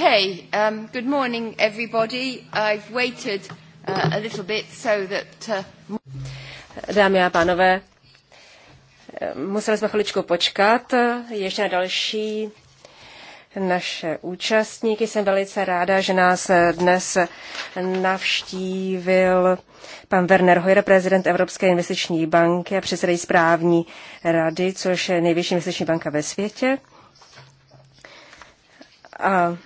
Okay, um, good morning everybody. I've waited uh, a little bit so that... Uh... Dámy a pánové, museli jsme chviličku počkat ještě na další naše účastníky. Jsem velice ráda, že nás dnes navštívil pan Werner Hoyer, prezident Evropské investiční banky a předseda správní rady, což je největší investiční banka ve světě. A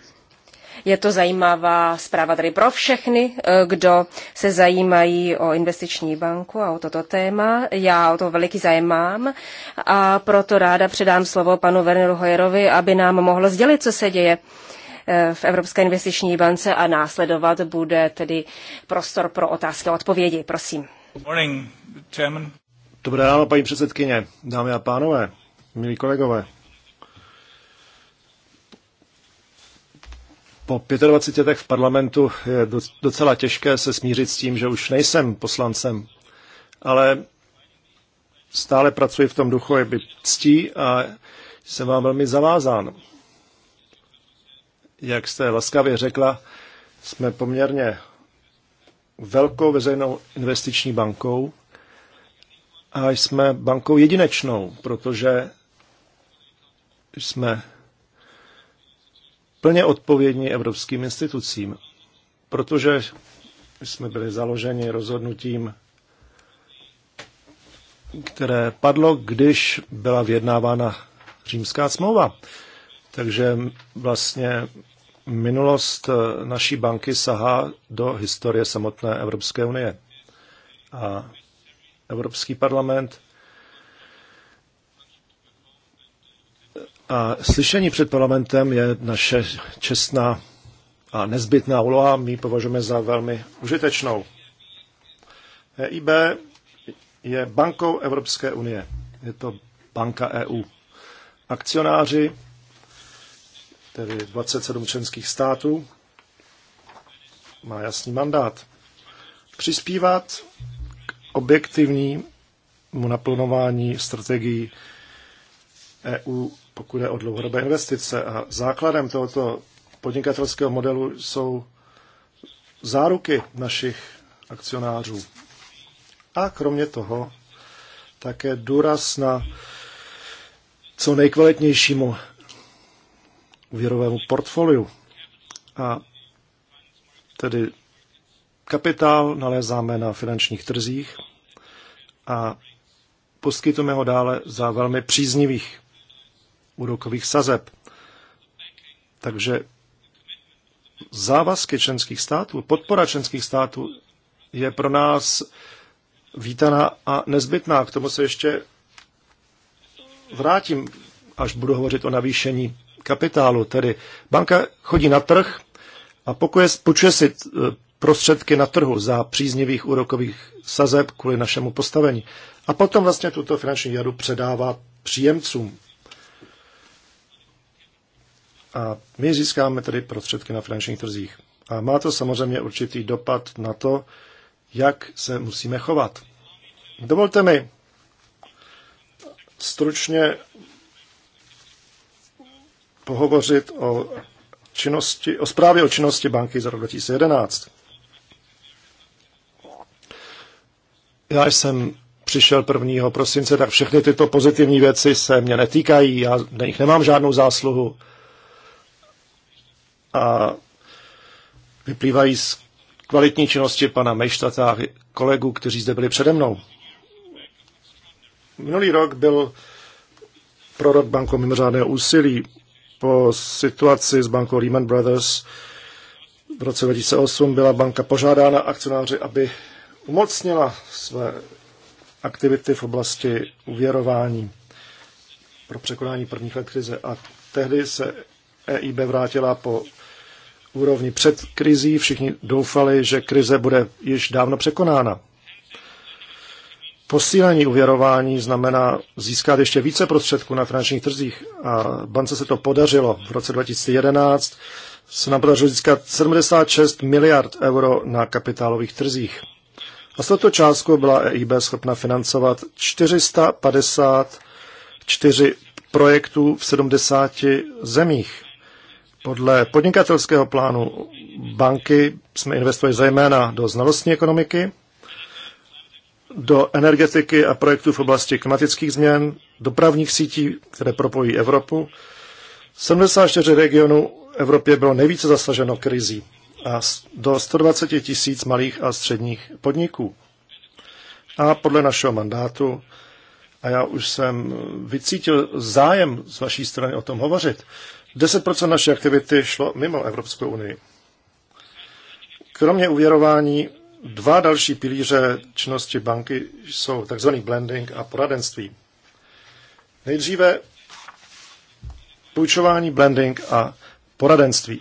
je to zajímavá zpráva tady pro všechny, eh, kdo se zajímají o investiční banku a o toto téma. Já o to veliký zájem mám a proto ráda předám slovo panu Werneru Hojerovi, aby nám mohlo sdělit, co se děje eh, v Evropské investiční bance a následovat bude tedy prostor pro otázky a odpovědi. Prosím. Morning, Dobré ráno, paní předsedkyně, dámy a pánové, milí kolegové. po 25 letech v parlamentu je docela těžké se smířit s tím, že už nejsem poslancem, ale stále pracuji v tom duchu, je by ctí a jsem vám velmi zavázán. Jak jste laskavě řekla, jsme poměrně velkou veřejnou investiční bankou a jsme bankou jedinečnou, protože jsme plně odpovědní evropským institucím, protože jsme byli založeni rozhodnutím, které padlo, když byla vyjednávána římská smlouva. Takže vlastně minulost naší banky sahá do historie samotné Evropské unie. A Evropský parlament A slyšení před parlamentem je naše čestná a nezbytná úloha. My ji považujeme za velmi užitečnou. EIB je bankou Evropské unie. Je to banka EU. Akcionáři, tedy 27 členských států, má jasný mandát. Přispívat k objektivnímu naplnování strategií EU pokud je o dlouhodobé investice. A základem tohoto podnikatelského modelu jsou záruky našich akcionářů. A kromě toho také důraz na co nejkvalitnějšímu úvěrovému portfoliu. A tedy kapitál nalézáme na finančních trzích a poskytujeme ho dále za velmi příznivých úrokových sazeb. Takže závazky členských států, podpora členských států je pro nás vítaná a nezbytná. K tomu se ještě vrátím, až budu hovořit o navýšení kapitálu. Tedy banka chodí na trh a půjčuje si eh, prostředky na trhu za příznivých úrokových sazeb kvůli našemu postavení. A potom vlastně tuto finanční jadu předává příjemcům. A my získáme tedy prostředky na finančních trzích. A má to samozřejmě určitý dopad na to, jak se musíme chovat. Dovolte mi stručně pohovořit o, činnosti, o zprávě o činnosti banky za rok 2011. Já jsem přišel 1. prosince, tak všechny tyto pozitivní věci se mě netýkají, já na nich nemám žádnou zásluhu a vyplývají z kvalitní činnosti pana Mejštata a kolegů, kteří zde byli přede mnou. Minulý rok byl pro rok banko mimořádné úsilí po situaci s bankou Lehman Brothers. V roce 2008 byla banka požádána akcionáři, aby umocnila své aktivity v oblasti uvěrování pro překonání prvních let krize. A tehdy se EIB vrátila po úrovni před krizí. Všichni doufali, že krize bude již dávno překonána. Posílení uvěrování znamená získat ještě více prostředků na finančních trzích a bance se to podařilo. V roce 2011 se nám podařilo získat 76 miliard euro na kapitálových trzích. A s touto částku byla EIB schopna financovat 454 projektů v 70 zemích. Podle podnikatelského plánu banky jsme investovali zejména do znalostní ekonomiky, do energetiky a projektů v oblasti klimatických změn, dopravních sítí, které propojí Evropu. 74 regionů Evropě bylo nejvíce zasaženo krizí a do 120 tisíc malých a středních podniků. A podle našeho mandátu, a já už jsem vycítil zájem z vaší strany o tom hovořit, 10% naší aktivity šlo mimo Evropskou unii. Kromě uvěrování dva další pilíře činnosti banky jsou tzv. blending a poradenství. Nejdříve půjčování, blending a poradenství.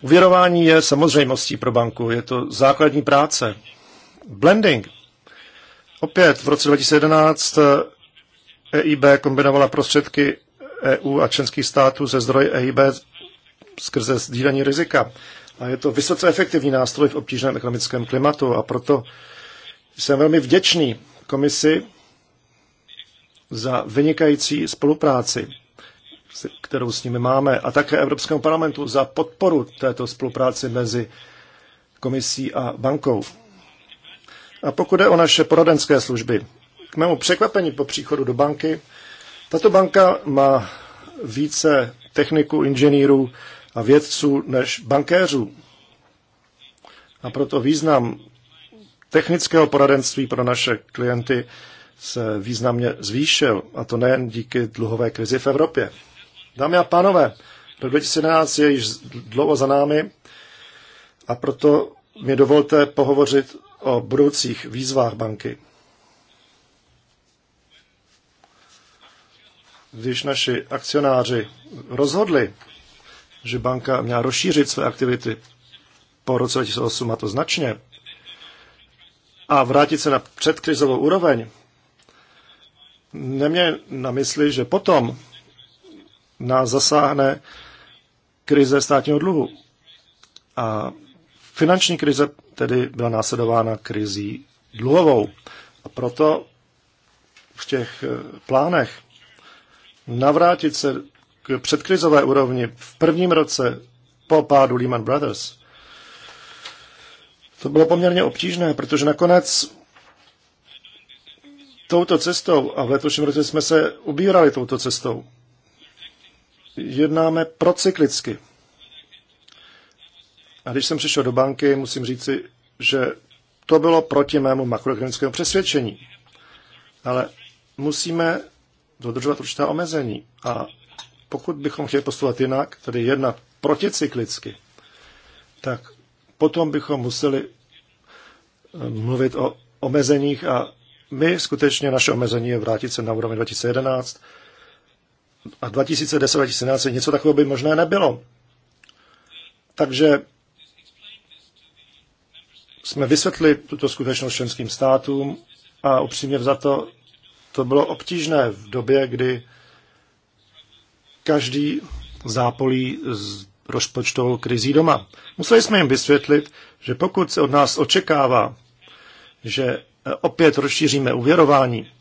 Uvěrování je samozřejmostí pro banku, je to základní práce. Blending. Opět v roce 2011 EIB eh, e kombinovala prostředky EU a členských států ze zdroje EIB skrze sdílení rizika. A je to vysoce efektivní nástroj v obtížném ekonomickém klimatu a proto jsem velmi vděčný komisi za vynikající spolupráci, kterou s nimi máme, a také Evropskému parlamentu za podporu této spolupráci mezi komisí a bankou. A pokud je o naše poradenské služby, k mému překvapení po příchodu do banky tato banka má více techniku inženýrů a vědců než bankéřů. A proto význam technického poradenství pro naše klienty se významně zvýšil, a to nejen díky dluhové krizi v Evropě. Dámy a pánové, rok 2011 je již dlouho za námi a proto mi dovolte pohovořit o budoucích výzvách banky. když naši akcionáři rozhodli, že banka měla rozšířit své aktivity po roce 2008, a to značně, a vrátit se na předkrizovou úroveň, neměl na mysli, že potom nás zasáhne krize státního dluhu. A finanční krize tedy byla následována krizí dluhovou. A proto v těch eh, plánech navrátit se k předkrizové úrovni v prvním roce po pádu Lehman Brothers, to bylo poměrně obtížné, protože nakonec touto cestou, a v letošním roce jsme se ubírali touto cestou, jednáme procyklicky. A když jsem přišel do banky, musím říci, že to bylo proti mému makroekonomickému přesvědčení. Ale musíme dodržovat určitá omezení. A pokud bychom chtěli postupovat jinak, tedy jednat proticyklicky, tak potom bychom museli eh, mluvit o omezeních a my skutečně naše omezení je vrátit se na úroveň 2011 a 2010-2011 něco takového by možné nebylo. Takže jsme vysvětli tuto skutečnost členským státům a upřímně za to to bylo obtížné v době, kdy každý zápolí s rozpočtovou krizí doma. Museli jsme jim vysvětlit, že pokud se od nás očekává, že opět rozšíříme uvěrování,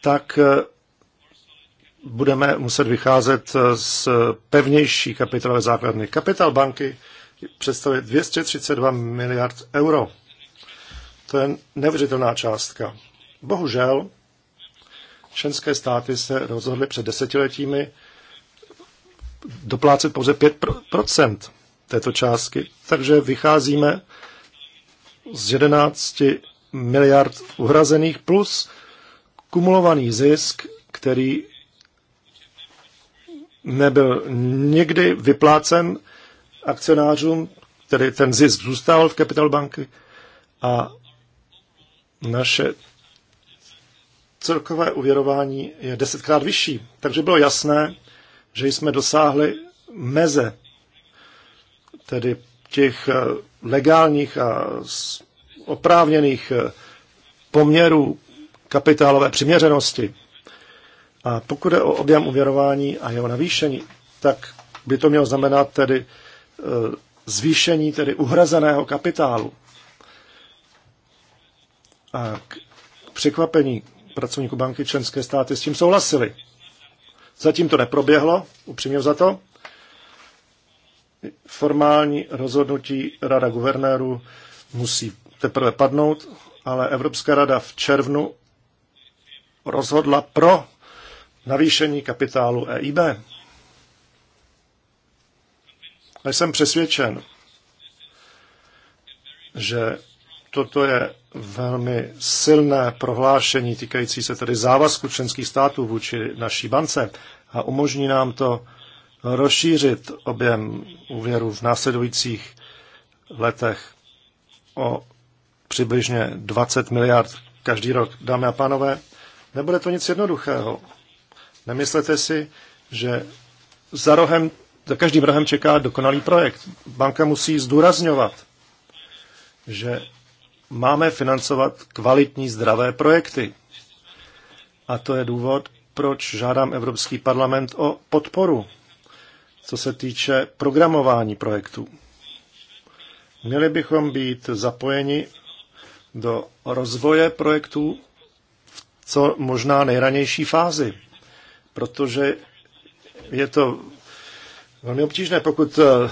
tak eh, budeme muset vycházet z pevnější kapitálové základny. Kapitál banky představuje 232 miliard euro. To je neuvěřitelná částka. Bohužel Členské státy se rozhodly před desetiletími doplácet pouze 5 této částky. Takže vycházíme z 11 miliard uhrazených plus kumulovaný zisk, který nebyl někdy vyplácen akcionářům, který ten zisk zůstal v Capital banky a naše celkové uvěrování je desetkrát vyšší. Takže bylo jasné, že jsme dosáhli meze, tedy těch eh, legálních a oprávněných eh, poměrů kapitálové přiměřenosti. A pokud je o objem uvěrování a jeho navýšení, tak by to mělo znamenat tedy eh, zvýšení tedy uhrazeného kapitálu. A k překvapení pracovníků banky členské státy s tím souhlasili. Zatím to neproběhlo, upřímně za to. Formální rozhodnutí Rada guvernérů musí teprve padnout, ale Evropská rada v červnu rozhodla pro navýšení kapitálu EIB. A jsem přesvědčen, že toto je velmi silné prohlášení týkající se tedy závazku členských států vůči naší bance a umožní nám to rozšířit objem úvěru v následujících letech o přibližně 20 miliard každý rok. Dámy a pánové, nebude to nic jednoduchého. Nemyslete si, že za, rohem, za každým rohem čeká dokonalý projekt. Banka musí zdůrazňovat, že máme financovat kvalitní zdravé projekty. A to je důvod, proč žádám Evropský parlament o podporu, co se týče programování projektů. Měli bychom být zapojeni do rozvoje projektů v co možná nejranější fázi, protože je to velmi obtížné, pokud eh,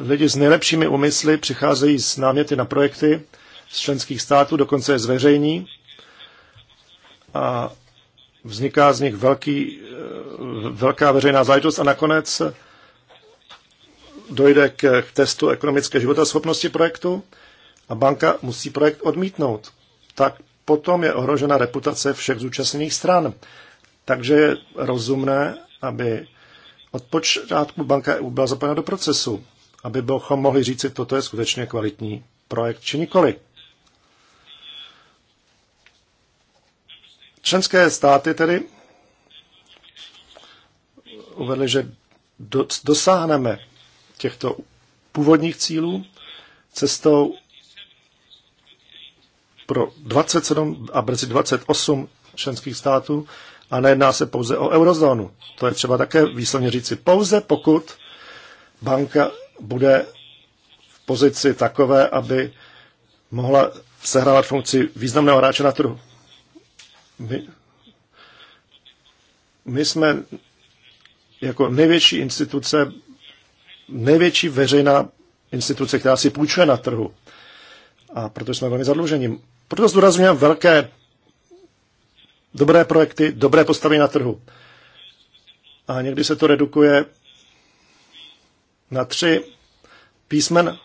lidi s nejlepšími úmysly přicházejí s náměty na projekty, z členských států, dokonce je zveřejní a vzniká z nich velký, eh, velká veřejná záležitost a nakonec dojde k testu ekonomické životaschopnosti projektu a banka musí projekt odmítnout. Tak potom je ohrožena reputace všech zúčastněných stran. Takže je rozumné, aby od počátku banka EU byla zapojena do procesu, aby bychom mohli říct, toto je skutečně kvalitní projekt či nikoli. Členské státy tedy uvedly, že dosáhneme těchto původních cílů cestou pro 27 a brzy 28 členských států a nejedná se pouze o eurozónu. To je třeba také výslovně říci. Pouze pokud banka bude v pozici takové, aby mohla sehrávat funkci významného hráče na trhu. My, my jsme jako největší instituce, největší veřejná instituce, která si půjčuje na trhu. A proto jsme velmi zadlužení. Proto zdůrazňujeme velké dobré projekty, dobré postavy na trhu. A někdy se to redukuje na tři písmen,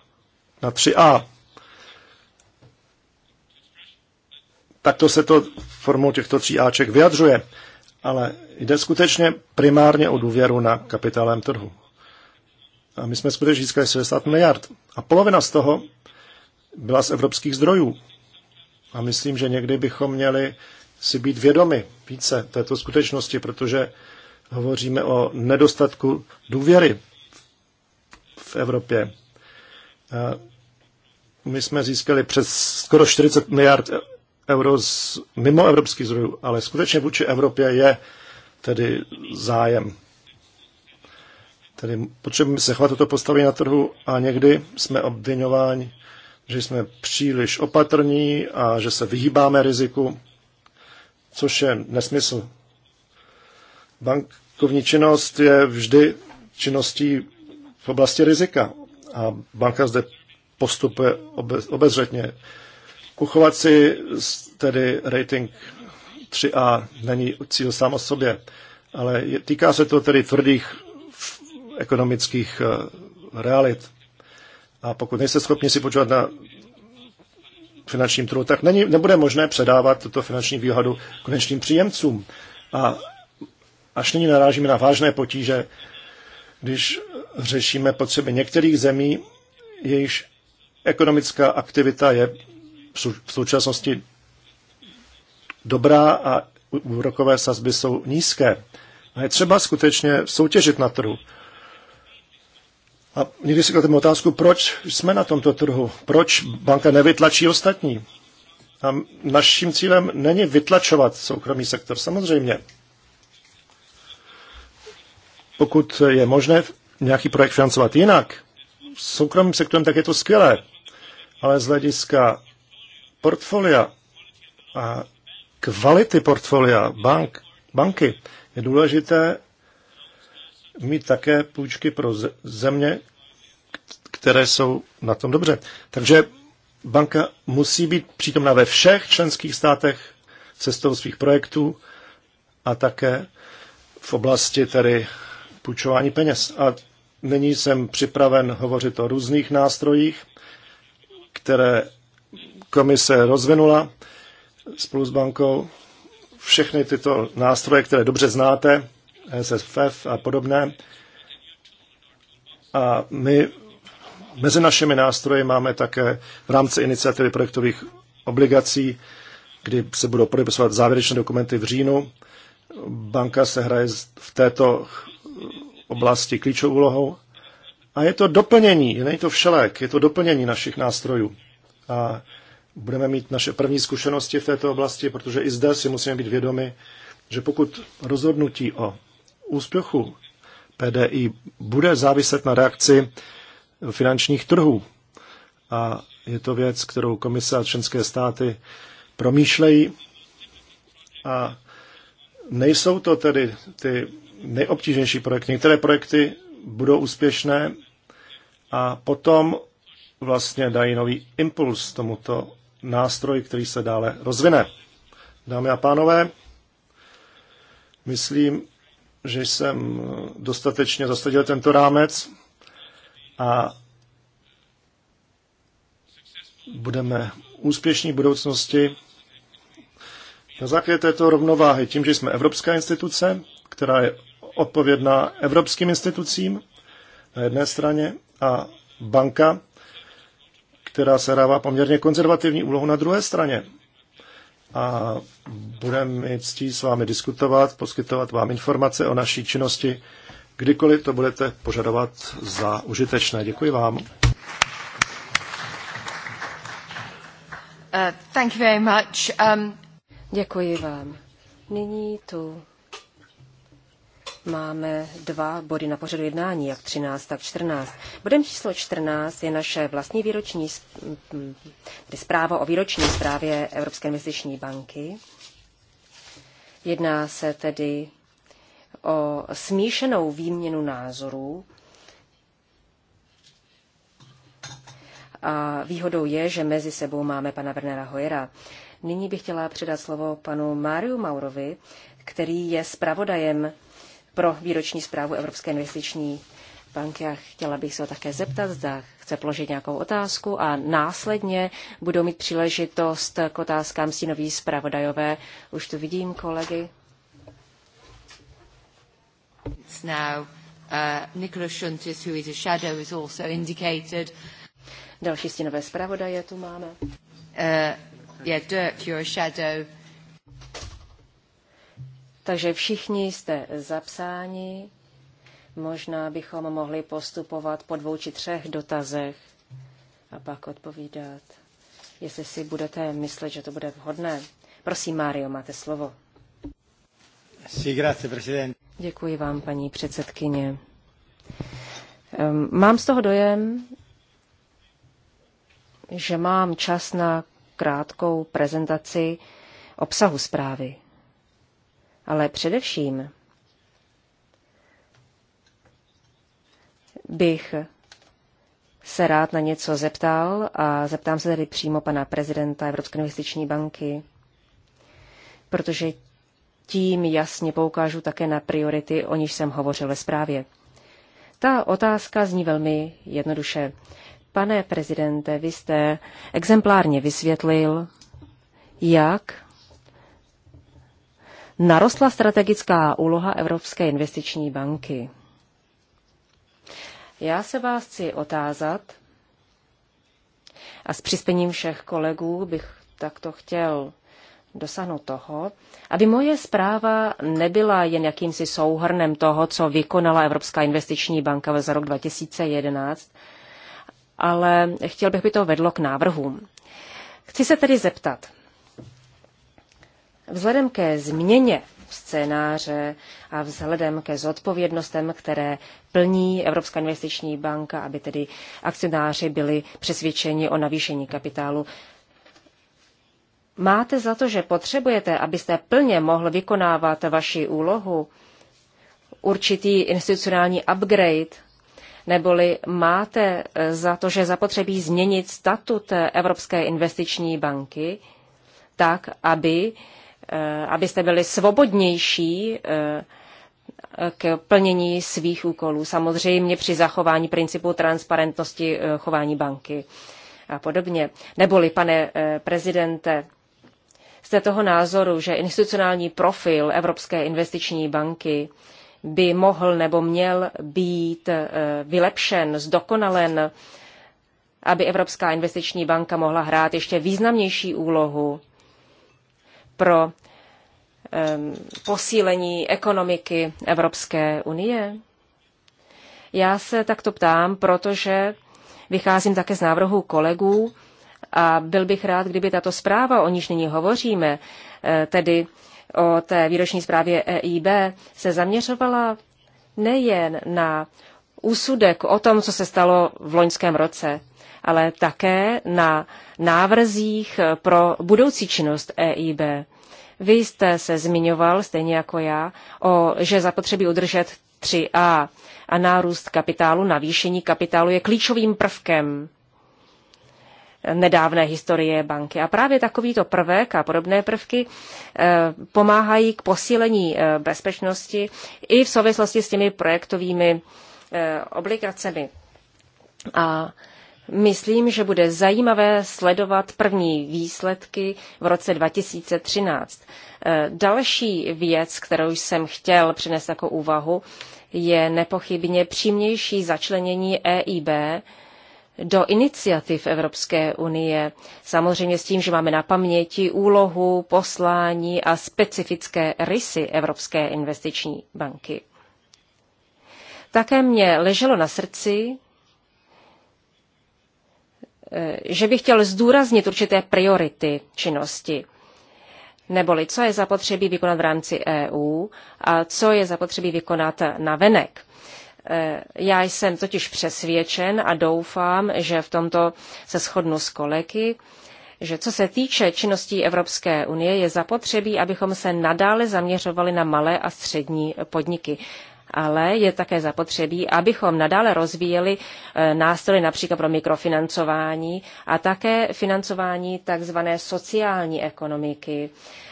na tři a Takto se to formou těchto tří Aček vyjadřuje, ale jde skutečně primárně o důvěru na kapitálem trhu. A my jsme skutečně získali 60 miliard. A polovina z toho byla z evropských zdrojů. A myslím, že někdy bychom měli si být vědomi více této skutečnosti, protože hovoříme o nedostatku důvěry v Evropě. A my jsme získali přes skoro 40 miliard euro z mimo evropských zdrojů, ale skutečně vůči Evropě je tedy zájem. Tedy potřebujeme se chovat toto postavení na trhu a někdy jsme obvinováni, že jsme příliš opatrní a že se vyhýbáme riziku, což je nesmysl. Bankovní činnost je vždy činností v oblasti rizika a banka zde postupuje obezřetně. Uchovat si tedy rating 3A není cíl sám o sobě, ale týká se to tedy tvrdých ekonomických eh, realit. A pokud nejste schopni si počítat na finančním trhu, tak není, nebude možné předávat tuto finanční výhodu konečným příjemcům. A až nyní narážíme na vážné potíže, když řešíme potřeby některých zemí, jejichž ekonomická aktivita je v současnosti dobrá a úrokové sazby jsou nízké. A je třeba skutečně soutěžit na trhu. A někdy si klademe otázku, proč jsme na tomto trhu, proč banka nevytlačí ostatní. A naším cílem není vytlačovat soukromý sektor, samozřejmě. Pokud je možné nějaký projekt financovat jinak, soukromým sektorem, tak je to skvělé. Ale z hlediska portfolia a kvality portfolia bank, banky je důležité mít také půjčky pro země, které jsou na tom dobře. Takže banka musí být přítomna ve všech členských státech cestou svých projektů a také v oblasti tedy půjčování peněz. A nyní jsem připraven hovořit o různých nástrojích, které komise rozvinula spolu s bankou všechny tyto nástroje, které dobře znáte, SFF a podobné. A my mezi našimi nástroji máme také v rámci iniciativy projektových obligací, kdy se budou podepisovat závěrečné dokumenty v říjnu. Banka se hraje v této oblasti klíčovou úlohou. A je to doplnění, není to všelek, je to doplnění našich nástrojů. A budeme mít naše první zkušenosti v této oblasti, protože i zde si musíme být vědomi, že pokud rozhodnutí o úspěchu PDI bude záviset na reakci finančních trhů, a je to věc, kterou komise a členské státy promýšlejí a nejsou to tedy ty nejobtížnější projekty. Některé projekty budou úspěšné a potom vlastně dají nový impuls tomuto nástroj, který se dále rozvine. Dámy a pánové, myslím, že jsem dostatečně zasadil tento rámec a budeme úspěšní v budoucnosti. Na základě této rovnováhy, tím, že jsme evropská instituce, která je odpovědná evropským institucím na jedné straně a banka, která se hrává poměrně konzervativní úlohu na druhé straně. A budeme mít ctí s vámi diskutovat, poskytovat vám informace o naší činnosti, kdykoliv to budete požadovat za užitečné. Děkuji vám. Uh, thank you very much. Um... Děkuji vám. Nyní tu máme dva body na pořadu jednání, jak 13, tak 14. Bodem číslo 14 je naše vlastní výroční tedy zpráva o výroční zprávě Evropské investiční banky. Jedná se tedy o smíšenou výměnu názorů. A výhodou je, že mezi sebou máme pana Bernera Hojera. Nyní bych chtěla předat slovo panu Máriu Maurovi, který je zpravodajem pro výroční zprávu Evropské investiční banky a chtěla bych se ho také zeptat, zda chce položit nějakou otázku a následně budou mít příležitost k otázkám stínoví zpravodajové. Už tu vidím kolegy. Uh, who is a shadow, is also indicated. Další stínové zpravodaje tu máme. Uh, yeah, Dirk, you're a shadow. Takže všichni jste zapsáni. Možná bychom mohli postupovat po dvou či třech dotazech a pak odpovídat, jestli si budete myslet, že to bude vhodné. Prosím, Mário, máte slovo. Děkuji vám, paní předsedkyně. Mám z toho dojem, že mám čas na krátkou prezentaci obsahu zprávy ale především bych se rád na něco zeptal a zeptám se tedy přímo pana prezidenta Evropské investiční banky, protože tím jasně poukážu také na priority, o níž jsem hovořil ve zprávě. Ta otázka zní velmi jednoduše. Pane prezidente, vy jste exemplárně vysvětlil, jak narostla strategická úloha Evropské investiční banky. Já se vás chci otázat, a s přispěním všech kolegů bych takto chtěl dosáhnout toho, aby moje zpráva nebyla jen jakýmsi souhrnem toho, co vykonala Evropská investiční banka za rok 2011, ale chtěl bych, by to vedlo k návrhům. Chci se tedy zeptat, Vzhledem ke změně scénáře a vzhledem ke zodpovědnostem, které plní Evropská investiční banka, aby tedy akcionáři byli přesvědčeni o navýšení kapitálu. Máte za to, že potřebujete, abyste plně mohl vykonávat vaši úlohu, určitý institucionální upgrade, neboli máte eh, za to, že zapotřebí změnit statut eh, Evropské investiční banky tak, aby Eh, abyste byli svobodnější eh, k plnění svých úkolů. Samozřejmě při zachování principu transparentnosti eh, chování banky a podobně. Neboli, pane prezidente, jste toho názoru, že institucionální profil Evropské investiční banky by mohl nebo měl být vylepšen, zdokonalen, aby Evropská investiční banka mohla hrát ještě významnější úlohu pro posílení ekonomiky Evropské unie? Já se takto ptám, protože vycházím také z návrhu kolegů a byl bych rád, kdyby tato zpráva, o níž nyní hovoříme, eh, tedy o té výroční zprávě EIB, se zaměřovala nejen na úsudek o tom, co se stalo v loňském roce, ale také na návrzích pro budoucí činnost EIB. Vy jste se zmiňoval, stejně jako já, o, že zapotřebí udržet 3A a nárůst kapitálu, navýšení kapitálu je klíčovým prvkem nedávné historie banky. A právě takovýto prvek a podobné prvky e, pomáhají k posílení e, bezpečnosti i v souvislosti s těmi projektovými e, obligacemi. A Myslím, že bude zajímavé sledovat první výsledky v roce 2013. Eh, další věc, kterou jsem chtěl přinést jako úvahu, je nepochybně přímější začlenění EIB do iniciativ Evropské unie. Samozřejmě s tím, že máme na paměti úlohu, poslání a specifické rysy Evropské investiční banky. Také mě leželo na srdci Eh, že bych chtěl zdůraznit určité priority činnosti. Neboli co je zapotřebí vykonat v rámci EU a co je zapotřebí vykonat na venek. Eh, já jsem totiž přesvědčen a doufám, že v tomto se shodnu s kolegy, že co se týče činností Evropské unie, je zapotřebí, abychom se nadále zaměřovali na malé a střední podniky ale je také zapotřebí, abychom nadále rozvíjeli eh, nástroje například pro mikrofinancování a také financování tzv. sociální ekonomiky,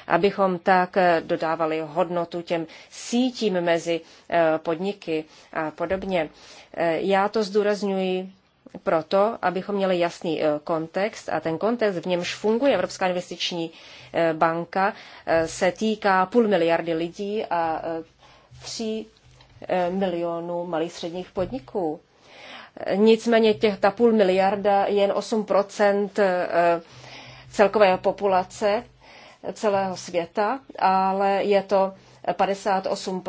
abychom tak eh, dodávali hodnotu těm sítím mezi eh, podniky a podobně. Já to zdůrazňuji proto, abychom měli jasný kontext a ten kontext, v němž funguje Evropská investiční banka, se týká půl miliardy lidí a tří Eh, milionů malých středních podniků. Nicméně těch ta půl miliarda je jen 8 eh, celkové populace celého světa, ale je to 58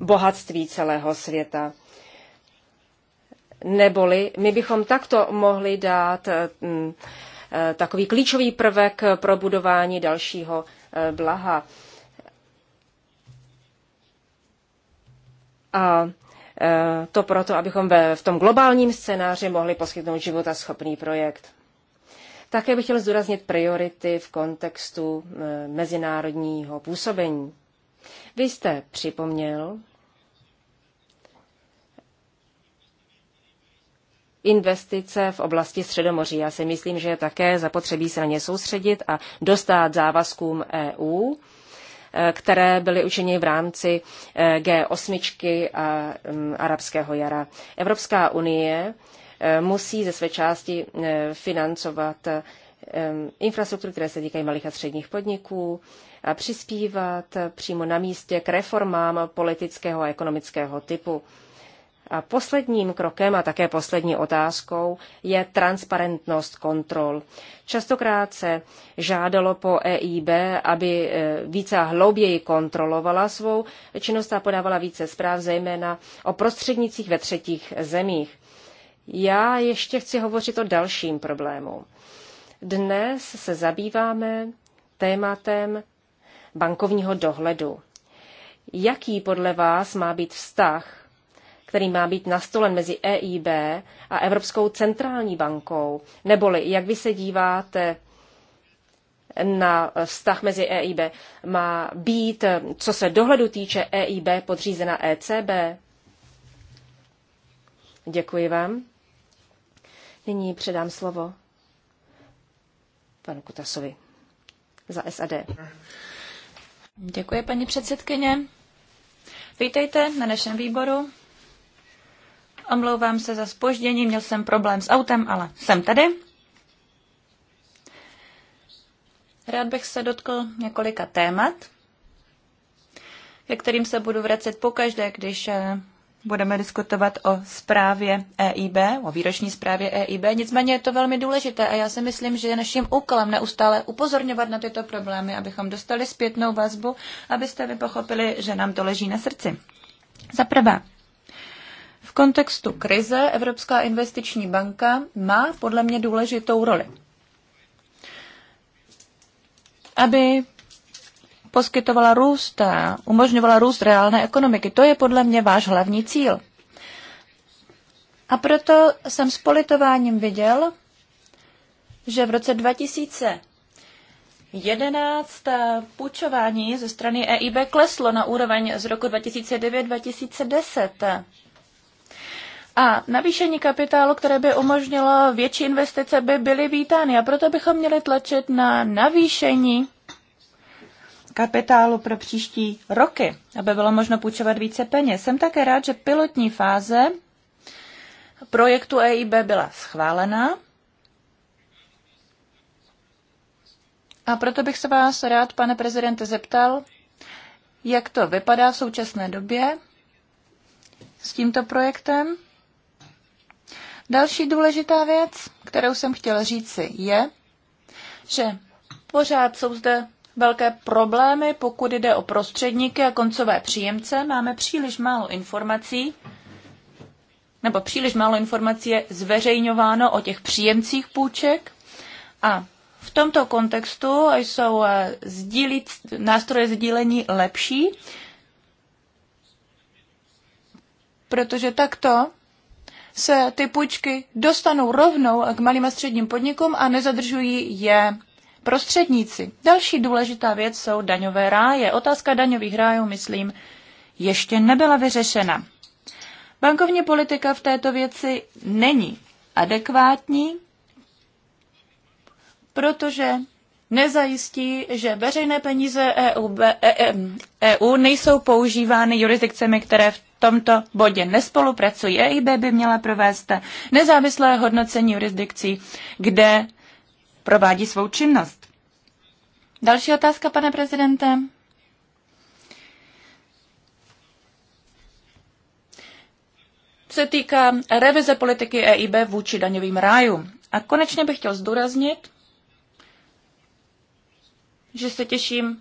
bohatství celého světa. Neboli my bychom takto mohli dát eh, mm, takový klíčový prvek pro budování dalšího blaha. A e, to proto, abychom ve, v tom globálním scénáři mohli poskytnout života schopný projekt. Také bych chtěl zdůraznit priority v kontextu e, mezinárodního působení. Vy jste připomněl investice v oblasti Středomoří. Já si myslím, že je také zapotřebí se na ně soustředit a dostat závazkům EU Eh, které byly učiněny v rámci eh, G8 a mm, arabského jara. Evropská unie eh, musí ze své části financovat mm, infrastruktury, které se týkají malých a středních podniků, a přispívat přímo na místě k reformám politického a ekonomického typu. A posledním krokem a také poslední otázkou je transparentnost kontrol. Častokrát se žádalo po EIB, aby e, více a hlouběji kontrolovala svou činnost a podávala více zpráv, zejména o prostřednicích ve třetích zemích. Já ještě chci hovořit o dalším problému. Dnes se zabýváme tématem bankovního dohledu. Jaký podle vás má být vztah který má být nastolen mezi EIB a Evropskou centrální bankou. Neboli, jak vy se díváte na vztah mezi EIB, má být, co se dohledu týče EIB, podřízena ECB? Děkuji vám. Nyní předám slovo panu Kutasovi za SAD. Děkuji, paní předsedkyně. Vítejte na našem výboru. Omlouvám se za spoždění, měl jsem problém s autem, ale jsem tady. Rád bych se dotkl několika témat, ke kterým se budu vracet pokaždé, když eh, budeme diskutovat o zprávě EIB, o výroční zprávě EIB. Nicméně je to velmi důležité a já si myslím, že je naším úkolem neustále upozorňovat na tyto problémy, abychom dostali zpětnou vazbu, abyste vy pochopili, že nám to leží na srdci. Za prvé, v kontextu krize Evropská investiční banka má podle mě důležitou roli, aby poskytovala růst, a umožňovala růst reálné ekonomiky. To je podle mě váš hlavní cíl. A proto jsem s politováním viděl, že v roce 2011 půjčování ze strany EIB kleslo na úroveň z roku 2009-2010. A navýšení kapitálu, které by umožnilo větší investice, by byly vítány. A proto bychom měli tlačit na navýšení kapitálu pro příští roky, aby bylo možno půjčovat více peněz. Jsem také rád, že pilotní fáze projektu EIB byla schválena. A proto bych se vás rád, pane prezidente, zeptal, jak to vypadá v současné době s tímto projektem Další důležitá věc, kterou jsem chtěla říci, je, že pořád jsou zde velké problémy, pokud jde o prostředníky a koncové příjemce. Máme příliš málo informací, nebo příliš málo informací je zveřejňováno o těch příjemcích půjček. A v tomto kontextu jsou eh, sdílit, nástroje sdílení lepší, protože takto se ty půjčky dostanou rovnou k malým a středním podnikům a nezadržují je prostředníci. Další důležitá věc jsou daňové ráje. Otázka daňových rájů, myslím, ještě nebyla vyřešena. Bankovní politika v této věci není adekvátní, protože nezajistí, že veřejné peníze EU, EU e- e nejsou používány jurisdikcemi, které v tomto bodě nespolupracují. EIB by měla provést nezávislé hodnocení jurisdikcí, kde provádí svou činnost. Další otázka, pane prezidente. se týká revize politiky EIB vůči daňovým rájům. A konečně bych chtěl zdůraznit, že se těším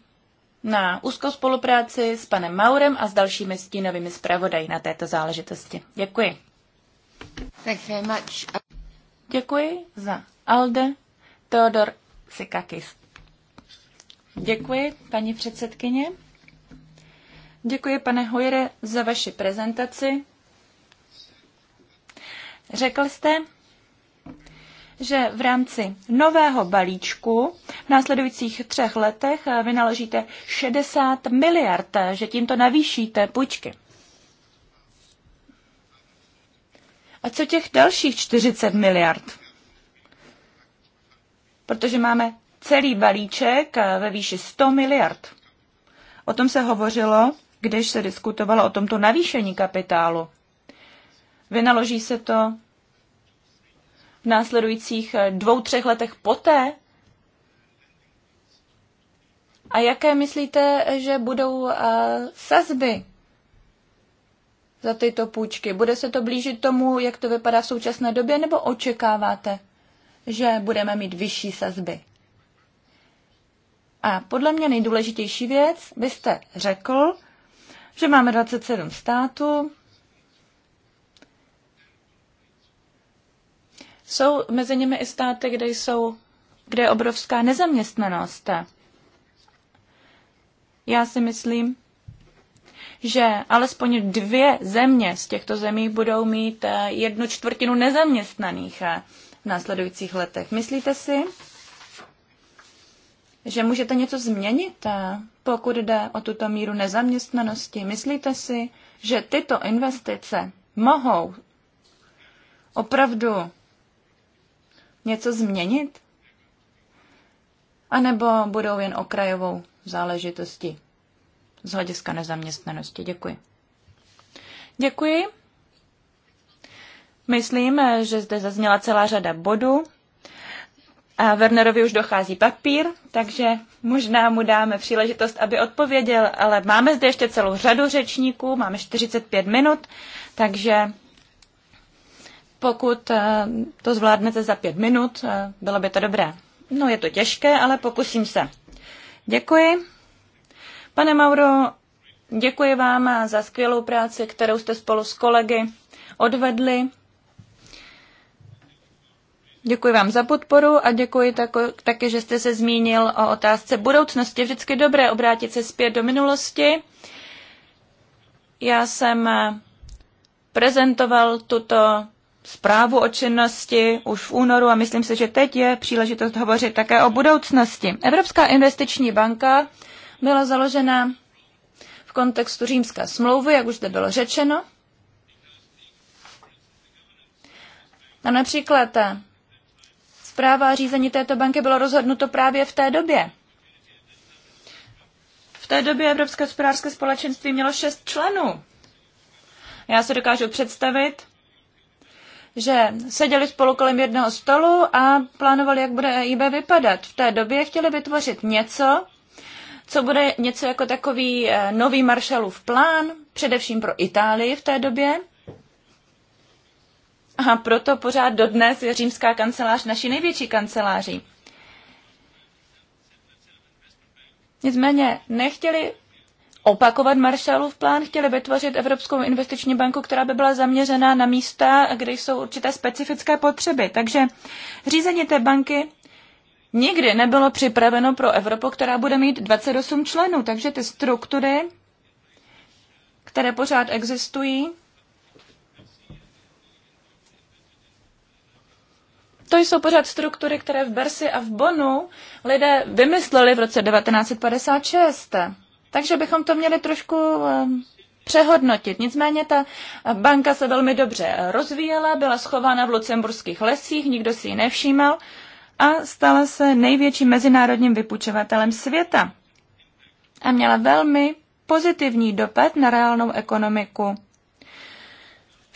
na úzkou spolupráci s panem Maurem a s dalšími stínovými zpravodají na této záležitosti. Děkuji. Thank you very much. Děkuji za Alde Teodor Sikakis. Děkuji, paní předsedkyně. Děkuji, pane Hojere, za vaši prezentaci. Řekl jste, že v rámci nového balíčku v následujících třech letech eh, vynaložíte 60 miliard, eh, že tímto navýšíte půjčky. A co těch dalších 40 miliard? Protože máme celý balíček eh, ve výši 100 miliard. O tom se hovořilo, když se diskutovalo o tomto navýšení kapitálu. Vynaloží se to následujících eh, dvou, třech letech poté? A jaké myslíte, že budou eh, sazby za tyto půjčky? Bude se to blížit tomu, jak to vypadá v současné době, nebo očekáváte, že budeme mít vyšší sazby? A podle mě nejdůležitější věc, byste řekl, že máme 27 států, Jsou mezi nimi i státy, kde, jsou, kde je obrovská nezaměstnanost. Já si myslím, že alespoň dvě země z těchto zemí budou mít eh, jednu čtvrtinu nezaměstnaných eh, v následujících letech. Myslíte si, že můžete něco změnit, eh, pokud jde o tuto míru nezaměstnanosti? Myslíte si, že tyto investice mohou opravdu něco změnit? A nebo budou jen okrajovou záležitosti z hlediska nezaměstnanosti? Děkuji. Děkuji. Myslím, že zde zazněla celá řada bodů. A Wernerovi už dochází papír, takže možná mu dáme příležitost, aby odpověděl, ale máme zde ještě celou řadu řečníků, máme 45 minut, takže pokud eh, to zvládnete za pět minut, eh, bylo by to dobré. No, je to těžké, ale pokusím se. Děkuji. Pane Mauro, děkuji vám za skvělou práci, kterou jste spolu s kolegy odvedli. Děkuji vám za podporu a děkuji taky, že jste se zmínil o otázce budoucnosti. Vždycky dobré obrátit se zpět do minulosti. Já jsem eh, prezentoval tuto zprávu o činnosti už v únoru a myslím si, že teď je příležitost hovořit také o budoucnosti. Evropská investiční banka byla založena v kontextu římské smlouvy, jak už zde bylo řečeno. A například zpráva a řízení této banky bylo rozhodnuto právě v té době. V té době Evropské hospodářské společenství mělo šest členů. Já se dokážu představit, že seděli spolu kolem jednoho stolu a plánovali, jak bude EIB vypadat. V té době chtěli vytvořit něco, co bude něco jako takový eh, nový Marshallův plán, především pro Itálii v té době. A proto pořád dodnes je římská kancelář naší největší kanceláří. Nicméně nechtěli opakovat Marshallův plán, chtěli vytvořit Evropskou investiční banku, která by byla zaměřená na místa, kde jsou určité specifické potřeby. Takže řízení té banky nikdy nebylo připraveno pro Evropu, která bude mít 28 členů. Takže ty struktury, které pořád existují, To jsou pořád struktury, které v Bersi a v Bonu lidé vymysleli v roce 1956. Takže bychom to měli trošku ehm, přehodnotit. Nicméně ta banka se velmi dobře rozvíjela, byla schována v lucemburských lesích, nikdo si ji nevšímal a stala se největším mezinárodním vypučovatelem světa. A měla velmi pozitivní dopad na reálnou ekonomiku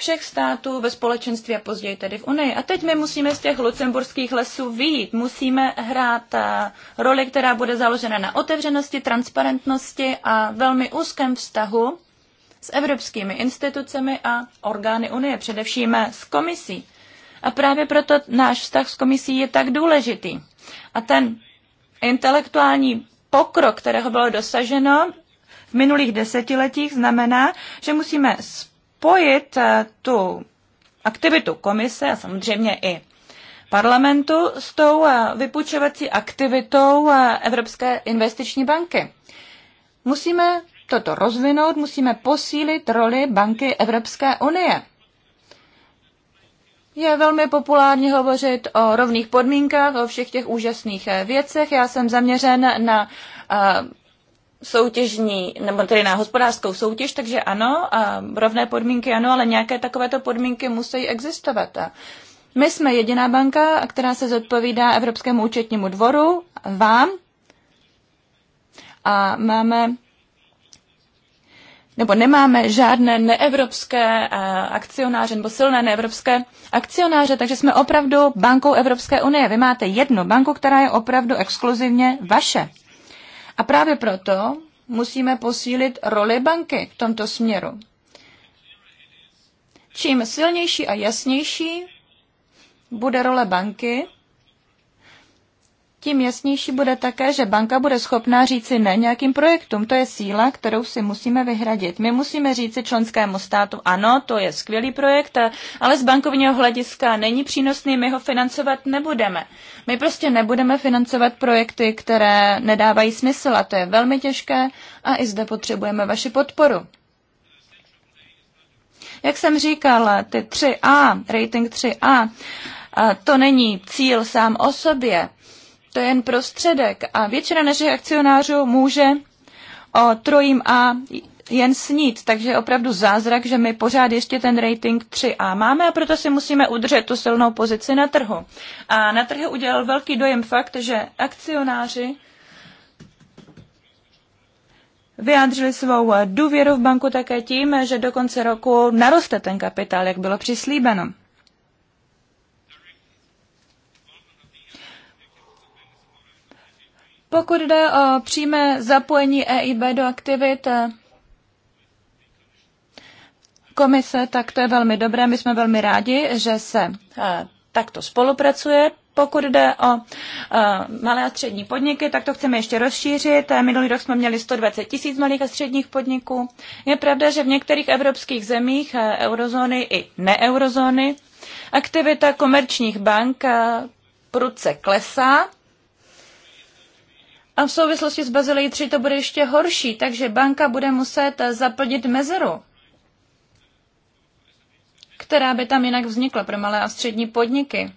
všech států ve společenství a později tedy v Unii. A teď my musíme z těch lucemburských lesů výjít. Musíme hrát eh, roli, která bude založena na otevřenosti, transparentnosti a velmi úzkém vztahu s evropskými institucemi a orgány Unie, především s komisí. A právě proto náš vztah s komisí je tak důležitý. A ten intelektuální pokrok, kterého bylo dosaženo v minulých desetiletích, znamená, že musíme spolupracovat spojit eh, tu aktivitu komise a samozřejmě i parlamentu s tou eh, vypůjčovací aktivitou eh, Evropské investiční banky. Musíme toto rozvinout, musíme posílit roli banky Evropské unie. Je velmi populární hovořit o rovných podmínkách, o všech těch úžasných věcech. Já jsem zaměřen na soutěžní, nebo tedy na hospodářskou soutěž, takže ano, a rovné podmínky ano, ale nějaké takovéto podmínky musí existovat. A my jsme jediná banka, která se zodpovídá Evropskému účetnímu dvoru, vám, a máme nebo nemáme žádné neevropské eh, akcionáře nebo silné neevropské akcionáře, takže jsme opravdu bankou Evropské unie. Vy máte jednu banku, která je opravdu exkluzivně vaše. A právě proto musíme posílit roli banky v tomto směru. Čím silnější a jasnější bude role banky, tím jasnější bude také, že banka bude schopná říci ne nějakým projektům. To je síla, kterou si musíme vyhradit. My musíme říci členskému státu, ano, to je skvělý projekt, ale z bankovního hlediska není přínosný, my ho financovat nebudeme. My prostě nebudeme financovat projekty, které nedávají smysl a to je velmi těžké a i zde potřebujeme vaši podporu. Jak jsem říkal, ty 3A, rating 3A, to není cíl sám o sobě to je jen prostředek a většina našich akcionářů může o trojím A jen snít, takže je opravdu zázrak, že my pořád ještě ten rating 3A máme a proto si musíme udržet tu silnou pozici na trhu. A na trhu udělal velký dojem fakt, že akcionáři vyjádřili svou důvěru v banku také tím, že do konce roku naroste ten kapitál, jak bylo přislíbeno. Pokud jde o přímé zapojení EIB do aktivit eh, komise, tak to je velmi dobré. My jsme velmi rádi, že se eh, takto spolupracuje. Pokud jde o eh, malé a střední podniky, tak to chceme ještě rozšířit. Minulý rok jsme měli 120 tisíc malých a středních podniků. Je pravda, že v některých evropských zemích eurozóny i neeurozóny aktivita komerčních bank prudce klesá a v souvislosti s Bazilí 3 to bude ještě horší, takže banka bude muset eh, zaplnit mezeru, která by tam jinak vznikla pro malé a střední podniky.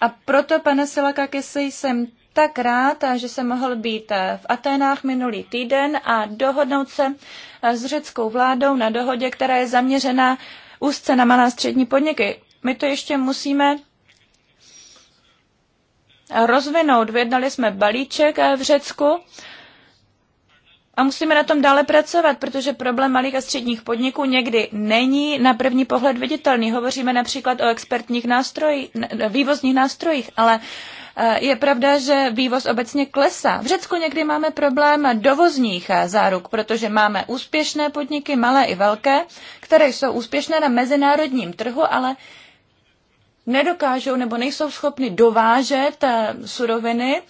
A proto, pane Silakakisi, jsem tak rád, eh, že jsem mohl být eh, v Aténách minulý týden a dohodnout se s řeckou vládou na dohodě, která je zaměřena úzce na malé a střední podniky. My to ještě musíme rozvinout. Vyjednali jsme balíček eh, v Řecku a musíme na tom dále pracovat, protože problém malých a středních podniků někdy není na první pohled viditelný. Hovoříme například o expertních nástrojích, vývozních nástrojích, ale eh, je pravda, že vývoz obecně klesá. V Řecku někdy máme problém dovozních eh, záruk, protože máme úspěšné podniky, malé i velké, které jsou úspěšné na mezinárodním trhu, ale nedokážou nebo nejsou schopny dovážet eh, suroviny,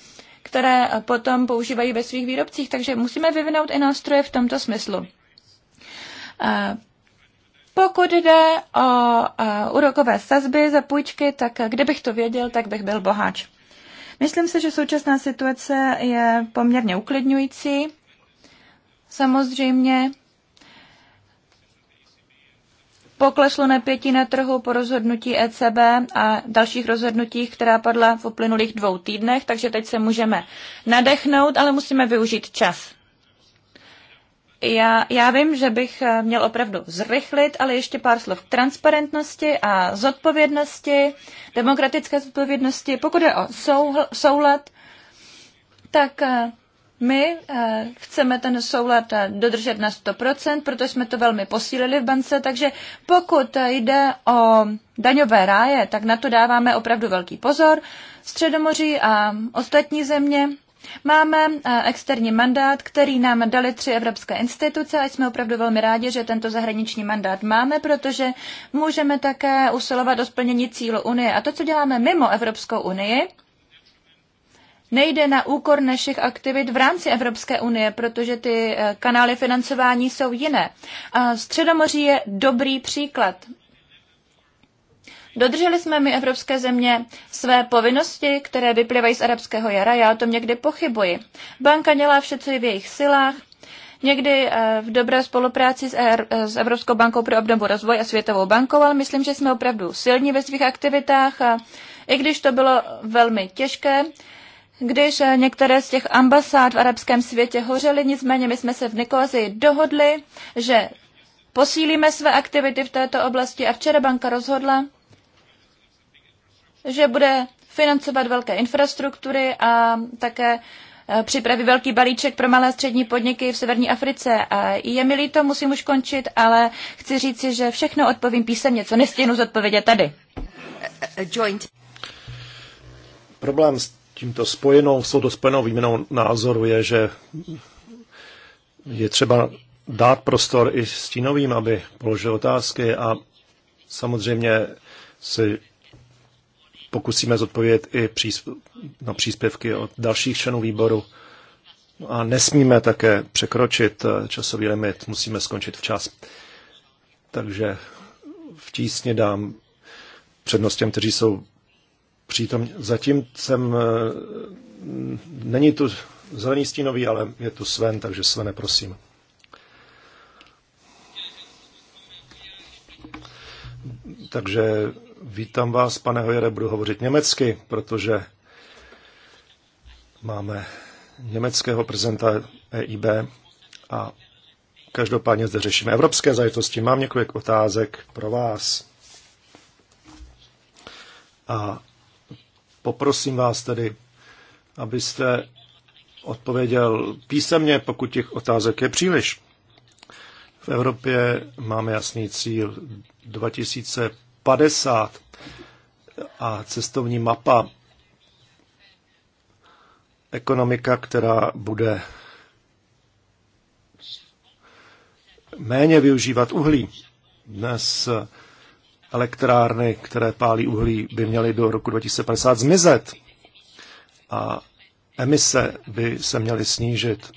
které eh, potom používají ve svých výrobcích. Takže musíme vyvinout i nástroje v tomto smyslu. Eh, pokud jde o úrokové sazby za půjčky, tak kdybych to věděl, tak bych byl boháč. Myslím si, že současná situace je poměrně uklidňující. Samozřejmě Pokleslo napětí na trhu po rozhodnutí ECB a dalších rozhodnutích, která padla v uplynulých dvou týdnech, takže teď se můžeme nadechnout, ale musíme využít čas. Já, já vím, že bych eh, měl opravdu zrychlit, ale ještě pár slov k transparentnosti a zodpovědnosti, demokratické zodpovědnosti. Pokud je o souhl, soulad, tak eh, my eh, chceme ten soulad eh, dodržet na 100%, protože jsme to velmi posílili v bance, takže pokud eh, jde o daňové ráje, tak na to dáváme opravdu velký pozor. Středomoří a ostatní země Máme externí mandát, který nám dali tři evropské instituce a jsme opravdu velmi rádi, že tento zahraniční mandát máme, protože můžeme také usilovat o splnění cílu Unie. A to, co děláme mimo Evropskou unii, nejde na úkor našich aktivit v rámci Evropské unie, protože ty eh, kanály financování jsou jiné. A Středomoří je dobrý příklad. Dodrželi jsme my evropské země své povinnosti, které vyplývají z arabského jara, já o tom někdy pochybuji. Banka dělá vše, co je v jejich silách, někdy eh, v dobré spolupráci s, eh, s Evropskou bankou pro obnovu rozvoj a Světovou bankou, ale myslím, že jsme opravdu silní ve svých aktivitách a i když to bylo velmi těžké, když některé z těch ambasád v arabském světě hořely, nicméně my jsme se v Nikozii dohodli, že posílíme své aktivity v této oblasti a včera banka rozhodla, že bude financovat velké infrastruktury a také eh, připraví velký balíček pro malé a střední podniky v severní Africe. A je mi líto, musím už končit, ale chci říci, že všechno odpovím písemně, co nestihnu zodpovědět tady. Eh, eh, Problém s tímto spojenou, s to spojenou výměnou názoru, je, že je třeba dát prostor i stínovým, aby položil otázky a samozřejmě si pokusíme zodpovědět i na příspěvky od dalších členů výboru. A nesmíme také překročit eh, časový limit, musíme skončit včas. Takže v tísně dám přednost těm, kteří jsou přítom. Zatím jsem, e, není tu zelený stínový, ale je tu Sven, takže Svene, prosím. Takže vítám vás, pane Hojere, budu hovořit německy, protože máme německého prezidenta EIB a každopádně zde řešíme evropské zajitosti. Mám několik otázek pro vás. A Poprosím vás tedy, abyste odpověděl písemně, pokud těch otázek je příliš. V Evropě máme jasný cíl 2050 a cestovní mapa ekonomika, která bude méně využívat uhlí. Dnes elektrárny, které pálí uhlí, by měly do roku 2050 zmizet a emise by se měly snížit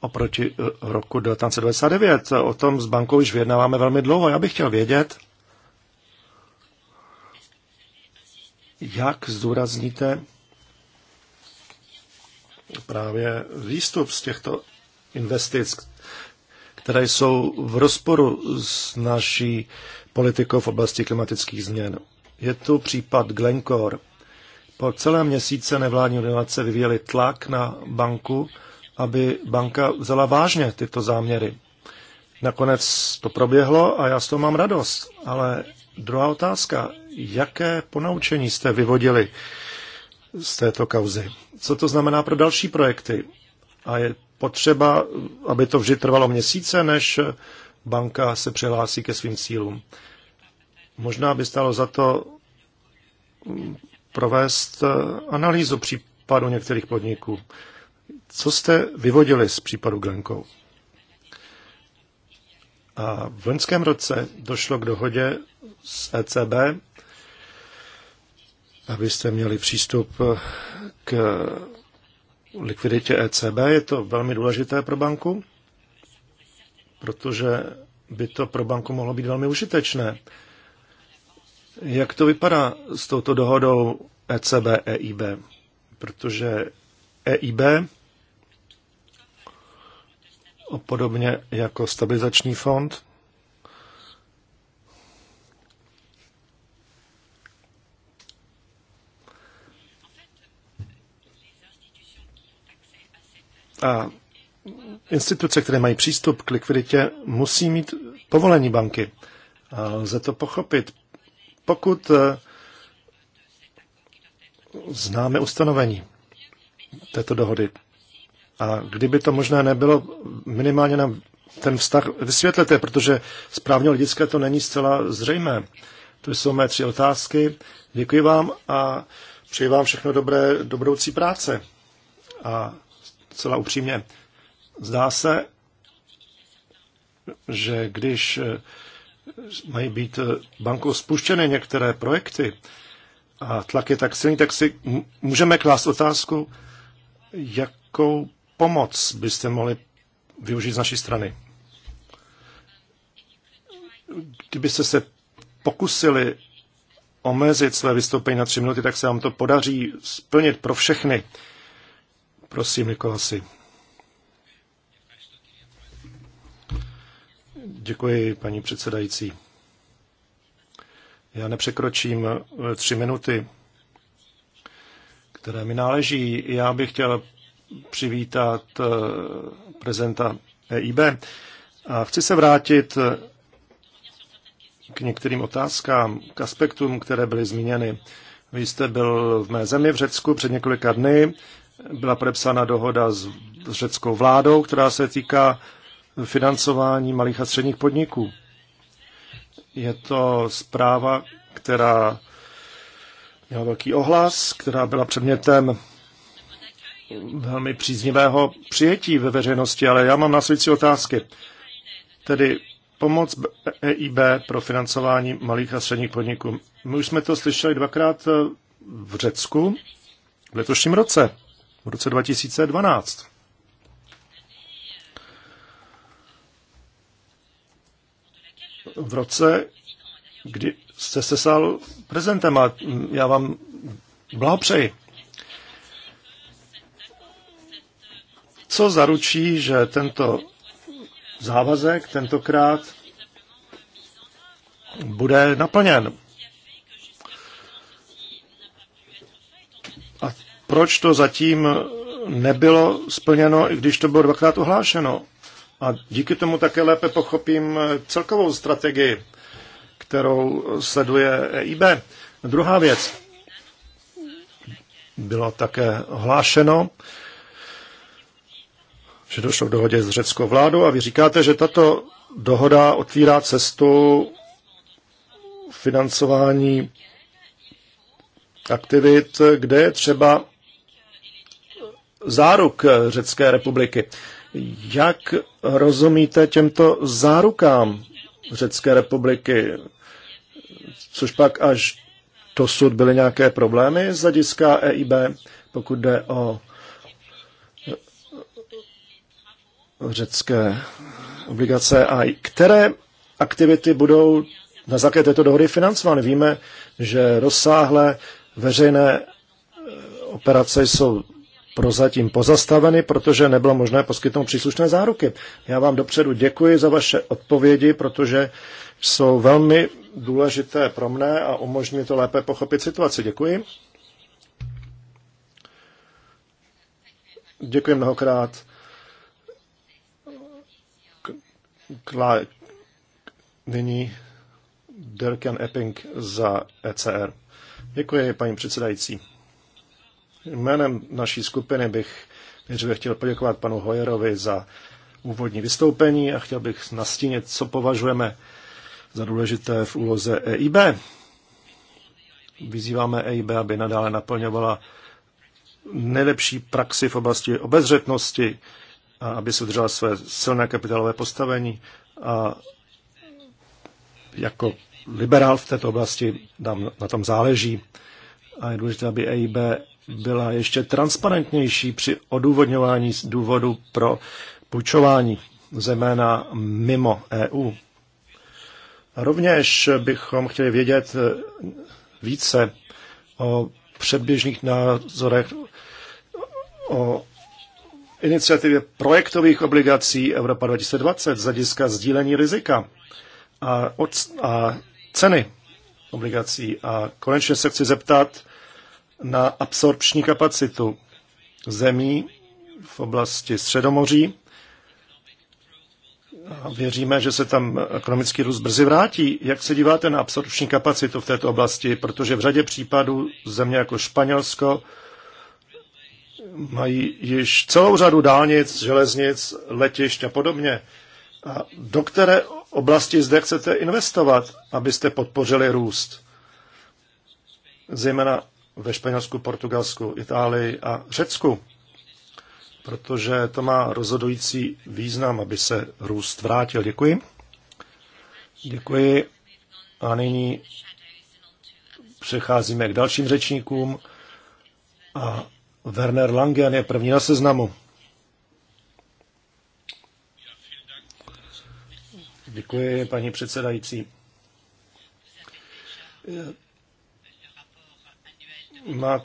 oproti eh, roku 1999. O tom s bankou už vyjednáváme velmi dlouho. Já bych chtěl vědět, jak zdůrazníte právě výstup z těchto investic, které jsou v rozporu s naší politikou v oblasti klimatických změn. Je tu případ Glencore. Po celém měsíce nevládní organizace vyvíjeli tlak na banku, aby banka vzala vážně tyto záměry. Nakonec to proběhlo a já z toho mám radost. Ale druhá otázka, jaké ponaučení jste vyvodili z této kauzy? Co to znamená pro další projekty? A je potřeba, aby to vždy trvalo měsíce, než banka se přihlásí ke svým cílům. Možná by stalo za to mm, provést eh, analýzu případu některých podniků. Co jste vyvodili z případu Glenkou? A v loňském roce došlo k dohodě s ECB, abyste měli přístup k likviditě ECB. Je to velmi důležité pro banku, protože by to pro banku mohlo být velmi užitečné. Jak to vypadá s touto dohodou ECB, EIB? Protože EIB, podobně jako stabilizační fond, A instituce, které mají přístup k likviditě, musí mít povolení banky. A lze to pochopit. Pokud eh, známe ustanovení této dohody, a kdyby to možné nebylo, minimálně na ten vztah vysvětlete, protože z právního to není zcela zřejmé. To jsou mé tři otázky. Děkuji vám a přeji vám všechno dobré do budoucí práce. A celá upřímně. Zdá se, že když eh, mají být eh, bankou spuštěny některé projekty a tlak je tak silný, tak si můžeme klást otázku, jakou pomoc byste mohli využít z naší strany. Kdybyste se pokusili omezit své vystoupení na tři minuty, tak se vám to podaří splnit pro všechny. Prosím, Nikolasi. Děkuji, paní předsedající. Já nepřekročím eh, tři minuty, které mi náleží. Já bych chtěl přivítat eh, prezenta EIB a chci se vrátit eh, k některým otázkám, k aspektům, které byly zmíněny. Vy jste byl v mé zemi v Řecku před několika dny byla podepsána dohoda s řeckou vládou, která se týká financování malých a středních podniků. Je to zpráva, která měla velký ohlas, která byla předmětem velmi příznivého přijetí ve veřejnosti, ale já mám následující otázky. Tedy pomoc EIB pro financování malých a středních podniků. My už jsme to slyšeli dvakrát v Řecku v letošním roce v roce 2012. V roce, kdy jste se stal prezidentem a já vám blahopřeji. Co zaručí, že tento závazek tentokrát bude naplněn? proč to zatím nebylo splněno, i když to bylo dvakrát ohlášeno. A díky tomu také lépe pochopím celkovou strategii, kterou sleduje EIB. Druhá věc. Bylo také ohlášeno, že došlo k dohodě s řeckou vládou a vy říkáte, že tato dohoda otvírá cestu financování aktivit, kde je třeba záruk eh, Řecké republiky. Jak rozumíte těmto zárukám Řecké republiky? Což pak až dosud byly nějaké problémy z hlediska EIB, pokud jde o eh, řecké obligace a které aktivity budou na základě této dohody financovány. Víme, že rozsáhlé veřejné eh, operace jsou prozatím pozastaveny, protože nebylo možné poskytnout příslušné záruky. Já vám dopředu děkuji za vaše odpovědi, protože jsou velmi důležité pro mne a umožní to lépe pochopit situaci. Děkuji. Děkuji mnohokrát. Kla... Nyní Jan Epping za ECR. Děkuji, paní předsedající. Jménem naší skupiny bych nejdříve chtěl poděkovat panu Hojerovi za úvodní vystoupení a chtěl bych nastínit, co považujeme za důležité v úloze EIB. Vyzýváme EIB, aby nadále naplňovala nejlepší praxi v oblasti obezřetnosti, a aby se udržela své silné kapitálové postavení a jako liberál v této oblasti nám na tom záleží a je důležité, aby EIB byla ještě transparentnější při odůvodňování důvodu pro půjčování, zejména mimo EU. Rovněž bychom chtěli vědět eh, více o předběžných názorech o iniciativě projektových obligací Evropa 2020 z hlediska sdílení rizika a, od, a ceny obligací. A konečně se chci zeptat na absorpční kapacitu zemí v oblasti Středomoří. A věříme, že se tam ekonomický růst brzy vrátí. Jak se díváte na absorpční kapacitu v této oblasti? Protože v řadě případů země jako Španělsko mají již celou řadu dálnic, železnic, letišť a podobně. A do které oblasti zde chcete investovat, abyste podpořili růst? Zejména ve Španělsku, Portugalsku, Itálii a Řecku, protože to má rozhodující význam, aby se růst vrátil. Děkuji. Děkuji. A nyní přecházíme k dalším řečníkům. A Werner Langen je první na seznamu. Děkuji, paní předsedající má,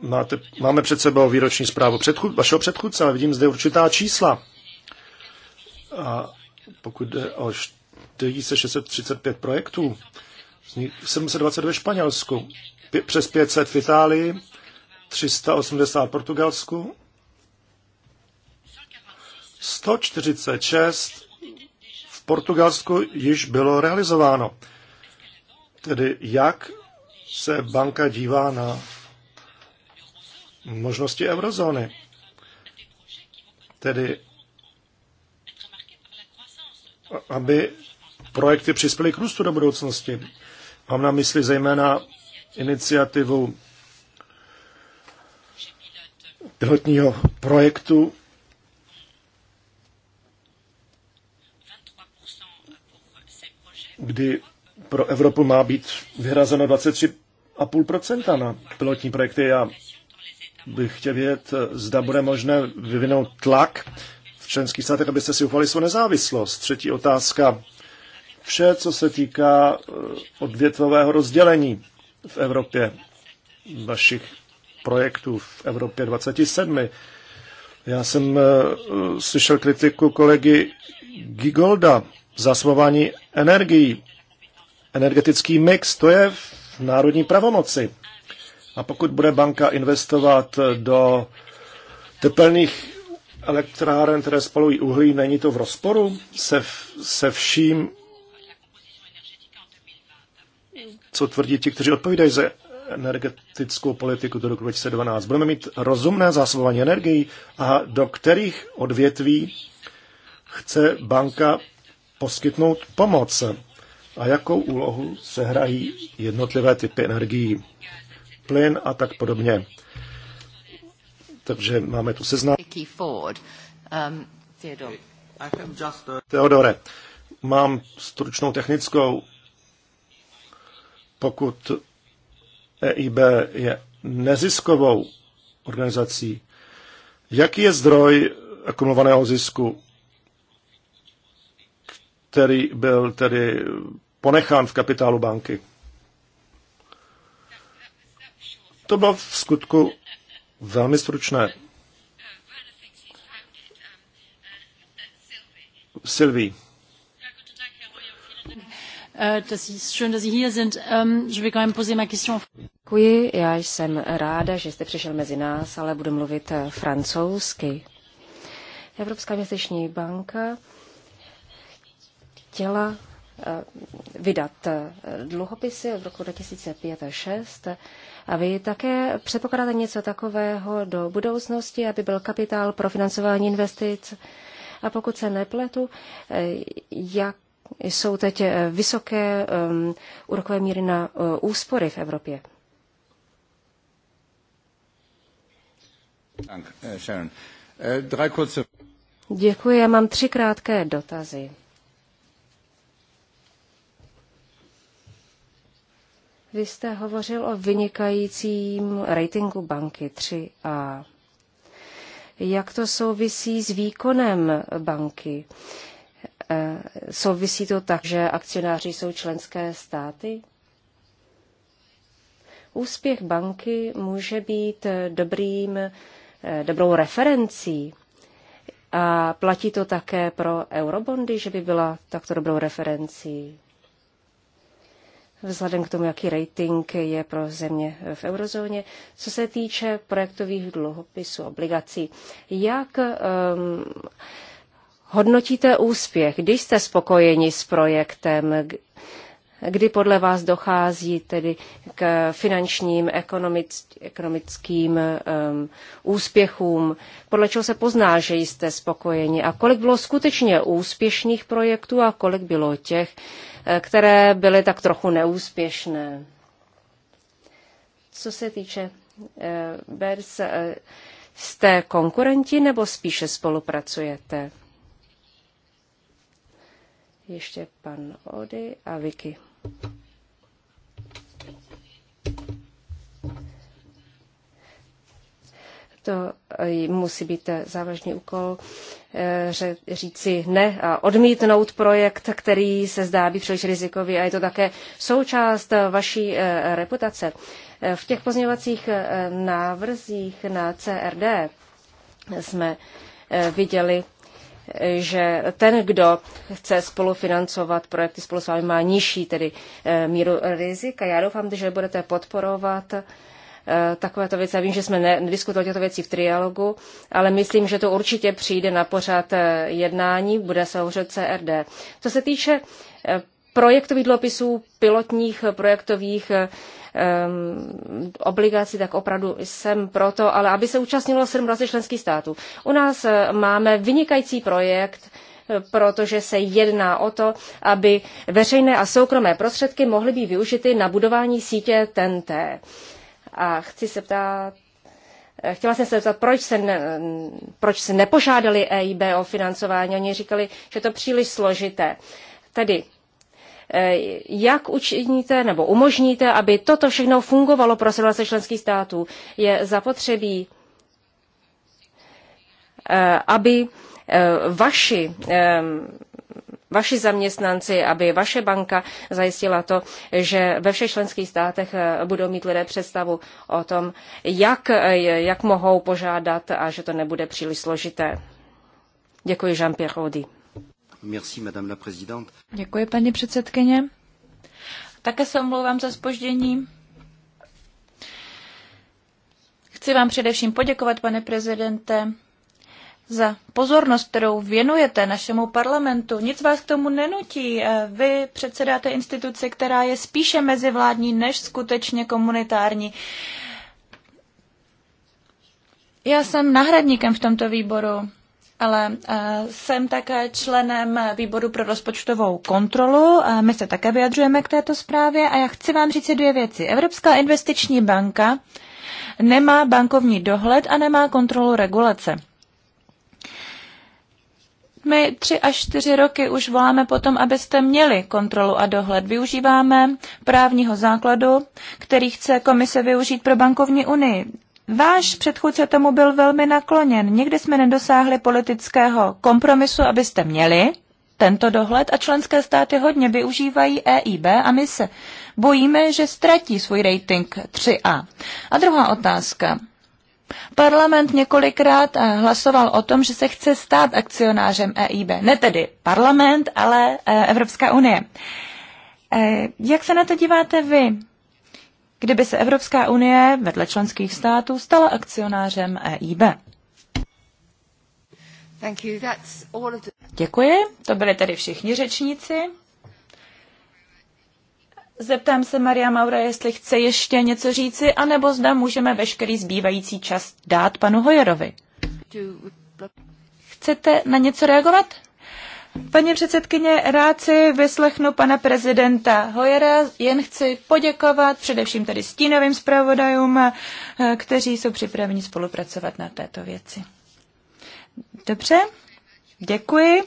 máte, máme před sebou výroční zprávu předchůd, vašeho předchůdce, ale vidím zde určitá čísla. A pokud jde o 4635 projektů, z nich 722 ve Španělsku, přes 500 v Itálii, 380 v Portugalsku, 146 v Portugalsku již bylo realizováno. Tedy jak se banka dívá na možnosti eurozóny. Tedy, aby projekty přispěly k růstu do budoucnosti. Mám na mysli zejména iniciativu pilotního projektu 23 kdy pro Evropu má být vyhrazeno 23 2,5% na pilotní projekty. Já bych chtěl vědět, zda bude možné vyvinout tlak v členských státech, abyste si uchovali svou nezávislost. Třetí otázka. Vše, co se týká eh, odvětvového rozdělení v Evropě, vašich projektů v Evropě 27. Já jsem eh, slyšel kritiku kolegy Gigolda, zasmování energií, energetický mix, to je v národní pravomoci. A pokud bude banka investovat do tepelných elektráren, které spalují uhlí, není to v rozporu se, se vším, co tvrdí ti, kteří odpovídají za energetickou politiku do roku 2012. Budeme mít rozumné zásobování energií a do kterých odvětví chce banka poskytnout pomoc a jakou úlohu se hrají jednotlivé typy energií, plyn a tak podobně. Takže máme tu seznam. Um, Teodore, mám stručnou technickou. Pokud EIB je neziskovou organizací, jaký je zdroj akumulovaného zisku který byl tedy ponechán v kapitálu banky. To bylo v skutku velmi stručné. Sylvie. Eh, ähm, Děkuji, já jsem ráda, že jste přišel mezi nás, ale budu mluvit eh, francouzsky. Evropská městeční banka chtěla eh, vydat eh, dluhopisy v roku 2005 a 2006. A vy také předpokládáte něco takového do budoucnosti, aby byl kapitál pro financování investic. A pokud se nepletu, eh, jak jsou teď vysoké ehm, úrokové míry na úspory v Evropě? Äh, äh, Děkuji, já mám tři krátké dotazy. Vy jste hovořil o vynikajícím ratingu banky 3A. Jak to souvisí s výkonem banky? E, souvisí to tak, že akcionáři jsou členské státy? Úspěch banky může být dobrým, e, dobrou referencí. A platí to také pro eurobondy, že by byla takto dobrou referencí vzhledem k tomu, jaký rating je pro země v eurozóně. Co se týče projektových dluhopisů, obligací, jak um, hodnotíte úspěch, když jste spokojeni s projektem, kdy podle vás dochází tedy k finančním, ekonomickým um, úspěchům, podle čeho se pozná, že jste spokojeni a kolik bylo skutečně úspěšných projektů a kolik bylo těch, eh, které byly tak trochu neúspěšné. Co se týče uh, BERS, uh, jste konkurenti nebo spíše spolupracujete? Ještě pan Ody a Vicky. To eh, musí být eh, závažný úkol eh, říci ne a odmítnout projekt, který se zdá být příliš rizikový a je to také součást vaší reputace. V těch pozměňovacích návrzích na CRD jsme viděli že ten, kdo chce spolufinancovat projekty spolu s vámi, má nižší tedy eh, míru rizika. Já doufám, že budete podporovat eh, takovéto věci. Já vím, že jsme nediskutovali těto věci v trialogu, ale myslím, že to určitě přijde na pořad eh, jednání, bude se hovořit CRD. Co se týče projektových dlopisů, pilotních eh, projektových um, obligací, tak opravdu jsem proto, ale aby se účastnilo 27 členských států. U nás eh, máme vynikající projekt, protože se jedná o to, aby veřejné a soukromé prostředky mohly být využity na budování sítě TNT. A chci se ptát, Chtěla jsem se zeptat, proč se, ne, proč se nepožádali EIB o financování. Oni říkali, že to příliš složité. Tedy Eh, jak učiníte nebo umožníte, aby toto všechno fungovalo pro situace členských států? Je zapotřebí, eh, aby eh, vaši vaši zaměstnanci, aby vaše banka zajistila to, že ve všech členských státech budou mít lidé představu o tom, jak, jak mohou požádat a že to nebude příliš složité. Děkuji, Jean-Pierre Merci, madame la présidente. Děkuji, paní předsedkyně. Také se omlouvám za spoždění. Chci vám především poděkovat, pane prezidente, za pozornost, kterou věnujete našemu parlamentu. Nic vás k tomu nenutí. Vy předsedáte instituci, která je spíše mezivládní než skutečně komunitární. Já jsem náhradníkem v tomto výboru ale eh, jsem také členem výboru pro rozpočtovou kontrolu. Eh, my se také vyjadřujeme k této zprávě a já chci vám říct dvě věci. Evropská investiční banka nemá bankovní dohled a nemá kontrolu regulace. My tři až čtyři roky už voláme potom, abyste měli kontrolu a dohled. Využíváme právního základu, který chce komise využít pro bankovní unii. Váš předchůdce tomu byl velmi nakloněn. Nikdy jsme nedosáhli politického kompromisu, abyste měli tento dohled a členské státy hodně využívají EIB a my se bojíme, že ztratí svůj rating 3A. A druhá otázka. Parlament několikrát eh, hlasoval o tom, že se chce stát akcionářem EIB. Ne tedy parlament, ale eh, Evropská unie. Eh, jak se na to díváte vy? kdyby se Evropská unie vedle členských států stala akcionářem EIB. The... Děkuji, to byli tedy všichni řečníci. Zeptám se Maria Maura, jestli chce ještě něco říci, anebo zda můžeme veškerý zbývající čas dát panu Hojerovi. Chcete na něco reagovat? Paní předsedkyně, rád si vyslechnu pana prezidenta Hojera, jen chci poděkovat především tedy stínovým zpravodajům, eh, kteří jsou připraveni spolupracovat na této věci. Dobře, děkuji.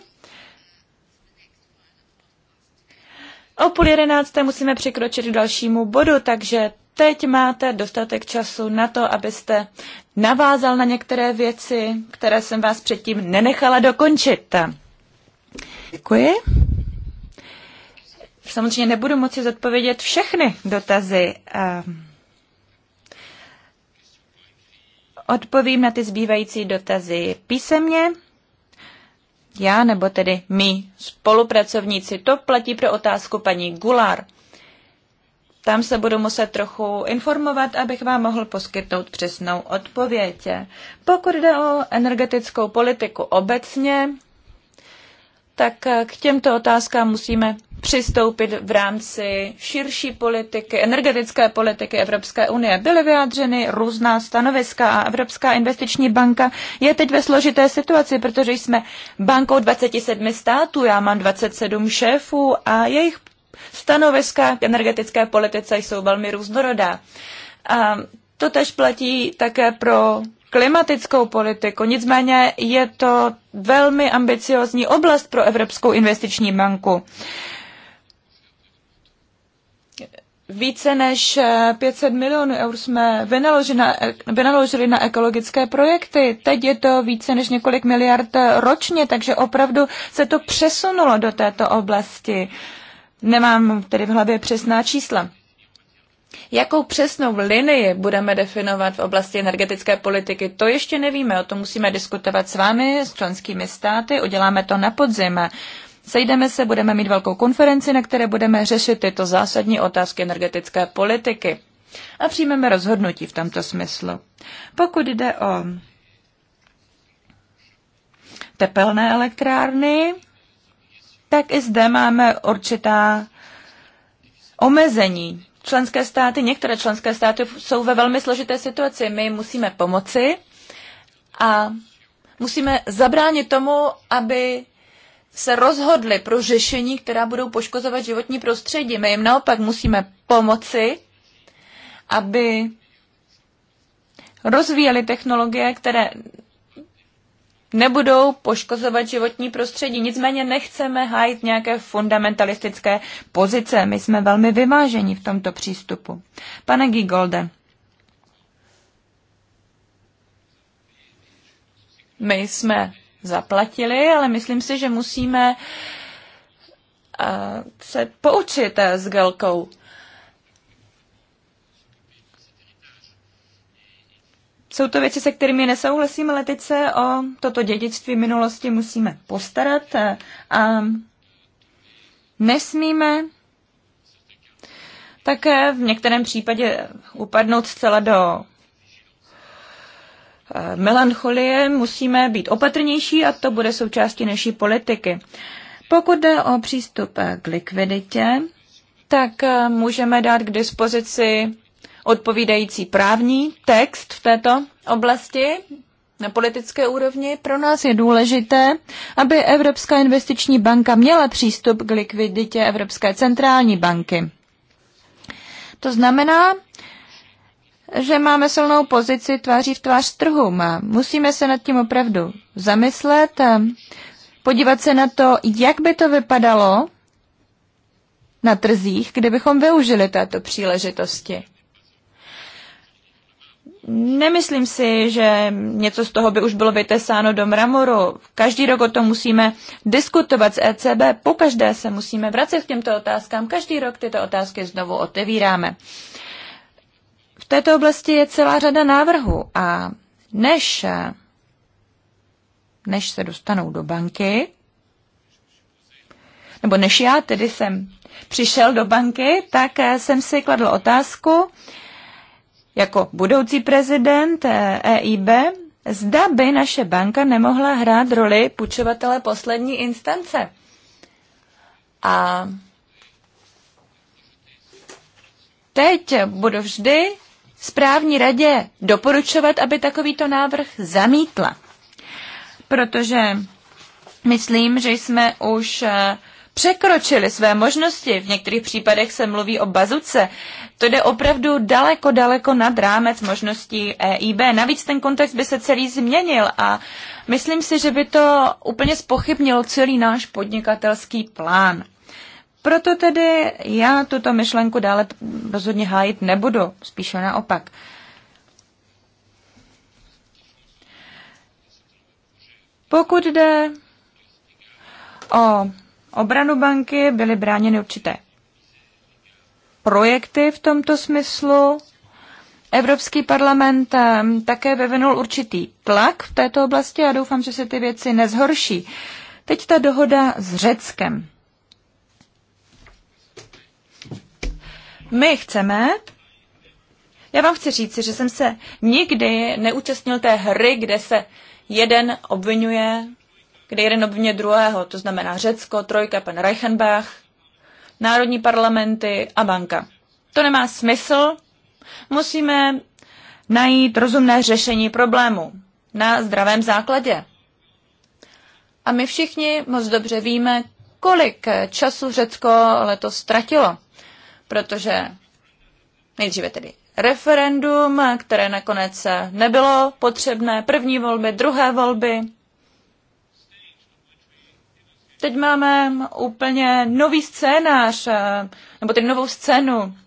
O půl jedenácté musíme přikročit k dalšímu bodu, takže teď máte dostatek času na to, abyste navázal na některé věci, které jsem vás předtím nenechala dokončit. Děkuji. Samozřejmě nebudu moci zodpovědět všechny dotazy. Ehm, odpovím na ty zbývající dotazy písemně. Já nebo tedy my spolupracovníci. To platí pro otázku paní Gular. Tam se budu muset trochu informovat, abych vám mohl poskytnout přesnou odpověď. Pokud jde o energetickou politiku obecně, tak eh, k těmto otázkám musíme přistoupit v rámci širší politiky, energetické politiky Evropské unie. Byly vyjádřeny různá stanoviska a Evropská investiční banka je teď ve složité situaci, protože jsme bankou 27 států, já mám 27 šéfů a jejich stanoviska k energetické politice jsou velmi různorodá. A to tež platí také pro klimatickou politiku. Nicméně je to velmi ambiciozní oblast pro Evropskou investiční banku. Více než 500 eh, milionů eur jsme vynaložili na, vynaložili na ekologické projekty. Teď je to více než několik miliard ročně, takže opravdu se to přesunulo do této oblasti. Nemám tedy v hlavě přesná čísla. Jakou přesnou linii budeme definovat v oblasti energetické politiky, to ještě nevíme. O tom musíme diskutovat s vámi, s členskými státy. Uděláme to na podzim. Sejdeme se, budeme mít velkou konferenci, na které budeme řešit tyto zásadní otázky energetické politiky. A přijmeme rozhodnutí v tomto smyslu. Pokud jde o tepelné elektrárny, tak i zde máme určitá omezení členské státy, některé členské státy jsou ve velmi složité situaci. My musíme pomoci a musíme zabránit tomu, aby se rozhodli pro řešení, která budou poškozovat životní prostředí. My jim naopak musíme pomoci, aby rozvíjeli technologie, které nebudou poškozovat životní prostředí. Nicméně nechceme hájit nějaké fundamentalistické pozice. My jsme velmi vyvážení v tomto přístupu. Pane Gigolde, my jsme zaplatili, ale myslím si, že musíme eh, se poučit eh, s Gelkou. Jsou to věci, se kterými nesouhlasíme, ale teď se o toto dědictví minulosti musíme postarat a nesmíme také v některém případě upadnout zcela do e, melancholie, musíme být opatrnější a to bude součástí naší politiky. Pokud jde o přístup k likviditě, tak e, můžeme dát k dispozici odpovídající právní text v této oblasti na politické úrovni. Pro nás je důležité, aby Evropská investiční banka měla přístup k likviditě Evropské centrální banky. To znamená, že máme silnou pozici tváří v tvář trhům. Musíme se nad tím opravdu zamyslet, podívat se na to, jak by to vypadalo na trzích, kdybychom využili této příležitosti. Nemyslím si, že něco z toho by už bylo vytesáno do mramoru. Každý rok o tom musíme diskutovat s ECB, po každé se musíme vracet k těmto otázkám, každý rok tyto otázky znovu otevíráme. V této oblasti je celá řada návrhů a než, než se dostanou do banky, nebo než já tedy jsem přišel do banky, tak jsem si kladl otázku, jako budoucí prezident EIB, eh, e zda by naše banka nemohla hrát roli půjčovatele poslední instance. A teď budu vždy správní radě doporučovat, aby takovýto návrh zamítla. Protože myslím, že jsme už eh, překročili své možnosti. V některých případech se mluví o bazuce. To jde opravdu daleko, daleko nad rámec možností EIB. Navíc ten kontext by se celý změnil a myslím si, že by to úplně spochybnilo celý náš podnikatelský plán. Proto tedy já tuto myšlenku dále rozhodně hájit nebudu, spíše naopak. Pokud jde o obranu banky byly bráněny určité projekty v tomto smyslu. Evropský parlament ehm, také vyvinul určitý tlak v této oblasti a doufám, že se ty věci nezhorší. Teď ta dohoda s Řeckem. My chceme, já vám chci říct, že jsem se nikdy neúčastnil té hry, kde se jeden obvinuje kde jeden obvině druhého, to znamená Řecko, Trojka, pan Reichenbach, národní parlamenty a banka. To nemá smysl. Musíme najít rozumné řešení problému na zdravém základě. A my všichni moc dobře víme, kolik času Řecko letos ztratilo, protože nejdříve tedy referendum, které nakonec nebylo potřebné, první volby, druhé volby, Teď máme úplně nový scénář, eh, nebo tedy novou scénu,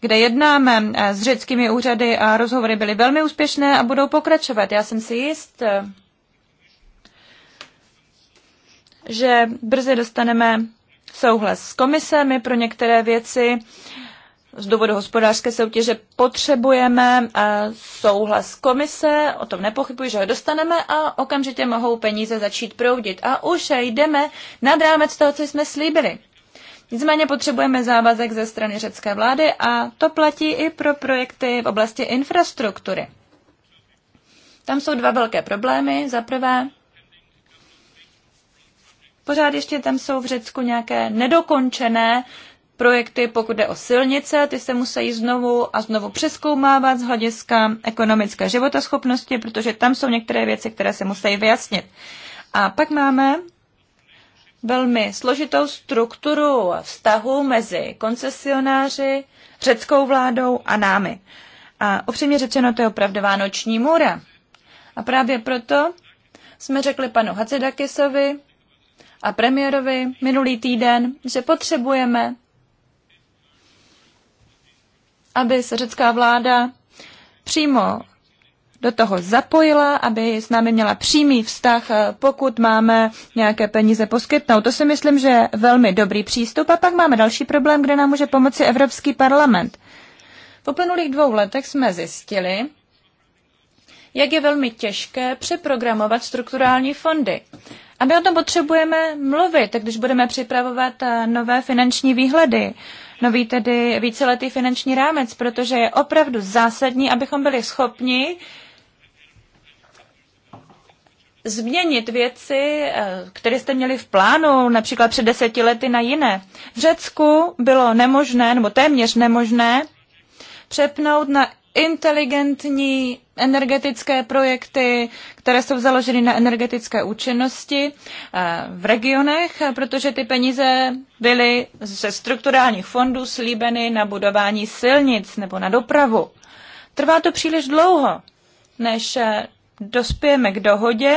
kde jednáme eh, s řeckými úřady a rozhovory byly velmi úspěšné a budou pokračovat. Já jsem si jist, eh, že brzy dostaneme souhlas s komisemi pro některé věci. Uh, z důvodu hospodářské soutěže potřebujeme eh, souhlas komise, o tom nepochybuji, že ho dostaneme a okamžitě mohou peníze začít proudit. A už jdeme nad rámec toho, co jsme slíbili. Nicméně potřebujeme závazek ze strany řecké vlády a to platí i pro projekty v oblasti infrastruktury. Tam jsou dva velké problémy. Za prvé, pořád ještě tam jsou v Řecku nějaké nedokončené projekty, pokud jde o silnice, ty se musí znovu a znovu přeskoumávat z hlediska ekonomické životoschopnosti, protože tam jsou některé věci, které se musí vyjasnit. A pak máme velmi složitou strukturu vztahu mezi koncesionáři, řeckou vládou a námi. A upřímně řečeno, to je opravdu vánoční můra. A právě proto jsme řekli panu Hacedakisovi a premiérovi minulý týden, že potřebujeme aby se řecká vláda přímo do toho zapojila, aby s námi měla přímý vztah, pokud máme nějaké peníze poskytnout. To si myslím, že je velmi dobrý přístup. A pak máme další problém, kde nám může pomoci Evropský parlament. V uplynulých dvou letech jsme zjistili, jak je velmi těžké přeprogramovat strukturální fondy. A my o tom potřebujeme mluvit, když budeme připravovat eh, nové finanční výhledy nový tedy víceletý finanční rámec, protože je opravdu zásadní, abychom byli schopni změnit věci, eh, které jste měli v plánu, například před deseti lety na jiné. V Řecku bylo nemožné, nebo téměř nemožné, přepnout na inteligentní energetické projekty, které jsou založeny na energetické účinnosti eh, v regionech, protože ty peníze byly ze strukturálních fondů slíbeny na budování silnic nebo na dopravu. Trvá to příliš dlouho, než eh, dospějeme k dohodě,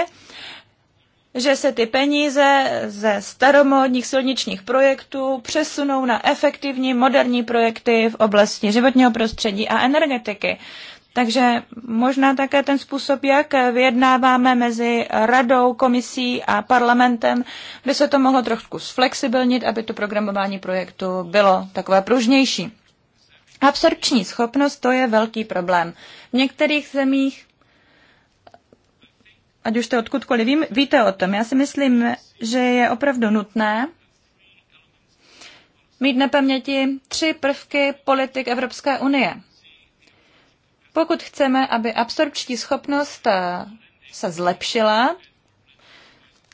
že se ty peníze ze staromódních silničních projektů přesunou na efektivní moderní projekty v oblasti životního prostředí a energetiky. Takže možná také ten způsob, jak vyjednáváme mezi radou, komisí a parlamentem, by se to mohlo trošku zflexibilnit, aby to programování projektu bylo takové pružnější. Absorpční schopnost to je velký problém. V některých zemích ať už jste odkudkoliv vím, víte o tom. Já si myslím, že je opravdu nutné mít na paměti tři prvky politik Evropské unie. Pokud chceme, aby absorpční schopnost eh, se zlepšila,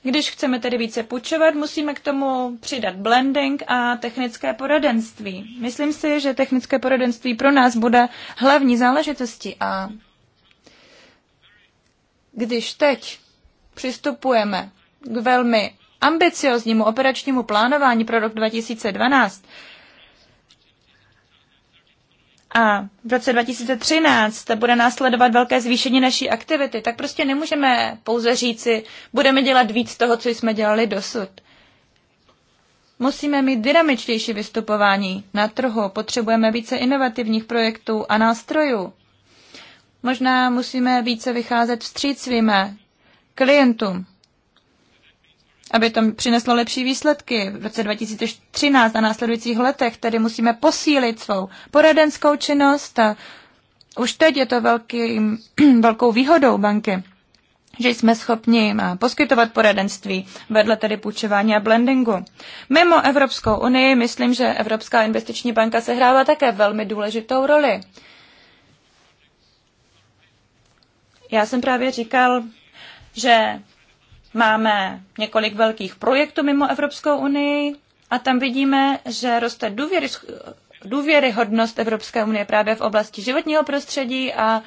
když chceme tedy více půjčovat, musíme k tomu přidat blending a technické poradenství. Myslím si, že technické poradenství pro nás bude hlavní záležitostí a když teď přistupujeme k velmi ambicioznímu operačnímu plánování pro rok 2012 a v roce 2013 bude následovat velké zvýšení naší aktivity, tak prostě nemůžeme pouze říci, budeme dělat víc toho, co jsme dělali dosud. Musíme mít dynamičtější vystupování na trhu, potřebujeme více inovativních projektů a nástrojů. Možná musíme více vycházet vstříc svým klientům, aby to přineslo lepší výsledky v roce 2013 a následujících letech, tedy musíme posílit svou poradenskou činnost a už teď je to velký, velkou výhodou banky, že jsme schopni eh, poskytovat poradenství vedle tedy půjčování a blendingu. Mimo Evropskou unii myslím, že Evropská investiční banka sehrává také velmi důležitou roli. Já jsem právě říkal, že máme několik velkých projektů mimo Evropskou unii a tam vidíme, že roste důvěry, důvěryhodnost Evropské unie právě v oblasti životního prostředí a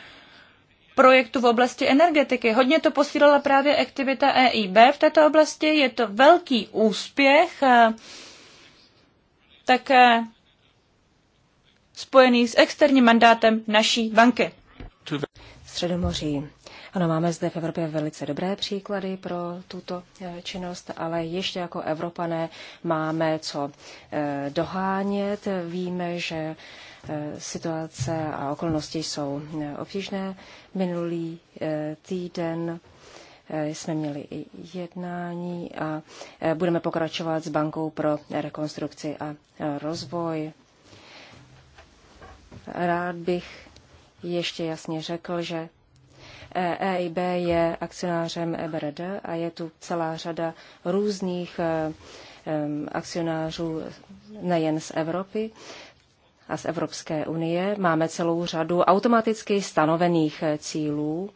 projektu v oblasti energetiky. Hodně to posílala právě aktivita EIB v této oblasti. Je to velký úspěch, eh, také spojený s externím mandátem naší banky. Středomoří. Ano, máme zde v Evropě velice dobré příklady pro tuto eh, činnost, ale ještě jako Evropané máme co eh, dohánět. Víme, že eh, situace a okolnosti jsou obtížné. Minulý týden jsme měli i jednání a budeme pokračovat s Bankou pro rekonstrukci a rozvoj. Rád bych ještě jasně řekl, že EIB e je akcionářem EBRD a je tu celá řada různých eh, akcionářů nejen z Evropy a z Evropské unie. Máme celou řadu automaticky stanovených eh, cílů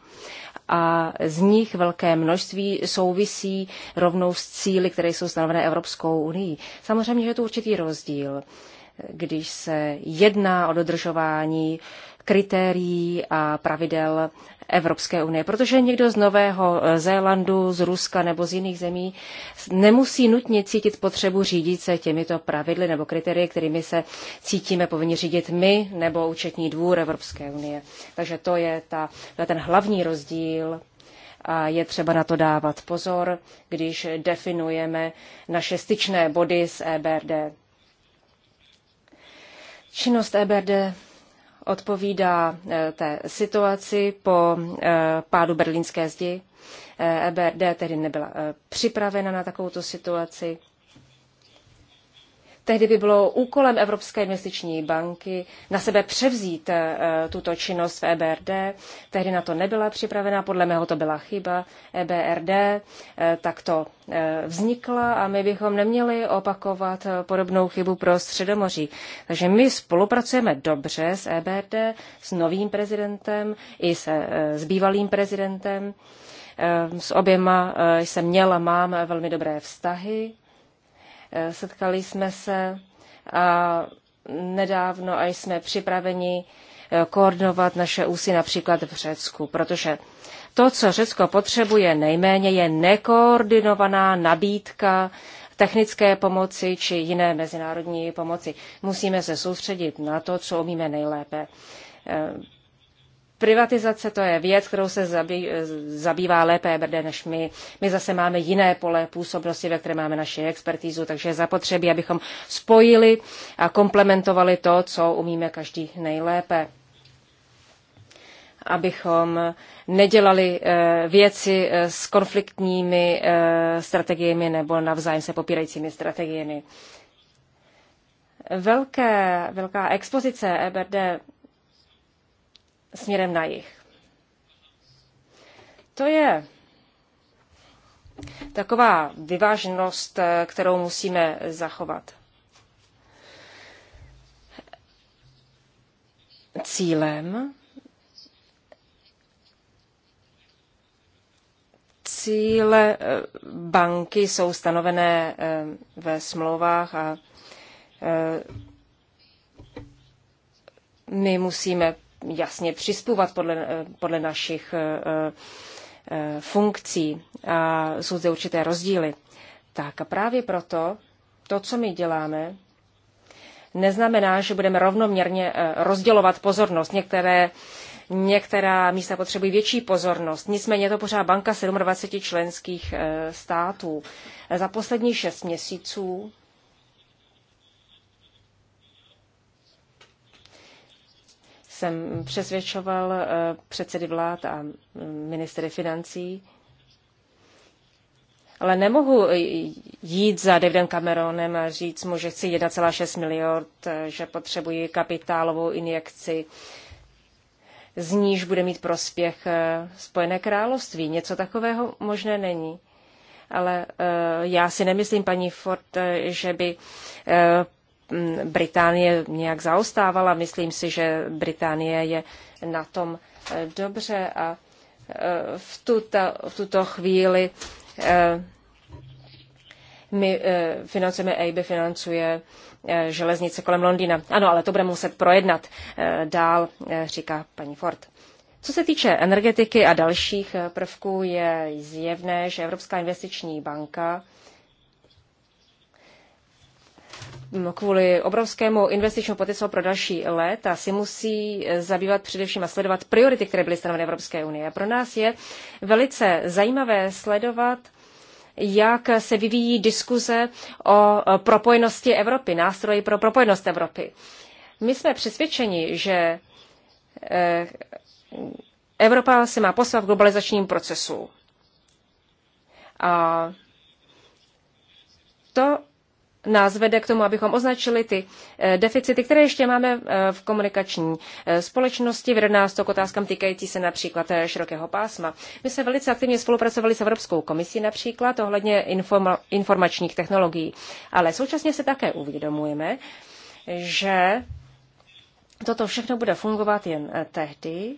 a z nich velké množství souvisí rovnou s cíly, které jsou stanovené Evropskou unii. Samozřejmě, že je to určitý rozdíl, když se jedná o dodržování kritérií a pravidel Evropské unie, protože někdo z Nového eh, Zélandu, z Ruska nebo z jiných zemí nemusí nutně cítit potřebu řídit se těmito pravidly nebo kritérii, kterými se cítíme povinni řídit my nebo účetní dvůr Evropské unie. Takže to je ta, ten hlavní rozdíl a je třeba na to dávat pozor, když definujeme naše styčné body s EBRD. Činnost EBRD odpovídá eh, té situaci po eh, pádu berlínské zdi. EBRD eh, e tedy nebyla připravena na takovouto situaci Tehdy by bylo úkolem Evropské investiční banky na sebe převzít eh, tuto činnost v EBRD. Tehdy na to nebyla připravena, podle mého to byla chyba EBRD, eh, tak to eh, vznikla a my bychom neměli opakovat podobnou chybu pro Středomoří. Takže my spolupracujeme dobře s EBRD, s novým prezidentem i se, s bývalým prezidentem. S oběma jsem měla, mám velmi dobré vztahy Eh, setkali jsme se a nedávno a jsme připraveni eh, koordinovat naše úsy například v Řecku, protože to, co Řecko potřebuje nejméně, je nekoordinovaná nabídka technické pomoci či jiné mezinárodní pomoci. Musíme se soustředit na to, co umíme nejlépe. Eh, Privatizace to je věc, kterou se zabý, zabývá lépe brde než my. My zase máme jiné pole působnosti, ve které máme naši expertízu, takže je zapotřebí, abychom spojili a komplementovali to, co umíme každý nejlépe abychom nedělali eh, věci eh, s konfliktními eh, strategiemi nebo navzájem se popírajícími strategiemi. Velké, velká expozice EBRD směrem na jich. To je taková vyváženost, kterou musíme zachovat. Cílem cíle eh, banky jsou stanovené eh, ve smlouvách a eh, my musíme jasně přispívat podle, eh, podle našich eh, eh, funkcí. A jsou zde určité rozdíly. Tak a právě proto to, co my děláme, neznamená, že budeme rovnoměrně rozdělovat pozornost. Některé, některá místa potřebují větší pozornost. Nicméně je to pořád banka 27 členských států. Za poslední šest měsíců jsem přesvědčoval eh, předsedy vlád a mm, ministry financí, ale nemohu jít za Davidem Cameronem a říct mu, že chci 1,6 miliard, eh, že potřebuji kapitálovou injekci, z níž bude mít prospěch eh, Spojené království. Něco takového možné není. Ale já si nemyslím, paní Ford, že by Británie nějak zaostávala. Myslím si, že Británie je na tom e, dobře a e, v tuto, v tuto chvíli e, my financujeme, EIB financuje železnice kolem Londýna. Ano, ale to budeme muset projednat dál, říká paní Ford. Co se týče energetiky a dalších prvků, je zjevné, že Evropská investiční banka kvůli obrovskému investičnímu potenciálu pro další léta si musí eh, zabývat především a sledovat priority, které byly stanoveny Evropské unie. Pro nás je velice zajímavé sledovat, jak se vyvíjí diskuze o eh, propojenosti Evropy, nástroji pro propojenost Evropy. My jsme přesvědčeni, že eh, Evropa se má poslat v globalizačním procesu. A to nás vede k tomu, abychom označili ty eh, deficity, které ještě máme eh, v komunikační eh, společnosti. vedou nás to k otázkám týkající se například širokého pásma. My jsme velice aktivně spolupracovali s Evropskou komisí například ohledně informa- informačních technologií, ale současně se také uvědomujeme, že toto všechno bude fungovat jen tehdy,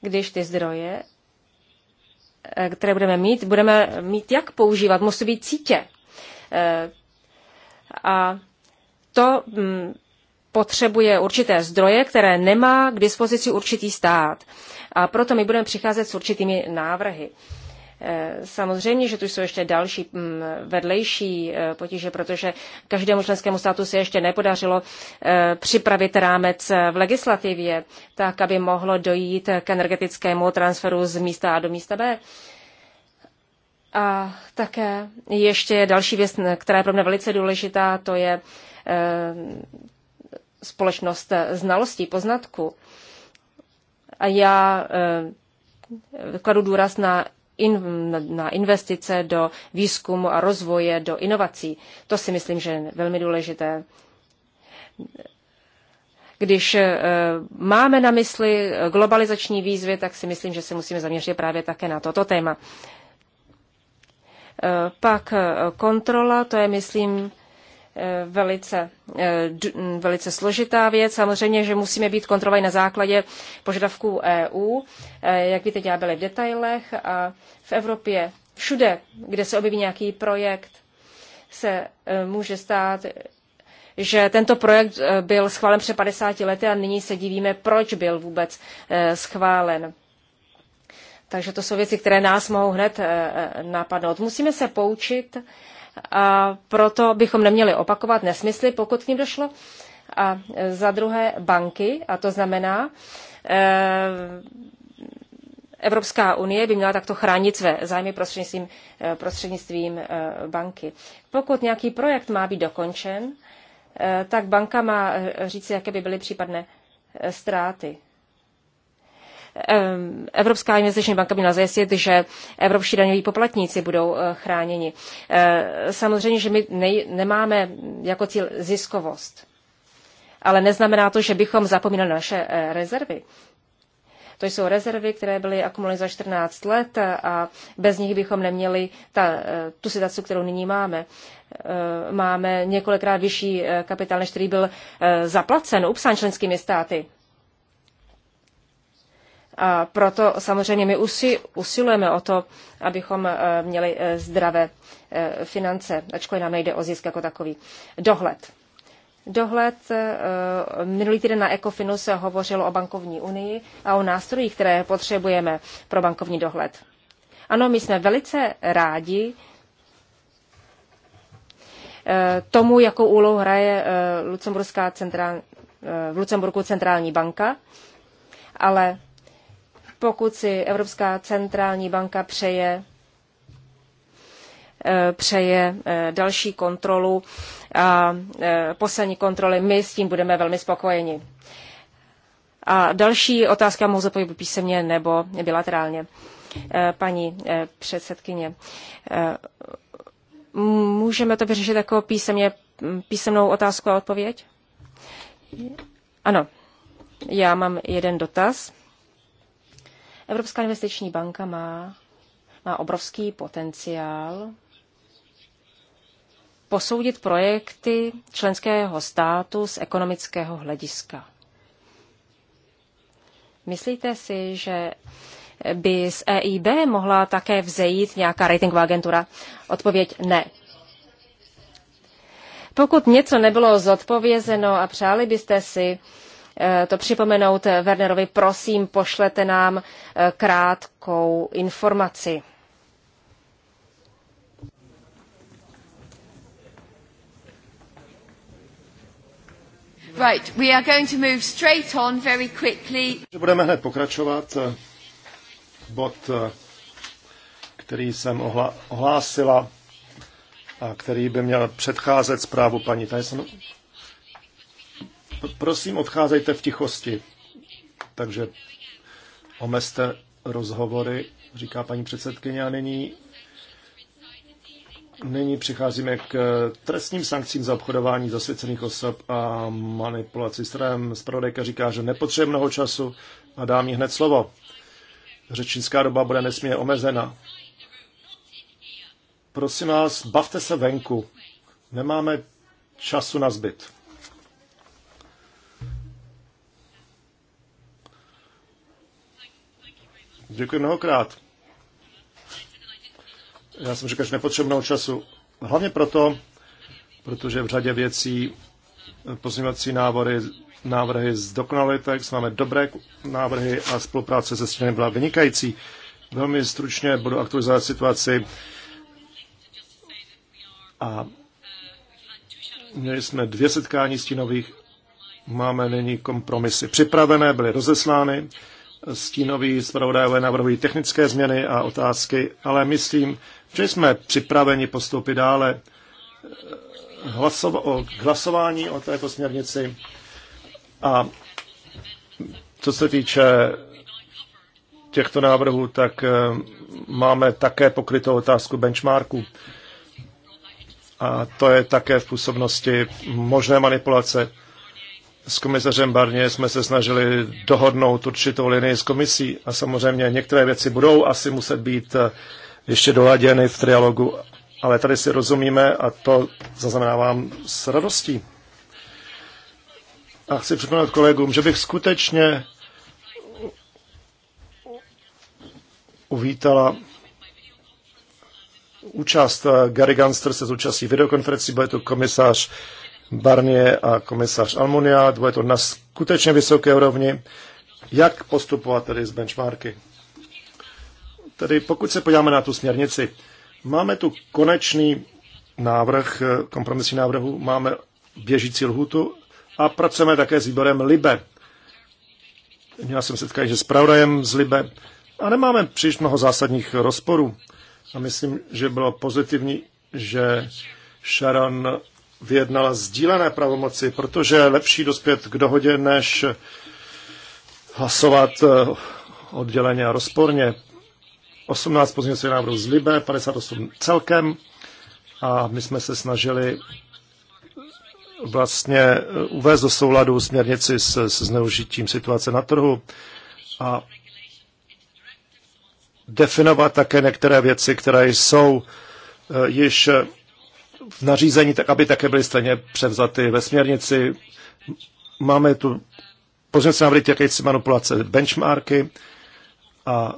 když ty zdroje Eh, které budeme mít, budeme mít jak používat, musí být cítě. Eh, a to mm, potřebuje určité zdroje, které nemá k dispozici určitý stát. A proto my budeme přicházet s určitými návrhy. Eh, samozřejmě, že tu jsou ještě další mm, vedlejší eh, potíže, protože každému členskému státu se ještě nepodařilo eh, připravit rámec v legislativě, tak aby mohlo dojít k energetickému transferu z místa A do místa B. A také ještě další věc, která je pro mě velice důležitá, to je společnost znalostí, poznatku. A já kladu důraz na in, na investice do výzkumu a rozvoje, do inovací. To si myslím, že je velmi důležité. Když eh, máme na mysli globalizační výzvy, tak si myslím, že se musíme zaměřit právě také na toto téma. Eh, pak eh, kontrola, to je, myslím, velice, eh, velice složitá věc. Samozřejmě, že musíme být kontrolovaní na základě požadavků EU. Eh, jak víte, já byly v detailech a v Evropě všude, kde se objeví nějaký projekt, se eh, může stát, že tento projekt byl schválen před 50 lety a nyní se divíme, proč byl vůbec schválen. Takže to jsou věci, které nás mohou hned napadnout. Musíme se poučit a proto bychom neměli opakovat nesmysly, pokud k ním došlo. A za druhé banky, a to znamená, eh, Evropská unie by měla takto chránit své zájmy prostřednictvím, eh, prostřednictvím eh, banky. Pokud nějaký projekt má být dokončen, tak banka má říci, jaké by byly případné ztráty. Evropská investiční banka by měla zajistit, že evropští daňoví poplatníci budou eh, chráněni. Eh, samozřejmě, že my nej, nemáme jako cíl ziskovost, ale neznamená to, že bychom zapomínali naše eh, rezervy. To jsou rezervy, které byly akumulovány za 14 let a bez nich bychom neměli ta, tu situaci, kterou nyní máme. Máme několikrát vyšší kapitál, než který byl zaplacen, upsán členskými státy. A proto samozřejmě my usilujeme o to, abychom e, měli e, zdravé e, finance, ačkoliv nám nejde o zisk jako takový. Dohled. Dohled. Minulý týden na Ecofinu se hovořilo o bankovní unii a o nástrojích, které potřebujeme pro bankovní dohled. Ano, my jsme velice rádi tomu, jakou úlohu hraje Lucemburská centrál, v Lucemburku centrální banka, ale pokud si Evropská centrální banka přeje eh, přeje eh, další kontrolu a eh, poslední kontroly. My s tím budeme velmi spokojeni. A další otázka mohu zapojit písemně nebo bilaterálně. Paní předsedkyně, můžeme to vyřešit jako písemně, hm, písemnou otázku a odpověď? Ano, já mám jeden dotaz. Evropská investiční banka má, má obrovský potenciál posoudit projekty členského státu z ekonomického hlediska. Myslíte si, že by z EIB mohla také vzejít nějaká ratingová agentura? Odpověď ne. Pokud něco nebylo zodpovězeno a přáli byste si, Eh, to připomenout eh, Wernerovi, prosím, pošlete nám eh, krátkou informaci. Right, we are going to move straight on very quickly. Budeme hned pokračovat. Bod, který jsem ohlásila a který by měl předcházet zprávu paní Tyson, Prosím, odcházejte v tichosti. Takže omezte rozhovory, říká paní předsedkyně, a nyní, nyní přicházíme k trestním sankcím za obchodování zasvěcených osob a manipulaci s trhem. Spravodajka říká, že nepotřebuje mnoho času a dá mi hned slovo. Řečnická doba bude nesmírně omezena. Prosím vás, bavte se venku. Nemáme času na zbyt. Děkuji mnohokrát. Já jsem říkal, že nepotřebnou času. Hlavně proto, protože v řadě věcí pozměňovací návrhy, návrhy dokonalý text, máme dobré návrhy a spolupráce se strany byla vynikající. Velmi stručně budu aktualizovat situaci. A měli jsme dvě setkání stínových, máme nyní kompromisy připravené, byly rozeslány stínoví zpravodajové navrhují technické změny a otázky, ale myslím, že jsme připraveni postoupit dále hlasov- o hlasování o této směrnici. A co se týče těchto návrhů, tak eh, máme také pokrytou otázku benchmarku. A to je také v působnosti možné manipulace s komisařem Barně jsme se snažili dohodnout určitou linii s komisí a samozřejmě některé věci budou asi muset být eh, ještě doladěny v trialogu, ale tady si rozumíme a to zaznamenávám s radostí. A chci připomenout kolegům, že bych skutečně uvítala účast. Eh, Gary Gunster se zúčastní videokonferenci, bude tu komisář Barnier a komisař Almunia, dvoje to na skutečně vysoké úrovni, jak postupovat tedy z benchmarky. Tedy pokud se podíváme na tu směrnici, máme tu konečný návrh, kompromisní návrhu, máme běžící lhutu a pracujeme také s výborem Libe. Měl jsem setkání, že s z Libe a nemáme příliš mnoho zásadních rozporů. A myslím, že bylo pozitivní, že Sharon vyjednala sdílené pravomoci, protože je lepší dospět k dohodě, než hlasovat eh, odděleně a rozporně. 18 pozměňovacích návrhů z Libe, 58 celkem a my jsme se snažili vlastně eh, uvést do souladu směrnici s, s zneužitím situace na trhu a definovat také některé věci, které jsou eh, již v nařízení, tak aby také byly stejně převzaty ve směrnici. Máme tu pozměnce návrhy týkající manipulace benchmarky a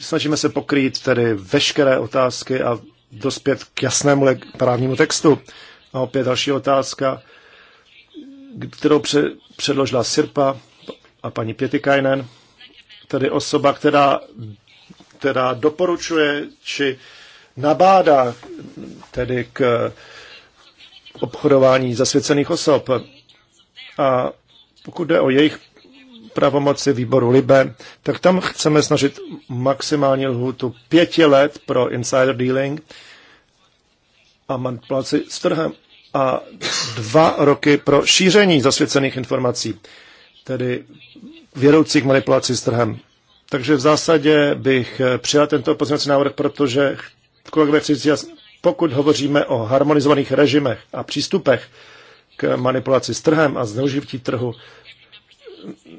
snažíme se pokrýt tedy veškeré otázky a dospět k jasnému právnímu textu. A opět další otázka, kterou předložila Sirpa a paní Pětikajnen, tedy osoba, která, která doporučuje či nabádá tedy k obchodování zasvěcených osob. A pokud jde o jejich pravomoci výboru LIBE, tak tam chceme snažit maximální lhůtu pěti let pro insider dealing a manipulaci s trhem a dva roky pro šíření zasvěcených informací, tedy vědoucích manipulací s trhem. Takže v zásadě bych přijal tento pozměňovací návrh, protože Kolegové, pokud hovoříme o harmonizovaných režimech a přístupech k manipulaci s trhem a zneužití trhu,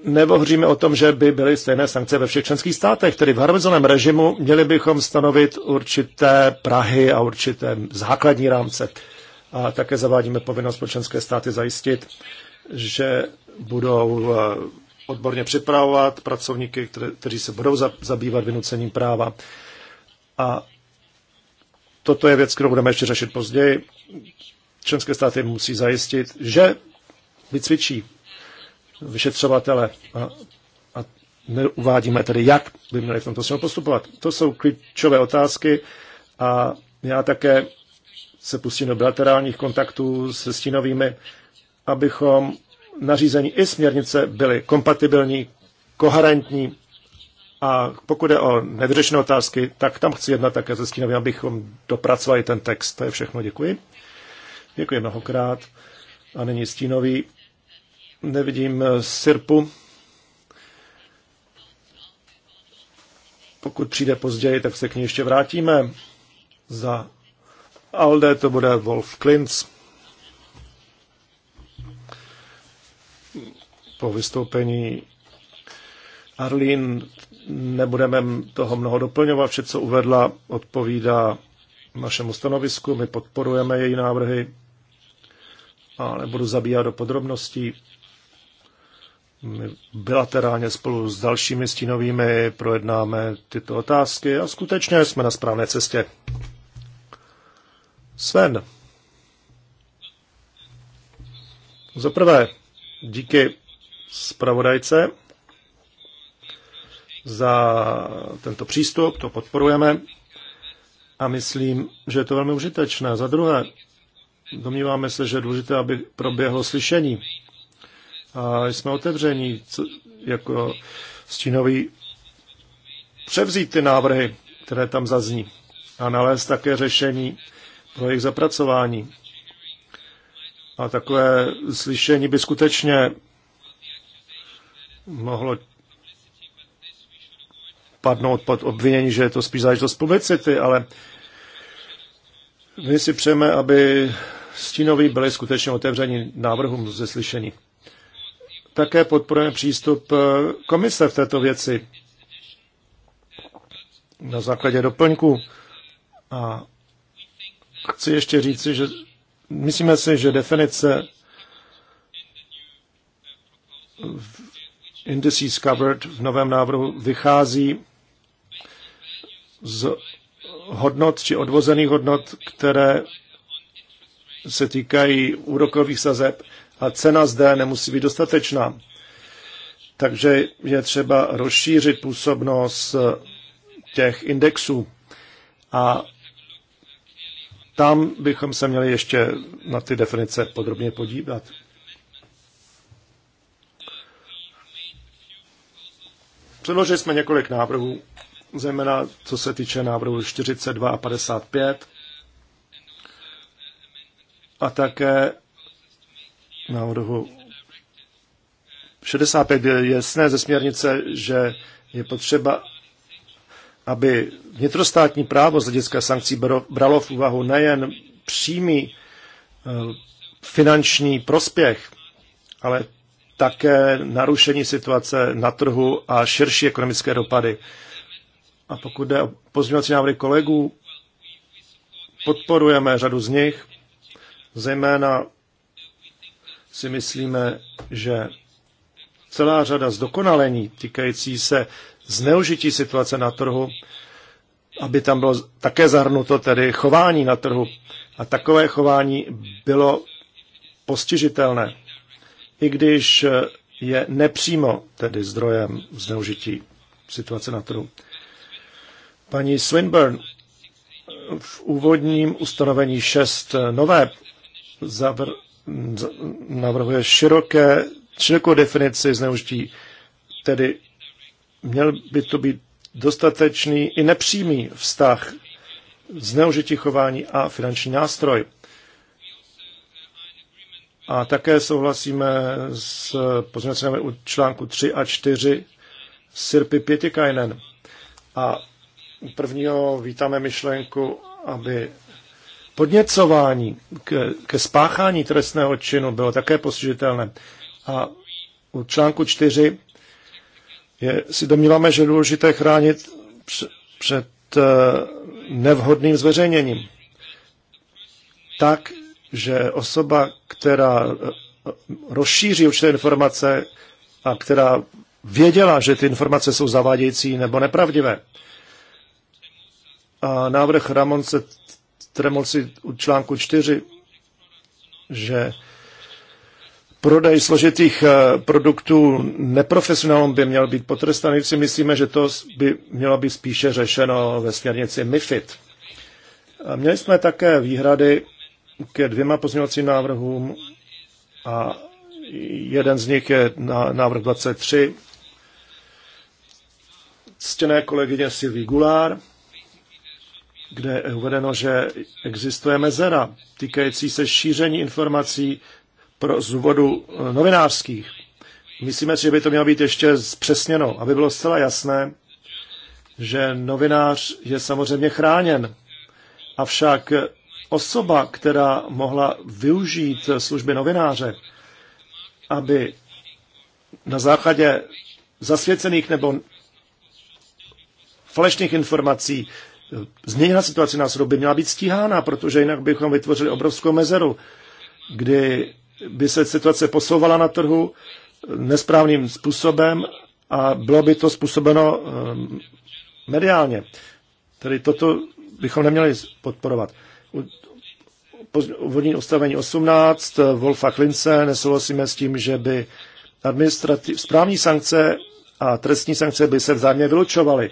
nevohříme o tom, že by byly stejné sankce ve všech členských státech, tedy v harmonizovaném režimu měli bychom stanovit určité prahy a určité základní rámce. A také zavádíme povinnost pro členské státy zajistit, že budou eh, odborně připravovat pracovníky, kteří se budou zabývat vynucením práva. A toto je věc, kterou budeme ještě řešit později. Členské státy musí zajistit, že vycvičí vyšetřovatele a, a neuvádíme tedy, jak by měli v tomto směru postupovat. To jsou klíčové otázky a já také se pustím do bilaterálních kontaktů se stínovými, abychom nařízení i směrnice byly kompatibilní, koherentní a pokud je o nevyřešené otázky, tak tam chci jednat také se Stínovým, abychom dopracovali ten text. To je všechno, děkuji. Děkuji mnohokrát. A není Stínový. Nevidím eh, Sirpu. Pokud přijde později, tak se k ní ještě vrátíme. Za Alde to bude Wolf Klintz. Po vystoupení Arlín Nebudeme toho mnoho doplňovat, vše, co uvedla, odpovídá našemu stanovisku, my podporujeme její návrhy, ale budu zabíhat do podrobností. My bilaterálně spolu s dalšími stínovými projednáme tyto otázky a skutečně jsme na správné cestě. Sven. Za prvé, díky zpravodajce za tento přístup, to podporujeme a myslím, že je to velmi užitečné. Za druhé, domníváme se, že je důležité, aby proběhlo slyšení. A jsme otevření jako stínový převzít ty návrhy, které tam zazní a nalézt také řešení pro jejich zapracování. A takové slyšení by skutečně mohlo padnout pod obvinění, že je to spíš záležitost publicity, ale my si přejeme, aby stínoví byli skutečně otevřeni návrhům ze slyšení. Také podporujeme přístup eh, komise v této věci na základě doplňku. A chci ještě říci, že myslíme si, že definice indices covered v novém návrhu vychází z hodnot či odvozených hodnot, které se týkají úrokových sazeb a cena zde nemusí být dostatečná. Takže je třeba rozšířit působnost těch indexů. A tam bychom se měli ještě na ty definice podrobně podívat. Předložili jsme několik návrhů zejména co se týče návrhu 42 a 55 a také návrhu 65 je jasné ze směrnice, že je potřeba, aby vnitrostátní právo z hlediska sankcí bralo v úvahu nejen přímý eh, finanční prospěch, ale také narušení situace na trhu a širší ekonomické dopady. A pokud jde o pozměňovací návrhy kolegů, podporujeme řadu z nich, zejména si myslíme, že celá řada zdokonalení týkající se zneužití situace na trhu, aby tam bylo také zahrnuto tedy chování na trhu. A takové chování bylo postižitelné, i když je nepřímo tedy zdrojem zneužití situace na trhu. Paní Swinburne v úvodním ustanovení 6 nové zavr, navrhuje široké, širokou definici zneužití, tedy měl by to být dostatečný i nepřímý vztah zneužití chování a finanční nástroj. A také souhlasíme s pozměnacími u článku 3 a 4 Sirpy Pětikajnen. A Prvního vítáme myšlenku, aby podněcování ke, ke spáchání trestného činu bylo také postižitelné. A u článku 4 je, si domníváme, že je důležité chránit před, před eh, nevhodným zveřejněním. Tak, že osoba, která eh, rozšíří určité informace a která věděla, že ty informace jsou zavádějící nebo nepravdivé, a návrh Ramonce Tremolci u článku 4, že prodej složitých eh, produktů neprofesionálům by měl být potrestán. si myslíme, že to by mělo být spíše řešeno ve směrnici MIFID. A měli jsme také výhrady ke dvěma pozměňovacím návrhům a jeden z nich je na návrh 23. Ctěné kolegyně Sylvie Gulár kde je uvedeno, že existuje mezera týkající se šíření informací pro, z eh, novinářských. Myslíme si, že by to mělo být ještě zpřesněno, aby bylo zcela jasné, že novinář je samozřejmě chráněn. Avšak osoba, která mohla využít služby novináře, aby na základě zasvěcených nebo falešných informací změnila situace na by měla být stíhána, protože jinak bychom vytvořili obrovskou mezeru, kdy by se situace posouvala na trhu nesprávným způsobem a bylo by to způsobeno ehm, mediálně. Tedy toto bychom neměli podporovat. Vodní ustavení 18, eh, Wolfa Klince, nesouhlasíme s tím, že by správní sankce a trestní sankce by se vzájemně vylučovaly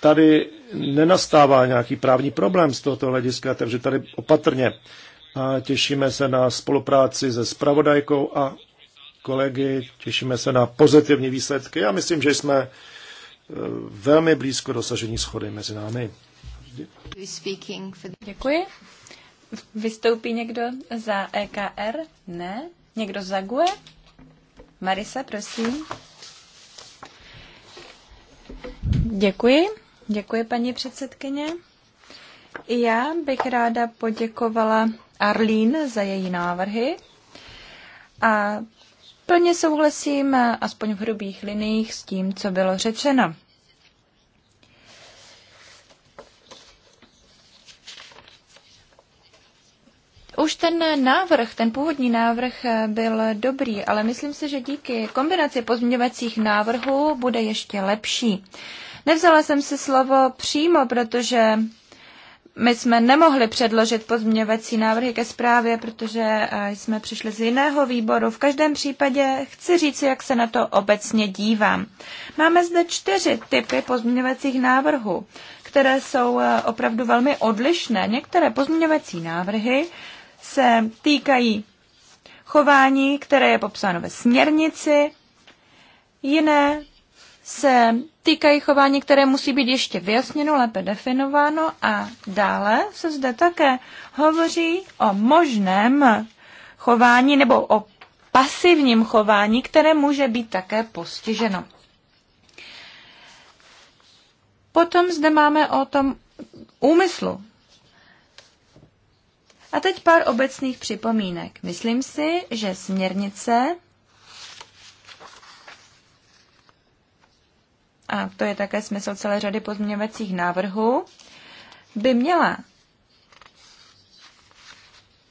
tady nenastává nějaký právní problém z tohoto hlediska, takže tady opatrně. A těšíme se na spolupráci se spravodajkou a kolegy, těšíme se na pozitivní výsledky a myslím, že jsme eh, velmi blízko dosažení schody mezi námi. Děkuji. Vystoupí někdo za EKR? Ne. Někdo za GUE? Marisa, prosím. Děkuji. Děkuji, paní předsedkyně. Já bych ráda poděkovala Arlín za její návrhy a plně souhlasím, aspoň v hrubých liniích, s tím, co bylo řečeno. Už ten návrh, ten původní návrh eh, byl dobrý, ale myslím si, že díky kombinaci pozměňovacích návrhů bude ještě lepší. Nevzala jsem si slovo přímo, protože my jsme nemohli předložit pozměňovací návrhy ke zprávě, protože eh, jsme přišli z jiného výboru. V každém případě chci říct, jak se na to obecně dívám. Máme zde čtyři typy pozměňovacích návrhů, které jsou eh, opravdu velmi odlišné. Některé pozměňovací návrhy se týkají chování, které je popsáno ve směrnici, jiné se týkají chování, které musí být ještě vyjasněno, lépe definováno a dále se zde také hovoří o možném chování nebo o pasivním chování, které může být také postiženo. Potom zde máme o tom úmyslu a teď pár obecných připomínek. Myslím si, že směrnice, a to je také smysl celé řady pozměňovacích návrhů, by měla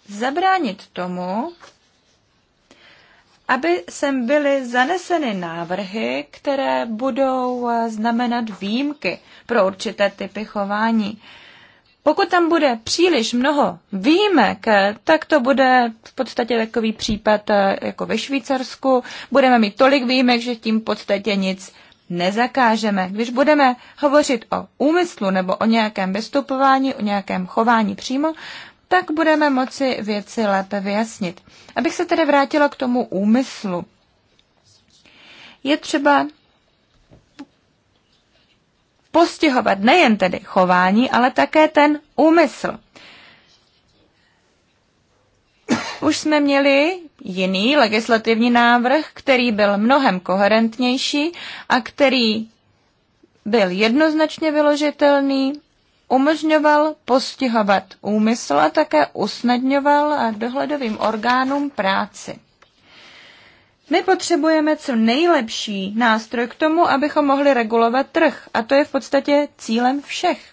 zabránit tomu, aby sem byly zaneseny návrhy, které budou eh, znamenat výjimky pro určité typy chování. Pokud tam bude příliš mnoho výjimek, tak to bude v podstatě takový případ eh, jako ve Švýcarsku. Budeme mít tolik výjimek, že tím v podstatě nic nezakážeme. Když budeme hovořit o úmyslu nebo o nějakém vystupování, o nějakém chování přímo, tak budeme moci věci lépe vyjasnit. Abych se tedy vrátila k tomu úmyslu. Je třeba postihovat nejen tedy chování, ale také ten úmysl. Už jsme měli jiný legislativní návrh, který byl mnohem koherentnější a který byl jednoznačně vyložitelný, umožňoval postihovat úmysl a také usnadňoval dohledovým orgánům práci. My potřebujeme co nejlepší nástroj k tomu, abychom mohli regulovat trh. A to je v podstatě cílem všech.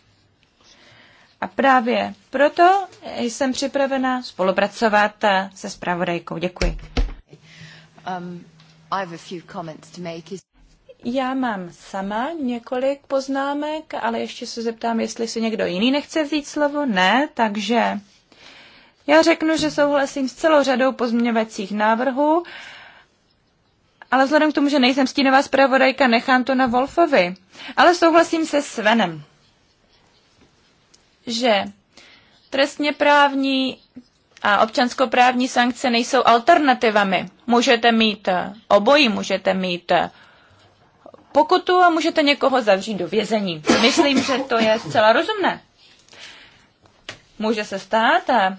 A právě proto jsem připravena spolupracovat se spravodajkou. Děkuji. Um, já mám sama několik poznámek, ale ještě se zeptám, jestli si někdo jiný nechce vzít slovo. Ne, takže já řeknu, že souhlasím s celou řadou pozměňovacích návrhů ale vzhledem k tomu, že nejsem stínová zpravodajka, nechám to na Wolfovi. Ale souhlasím se Svenem, že trestně právní a občanskoprávní sankce nejsou alternativami. Můžete mít eh, obojí, můžete mít eh, pokutu a můžete někoho zavřít do vězení. Myslím, že to je zcela rozumné. Může se stát, a eh,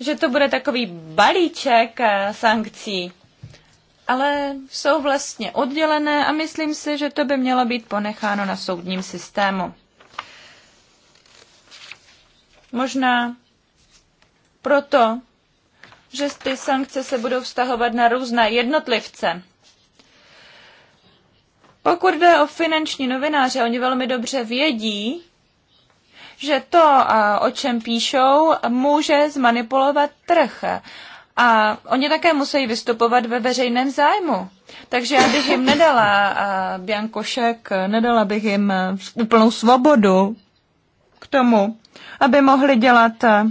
že to bude takový balíček sankcí, ale jsou vlastně oddělené a myslím si, že to by mělo být ponecháno na soudním systému. Možná proto, že ty sankce se budou vztahovat na různé jednotlivce. Pokud jde o finanční novináře, oni velmi dobře vědí, že to, o čem píšou, může zmanipulovat trh. A oni také musí vystupovat ve veřejném zájmu. Takže já bych jim nedala Biankošek, nedala bych jim e, úplnou svobodu k tomu, aby mohli dělat e,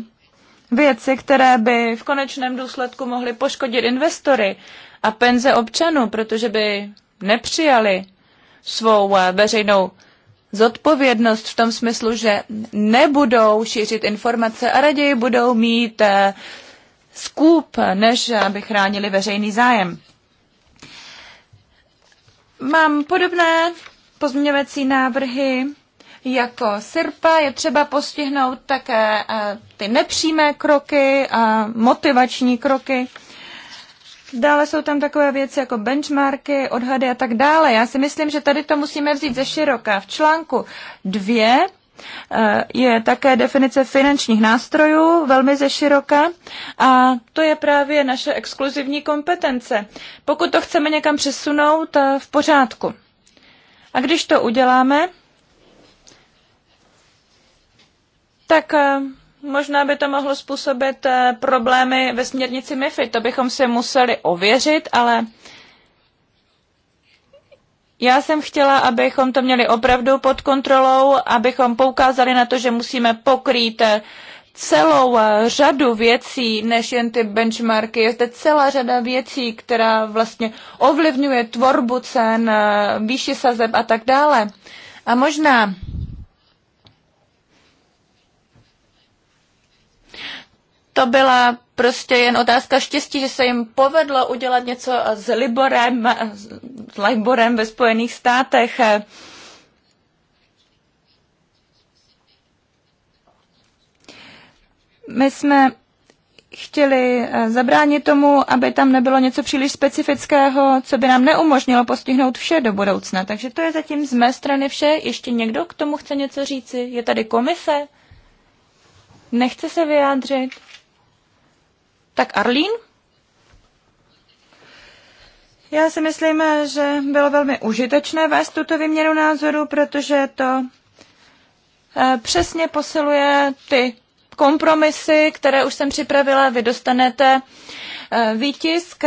věci, které by v konečném důsledku mohly poškodit investory a penze občanů, protože by nepřijali svou e, veřejnou zodpovědnost v tom smyslu, že nebudou šířit informace a raději budou mít skup, než aby chránili veřejný zájem. Mám podobné pozměňovací návrhy jako SIRPA. Je třeba postihnout také eh, ty nepřímé kroky a motivační kroky. Dále jsou tam takové věci jako benchmarky, odhady a tak dále. Já si myslím, že tady to musíme vzít ze široka. V článku 2 je také definice finančních nástrojů velmi zeširoka a to je právě naše exkluzivní kompetence. Pokud to chceme někam přesunout, eh, v pořádku. A když to uděláme, tak eh, možná by to mohlo způsobit eh, problémy ve směrnici MIFI. To bychom si museli ověřit, ale já jsem chtěla, abychom to měli opravdu pod kontrolou, abychom poukázali na to, že musíme pokrýt celou řadu věcí, než jen ty benchmarky. Je zde celá řada věcí, která vlastně ovlivňuje tvorbu cen, výši sazeb a tak dále. A možná to byla prostě jen otázka štěstí, že se jim povedlo udělat něco s Liborem, s Liborem ve Spojených státech. My jsme chtěli eh, zabránit tomu, aby tam nebylo něco příliš specifického, co by nám neumožnilo postihnout vše do budoucna. Takže to je zatím z mé strany vše. Ještě někdo k tomu chce něco říci? Je tady komise? Nechce se vyjádřit? Tak Arlín? Já si myslím, že bylo velmi užitečné vést tuto vyměnu názoru, protože to eh, přesně posiluje ty kompromisy, které už jsem připravila. Vy dostanete eh, výtisk.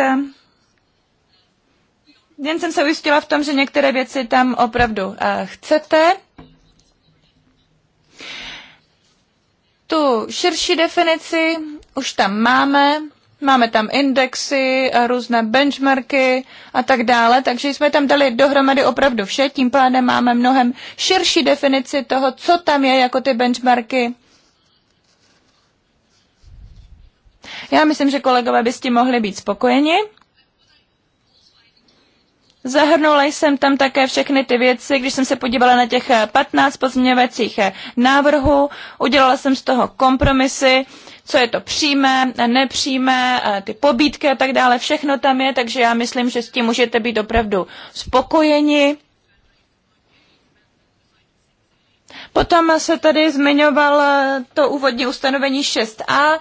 Jen jsem se ujistila v tom, že některé věci tam opravdu eh, chcete. Tu širší definici už tam máme, máme tam indexy, různé benchmarky a tak dále, takže jsme tam dali dohromady opravdu vše, tím pádem máme mnohem širší definici toho, co tam je jako ty benchmarky. Já myslím, že kolegové by s tím mohli být spokojeni. Zahrnula jsem tam také všechny ty věci, když jsem se podívala na těch 15 pozměňovacích návrhů, udělala jsem z toho kompromisy co je to přímé, nepřímé, ty pobídky a tak dále, všechno tam je, takže já myslím, že s tím můžete být opravdu spokojeni. Potom se tady zmiňoval eh, to úvodní ustanovení 6a.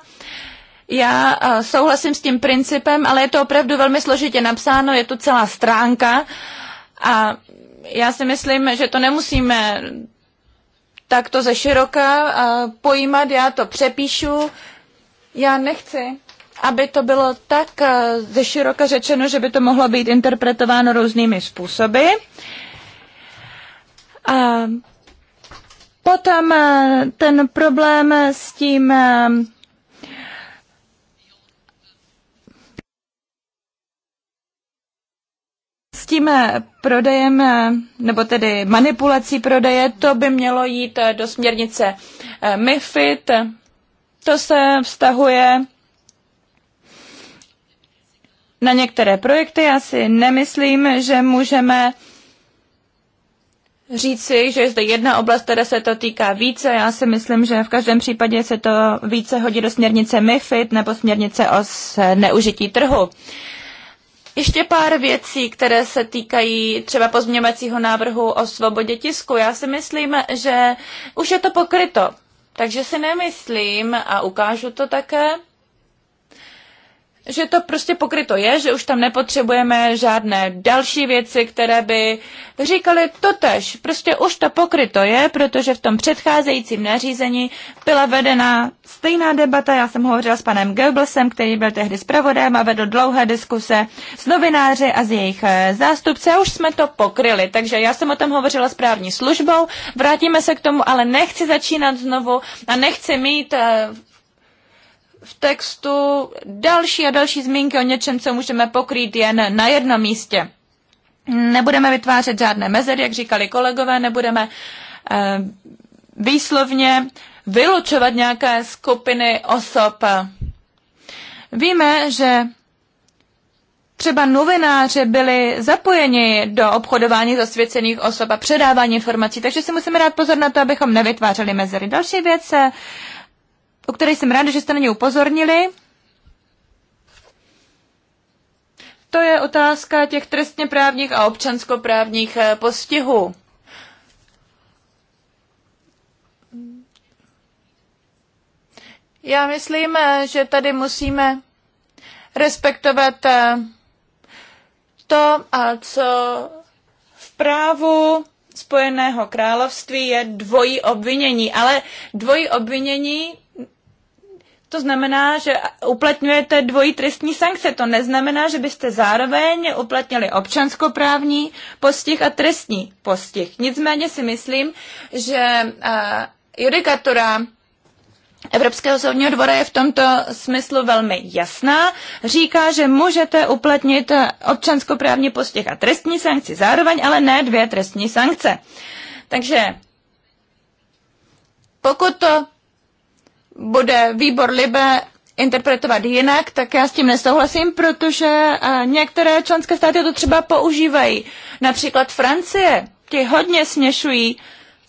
Já eh, souhlasím s tím principem, ale je to opravdu velmi složitě napsáno, je to celá stránka a já si myslím, že to nemusíme takto ze široka eh, pojímat, já to přepíšu, já nechci, aby to bylo tak eh, ze široka řečeno, že by to mohlo být interpretováno různými způsoby. A potom eh, ten problém s tím eh, s tím prodejem, nebo tedy manipulací prodeje, to by mělo jít do směrnice MIFID, to se vztahuje na některé projekty. Já si nemyslím, že můžeme říci, že je zde jedna oblast, které se to týká více. Já si myslím, že v každém případě se to více hodí do směrnice MIFID nebo směrnice o neužití trhu. Ještě pár věcí, které se týkají třeba pozměňovacího návrhu o svobodě tisku. Já si myslím, že už je to pokryto takže si nemyslím, a ukážu to také, že to prostě pokryto je, že už tam nepotřebujeme žádné další věci, které by říkaly totež. Prostě už to pokryto je, protože v tom předcházejícím nařízení byla vedena stejná debata. Já jsem hovořila s panem Goebbelsem, který byl tehdy zpravodajem a vedl dlouhé diskuse s novináři a s jejich eh, zástupce. a už jsme to pokryli. Takže já jsem o tom hovořila s právní službou. Vrátíme se k tomu, ale nechci začínat znovu a nechci mít eh, v textu další a další zmínky o něčem, co můžeme pokrýt jen na jednom místě. Nebudeme vytvářet žádné mezery, jak říkali kolegové, nebudeme eh, výslovně vylučovat nějaké skupiny osob. Víme, že třeba novináři byli zapojeni do obchodování zasvěcených osob a předávání informací, takže si musíme dát pozor na to, abychom nevytvářeli mezery. Další věc se o které jsem ráda, že jste na ně upozornili. To je otázka těch trestně právních a občanskoprávních eh, postihů. Já myslím, eh, že tady musíme respektovat eh, to, a co v právu Spojeného království je dvojí obvinění, ale dvojí obvinění to znamená, že uplatňujete dvojí trestní sankce. To neznamená, že byste zároveň uplatnili občanskoprávní postih a trestní postih. Nicméně si myslím, že eh, judikatura Evropského soudního dvora je v tomto smyslu velmi jasná. Říká, že můžete uplatnit občanskoprávní postih a trestní sankci zároveň, ale ne dvě trestní sankce. Takže pokud to bude výbor Libe interpretovat jinak, tak já s tím nesouhlasím, protože eh, některé členské státy to třeba používají. Například Francie, ti hodně směšují,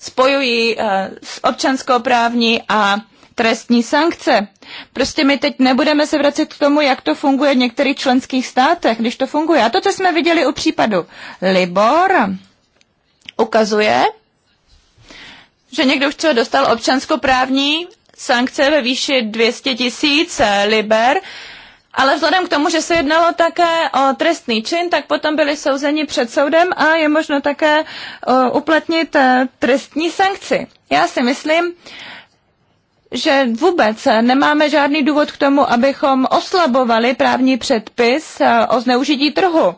spojují eh, s občanskoprávní a trestní sankce. Prostě my teď nebudeme se vracet k tomu, jak to funguje v některých členských státech, když to funguje. A to, co jsme viděli u případu Libor, ukazuje, že někdo už třeba dostal občanskoprávní sankce ve výši 200 tisíc eh, liber, ale vzhledem k tomu, že se jednalo také o trestný čin, tak potom byli souzeni před soudem a je možno také eh, uplatnit eh, trestní sankci. Já si myslím, že vůbec nemáme žádný důvod k tomu, abychom oslabovali právní předpis o zneužití trhu.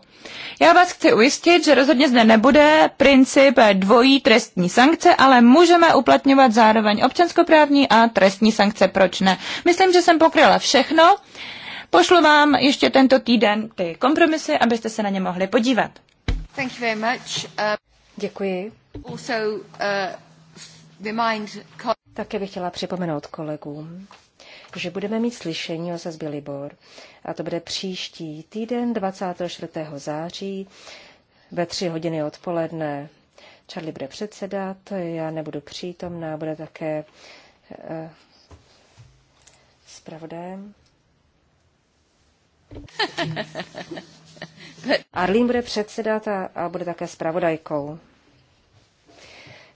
Já vás chci ujistit, že rozhodně zde nebude princip dvojí trestní sankce, ale můžeme uplatňovat zároveň občanskoprávní a trestní sankce, proč ne. Myslím, že jsem pokryla všechno. Pošlu vám ještě tento týden ty kompromisy, abyste se na ně mohli podívat. Thank you very much. Uh, Děkuji. Also, uh, remind... Také bych chtěla připomenout kolegům, že budeme mít slyšení o sazbě Libor. A to bude příští týden 24. září ve tři hodiny odpoledne. Charlie bude předsedat, já nebudu přítomná, bude také eh, zpravodajem. Arlín bude předsedat a, a bude také zpravodajkou.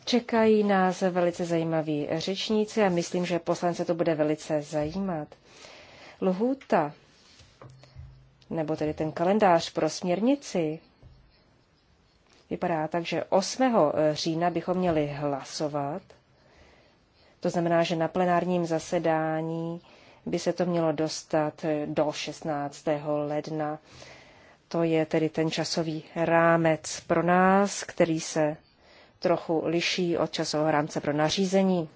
Čekají nás velice zajímaví řečníci a myslím, že poslance to bude velice zajímat. Lhůta, nebo tedy ten kalendář pro směrnici, vypadá tak, že 8. října bychom měli hlasovat. To znamená, že na plenárním zasedání by se to mělo dostat do 16. ledna. To je tedy ten časový rámec pro nás, který se trochu liší od časového rámce pro nařízení.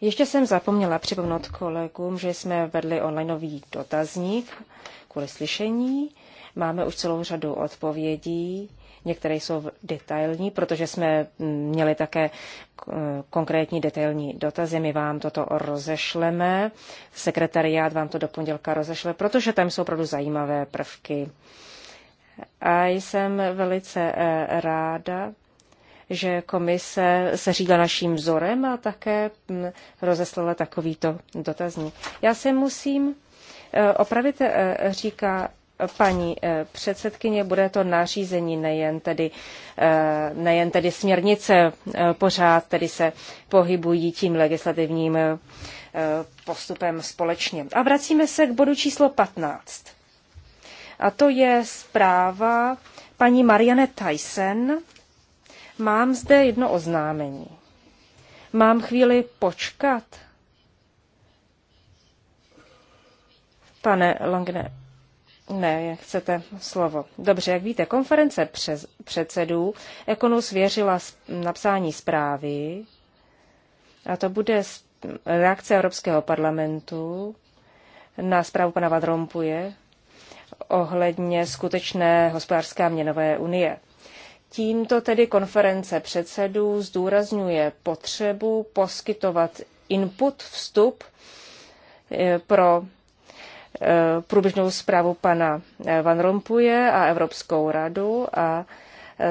Ještě jsem zapomněla připomnout kolegům, že jsme vedli onlineový dotazník kvůli slyšení. Máme už celou řadu odpovědí. Některé jsou detailní, protože jsme měli také eh, konkrétní detailní dotazy. My vám toto rozešleme. Sekretariát vám to do pondělka rozešle, protože tam jsou opravdu zajímavé prvky. A jsem velice eh, ráda, že komise se řídila naším vzorem a také mm, rozeslala takovýto dotazník. Já se musím e, opravit, e, říká paní e, předsedkyně, bude to nařízení, nejen tedy, nejen tedy směrnice, pořád tedy se pohybují tím legislativním postupem společně. A vracíme se k bodu číslo 15. A to je zpráva paní Marianne Tyson Mám zde jedno oznámení. Mám chvíli počkat? Pane Langne, ne, jak chcete slovo. Dobře, jak víte, konference přes, předsedů Ekonu svěřila napsání zprávy a to bude reakce Evropského parlamentu na zprávu pana Vadrompuje ohledně skutečné hospodářské a měnové unie. Tímto tedy konference předsedů zdůrazňuje potřebu poskytovat input, vstup eh, pro eh, průběžnou zprávu pana eh, Van Rompuje a Evropskou radu a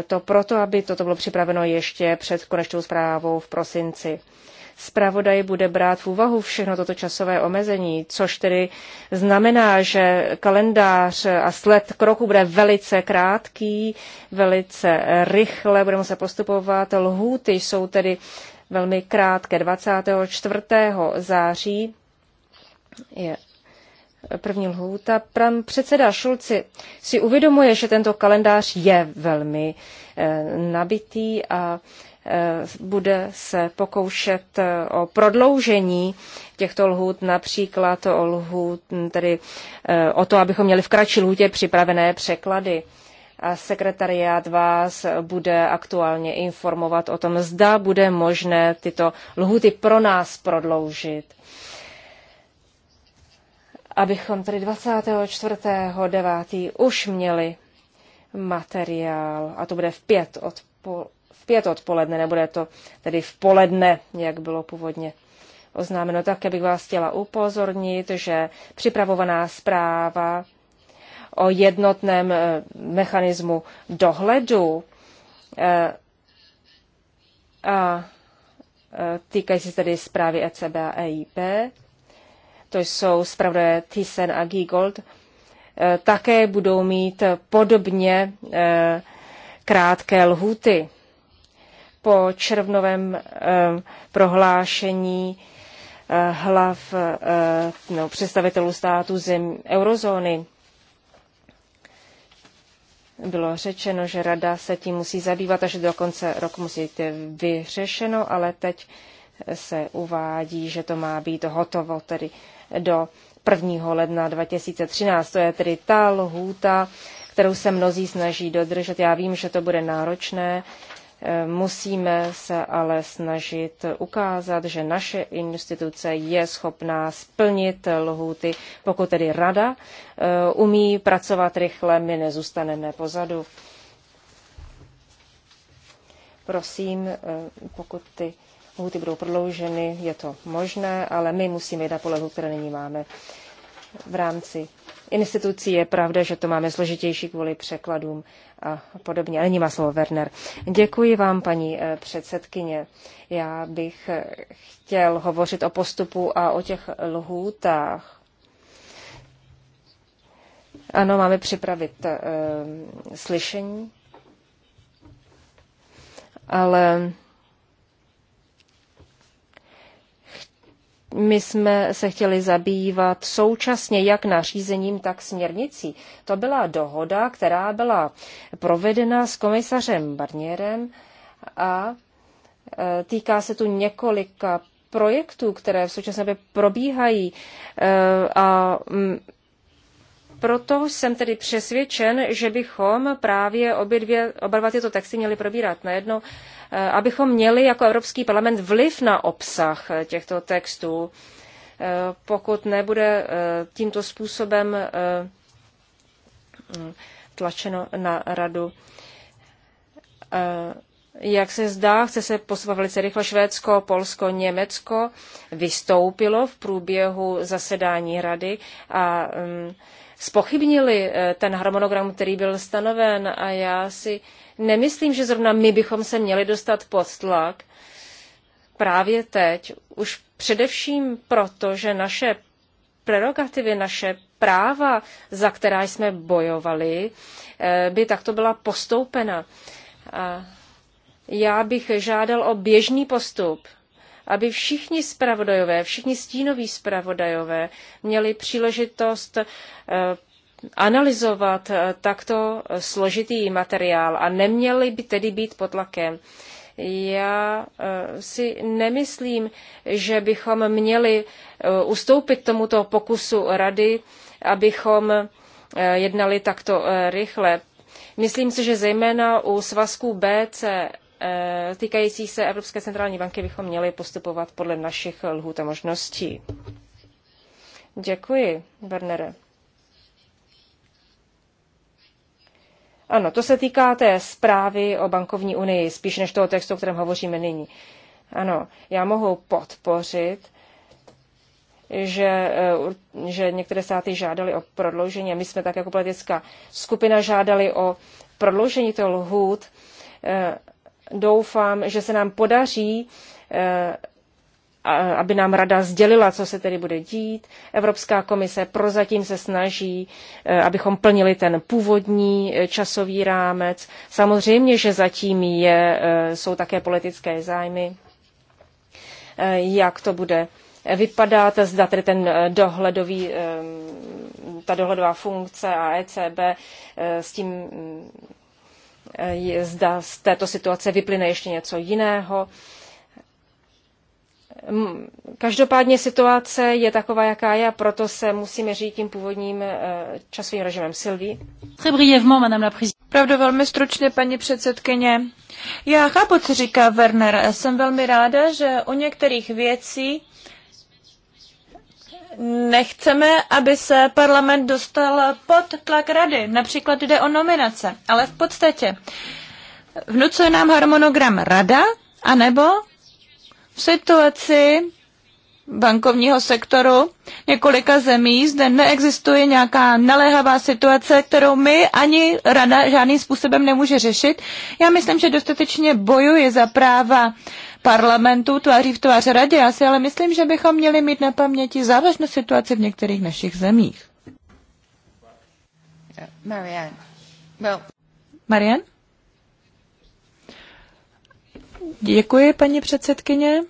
to proto, aby toto bylo připraveno ještě před konečnou zprávou v prosinci zpravodaj bude brát v úvahu všechno toto časové omezení, což tedy znamená, že kalendář a sled kroku bude velice krátký, velice rychle, budeme se postupovat. Lhůty jsou tedy velmi krátké. 24. září je první lhůta. Pan předseda Šulci si uvědomuje, že tento kalendář je velmi eh, nabitý a Eh, bude se pokoušet eh, o prodloužení těchto lhůt, například o lhůt, hm, tedy eh, o to, abychom měli v kratší lhůtě připravené překlady. A sekretariát vás bude aktuálně informovat o tom, zda bude možné tyto lhuty pro nás prodloužit. Abychom tedy 24.9. už měli materiál, a to bude v pět odpoledne v pět odpoledne, nebude to tedy v poledne, jak bylo původně oznámeno. Také bych vás chtěla upozornit, že připravovaná zpráva o jednotném eh, mechanismu dohledu eh, a eh, týkají se tedy zprávy ECB a EIP. To jsou zpravodaje Thyssen a Giegold. Také budou mít podobně krátké lhuty po červnovém eh, prohlášení eh, hlav eh, no, představitelů států zem eurozóny. Bylo řečeno, že rada se tím musí zabývat a že do konce roku musí být vyřešeno, ale teď se uvádí, že to má být hotovo tedy do 1. ledna 2013. To je tedy ta lhůta, kterou se mnozí snaží dodržet. Já vím, že to bude náročné, Musíme se ale snažit ukázat, že naše instituce je schopná splnit lhuty. Pokud tedy rada eh, umí pracovat rychle, my nezůstaneme pozadu. Prosím, eh, pokud ty lhuty budou prodlouženy, je to možné, ale my musíme jít na podle které nyní máme v rámci institucí. Je pravda, že to máme složitější kvůli překladům a podobně. Ale má slovo Werner. Děkuji vám, paní eh, předsedkyně. Já bych eh, chtěl hovořit o postupu a o těch lhůtách. Ano, máme připravit uh, slyšení, ale my jsme se chtěli zabývat současně jak nařízením, tak směrnicí. To byla dohoda, která byla provedena s komisařem Barnierem a e, týká se tu několika projektů, které v současné době probíhají e, a proto jsem tedy přesvědčen, že bychom právě obě dvě, oba dva tyto texty měli probírat najednou, eh, abychom měli jako Evropský parlament vliv na obsah eh, těchto textů. Eh, pokud nebude tímto způsobem mm, tlačeno na radu. Jak se zdá, chce se posouvat velice rychle Švédsko, Polsko, Německo vystoupilo v průběhu zasedání rady a mm, spochybnili eh, ten harmonogram, který byl stanoven a já si nemyslím, že zrovna my bychom se měli dostat pod tlak právě teď, už především proto, že naše prerogativy, naše práva, za která jsme bojovali, eh, by takto byla postoupena. A já bych žádal o běžný postup, aby všichni zpravodajové, všichni stínoví zpravodajové měli příležitost eh, analyzovat eh, takto složitý materiál a neměli by tedy být pod tlakem. Já eh, si nemyslím, že bychom měli ustoupit tomuto pokusu rady, abychom jednali takto rychle. Myslím si, že zejména u svazků BC e Eh, týkajících se Evropské centrální banky bychom měli postupovat podle našich lhůt a možností. Děkuji, Bernere. Ano, to se týká té zprávy o bankovní unii, spíš než toho textu, o kterém hovoříme nyní. Ano, já mohu podpořit, že, eh, že některé státy žádali o prodloužení. My jsme tak jako politická skupina žádali o prodloužení toho lhůt eh, doufám, že se nám podaří eh, aby nám rada sdělila, co se tedy bude dít. Evropská komise prozatím se snaží, eh, abychom plnili ten původní eh, časový rámec. Samozřejmě, že zatím je, jsou také politické zájmy, jak to bude vypadat, zda tedy ten dohledový, ta dohledová funkce a ECB s tím mm, zda z této situace vyplyne ještě něco jiného. Každopádně situace je taková, jaká je, a proto se musíme řídit tím původním eh, časovým režimem. Silví. Pravdu velmi stručně, paní předsedkyně. Já chápu, co říká Werner. Jsem velmi ráda, že u některých věcí nechceme, aby se parlament dostal pod tlak rady. Například jde o nominace, ale v podstatě vnucuje nám harmonogram rada, anebo v situaci, bankovního sektoru několika zemí. Zde neexistuje nějaká naléhavá situace, kterou my ani rada žádným způsobem nemůže řešit. Já myslím, že dostatečně bojuje za práva parlamentu tváří v tvář radě. Já si ale myslím, že bychom měli mít na paměti závažnou situaci v některých našich zemích. Marianne. Well... Marianne? Děkuji, paní předsedkyně.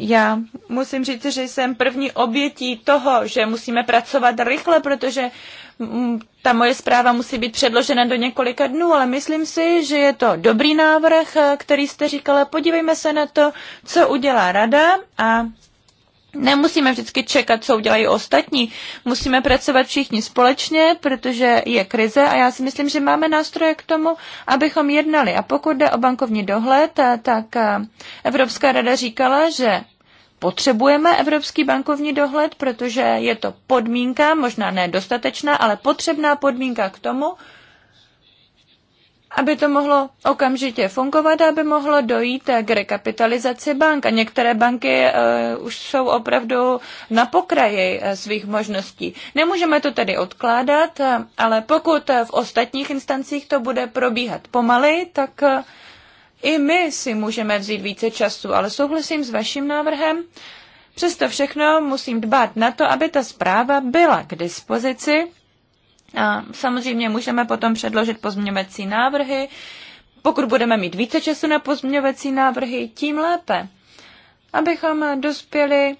Já musím říct, že jsem první obětí toho, že musíme pracovat rychle, protože mm, ta moje zpráva musí být předložena do několika dnů, ale myslím si, že je to dobrý návrh, eh, který jste říkala. Podívejme se na to, co udělá rada a Nemusíme vždycky čekat, co udělají ostatní. Musíme pracovat všichni společně, protože je krize a já si myslím, že máme nástroje k tomu, abychom jednali. A pokud jde o bankovní dohled, tak Evropská rada říkala, že potřebujeme evropský bankovní dohled, protože je to podmínka, možná ne dostatečná, ale potřebná podmínka k tomu, aby to mohlo okamžitě fungovat, aby mohlo dojít k rekapitalizaci bank. A některé banky uh, už jsou opravdu na pokraji eh, svých možností. Nemůžeme to tedy odkládat, eh, ale pokud v ostatních instancích to bude probíhat pomaly, tak uh, i my si můžeme vzít více času. Ale souhlasím s vaším návrhem. Přesto všechno musím dbát na to, aby ta zpráva byla k dispozici a samozřejmě můžeme potom předložit pozměňovací návrhy. Pokud budeme mít více času na pozměňovací návrhy, tím lépe. Abychom dospěli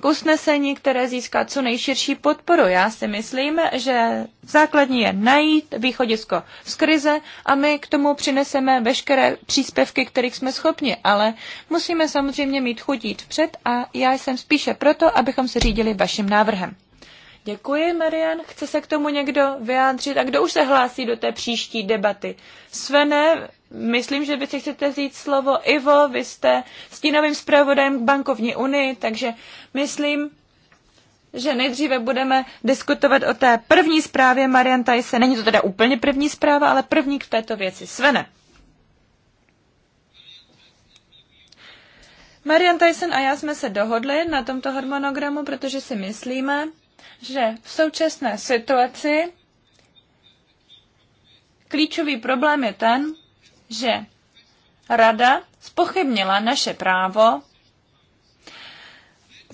k usnesení, které získá co nejširší podporu. Já si myslím, že základní je najít východisko z krize a my k tomu přineseme veškeré příspěvky, kterých jsme schopni, ale musíme samozřejmě mít chuť vpřed a já jsem spíše proto, abychom se řídili vaším návrhem. Děkuji, Marian. Chce se k tomu někdo vyjádřit? A kdo už se hlásí do té příští debaty? Svene, myslím, že vy si chcete říct slovo. Ivo, vy jste stínovým zpravodajem k bankovní unii, takže myslím, že nejdříve budeme diskutovat o té první zprávě Marian Tajse. Není to teda úplně první zpráva, ale první k této věci. Svene. Marian Tyson a já jsme se dohodli na tomto harmonogramu, protože si myslíme, že v současné situaci klíčový problém je ten, že Rada spochybnila naše právo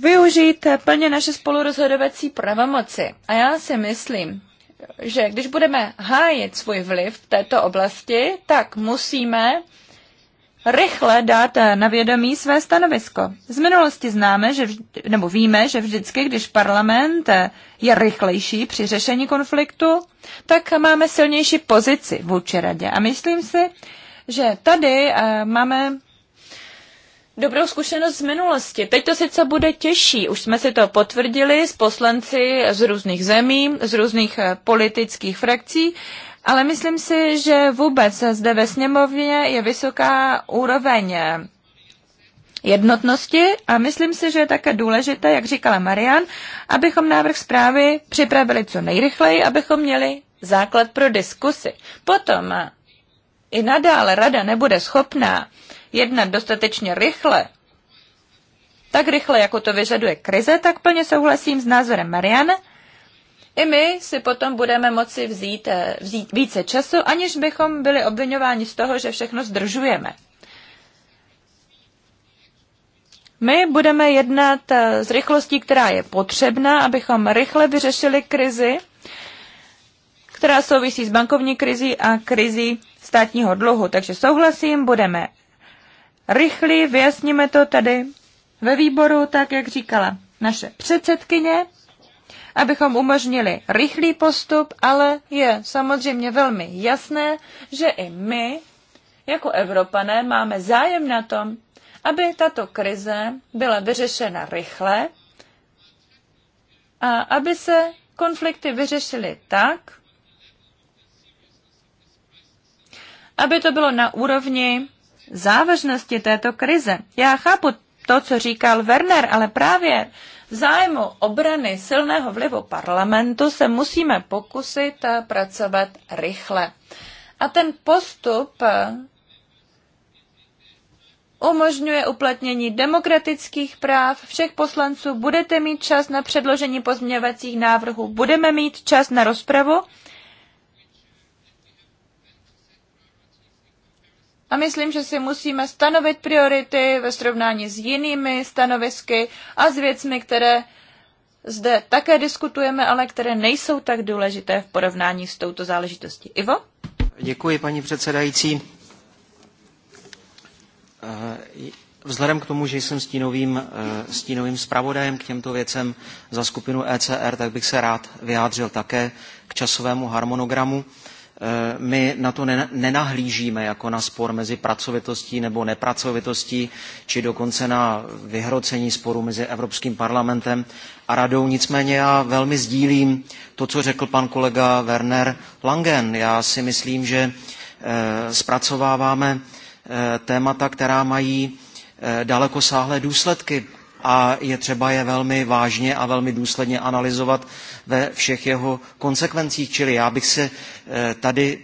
využít plně naše spolurozhodovací pravomoci. A já si myslím, že když budeme hájit svůj vliv v této oblasti, tak musíme rychle dát eh, na vědomí své stanovisko. Z minulosti známe, že vž- nebo víme, že vždycky, když parlament eh, je rychlejší při řešení konfliktu, tak máme silnější pozici vůči radě. A myslím si, že tady eh, máme dobrou zkušenost z minulosti. Teď to sice bude těžší, už jsme si to potvrdili s poslanci z různých zemí, z různých politických frakcí, ale myslím si, že vůbec zde ve sněmovně je vysoká úroveň jednotnosti a myslím si, že je také důležité, jak říkala Marian, abychom návrh zprávy připravili co nejrychleji, abychom měli základ pro diskusy. Potom i nadále rada nebude schopná jednat dostatečně rychle, tak rychle, jako to vyžaduje krize, tak plně souhlasím s názorem Marianne, i my si potom budeme moci vzít, eh, vzít více času, aniž bychom byli obvinováni z toho, že všechno zdržujeme. My budeme jednat s eh, rychlostí, která je potřebná, abychom rychle vyřešili krizi, která souvisí s bankovní krizí a krizí státního dluhu. Takže souhlasím, budeme rychlí, vyjasníme to tady ve výboru, tak jak říkala naše předsedkyně abychom umožnili rychlý postup, ale je samozřejmě velmi jasné, že i my, jako Evropané, máme zájem na tom, aby tato krize byla vyřešena rychle a aby se konflikty vyřešily tak, aby to bylo na úrovni závažnosti této krize. Já chápu to, co říkal Werner, ale právě v zájmu obrany silného vlivu parlamentu se musíme pokusit eh, pracovat rychle. A ten postup eh, umožňuje uplatnění demokratických práv všech poslanců. Budete mít čas na předložení pozměňovacích návrhů, budeme mít čas na rozpravu A myslím, že si musíme stanovit priority ve srovnání s jinými stanovisky a s věcmi, které zde také diskutujeme, ale které nejsou tak důležité v porovnání s touto záležitostí. Ivo? Děkuji, paní předsedající. Eh, vzhledem k tomu, že jsem stínovým, eh, stínovým zpravodajem k těmto věcem za skupinu ECR, tak bych se rád vyjádřil také k časovému harmonogramu. Eh, my na to nenahlížíme jako na spor mezi pracovitostí nebo nepracovitostí, či dokonce na vyhrocení sporu mezi Evropským parlamentem a radou. Nicméně já velmi sdílím to, co řekl pan kolega Werner Langen. Já si myslím, že eh, zpracováváme eh, témata, která mají dalekosáhlé důsledky a je třeba je velmi vážně a velmi důsledně analyzovat ve všech jeho konsekvencích. Čili já bych se eh, tady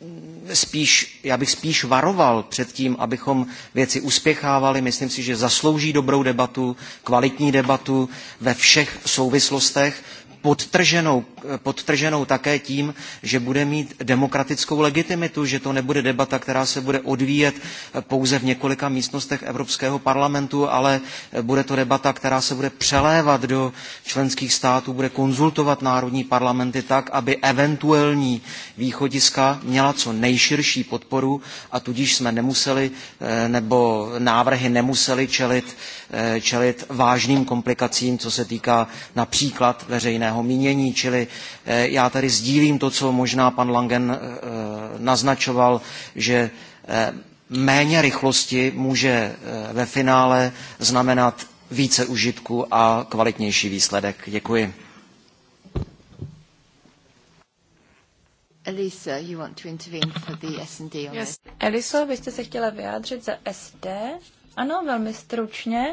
mm, spíš, já bych spíš varoval před tím, abychom věci uspěchávali. Myslím si, že zaslouží dobrou debatu, kvalitní debatu ve všech souvislostech, podtrženou podtrženou také tím, že bude mít demokratickou legitimitu, že to nebude debata, která se bude odvíjet pouze v několika místnostech Evropského parlamentu, ale bude to debata, která se bude přelévat do členských států, bude konzultovat národní parlamenty tak, aby eventuální východiska měla co nejširší podporu a tudíž jsme nemuseli eh, nebo návrhy nemuseli čelit, eh, čelit vážným komplikacím, co se týká například veřejného mínění, čili Eh, já tady sdílím to, co možná pan Langen eh, eh, naznačoval, že méně rychlosti může ve finále znamenat více užitku a kvalitnější výsledek. Děkuji. Elisa, you want to intervene for the SD on yes. Eliso, vy jste se chtěla vyjádřit za SD? Ano, velmi stručně.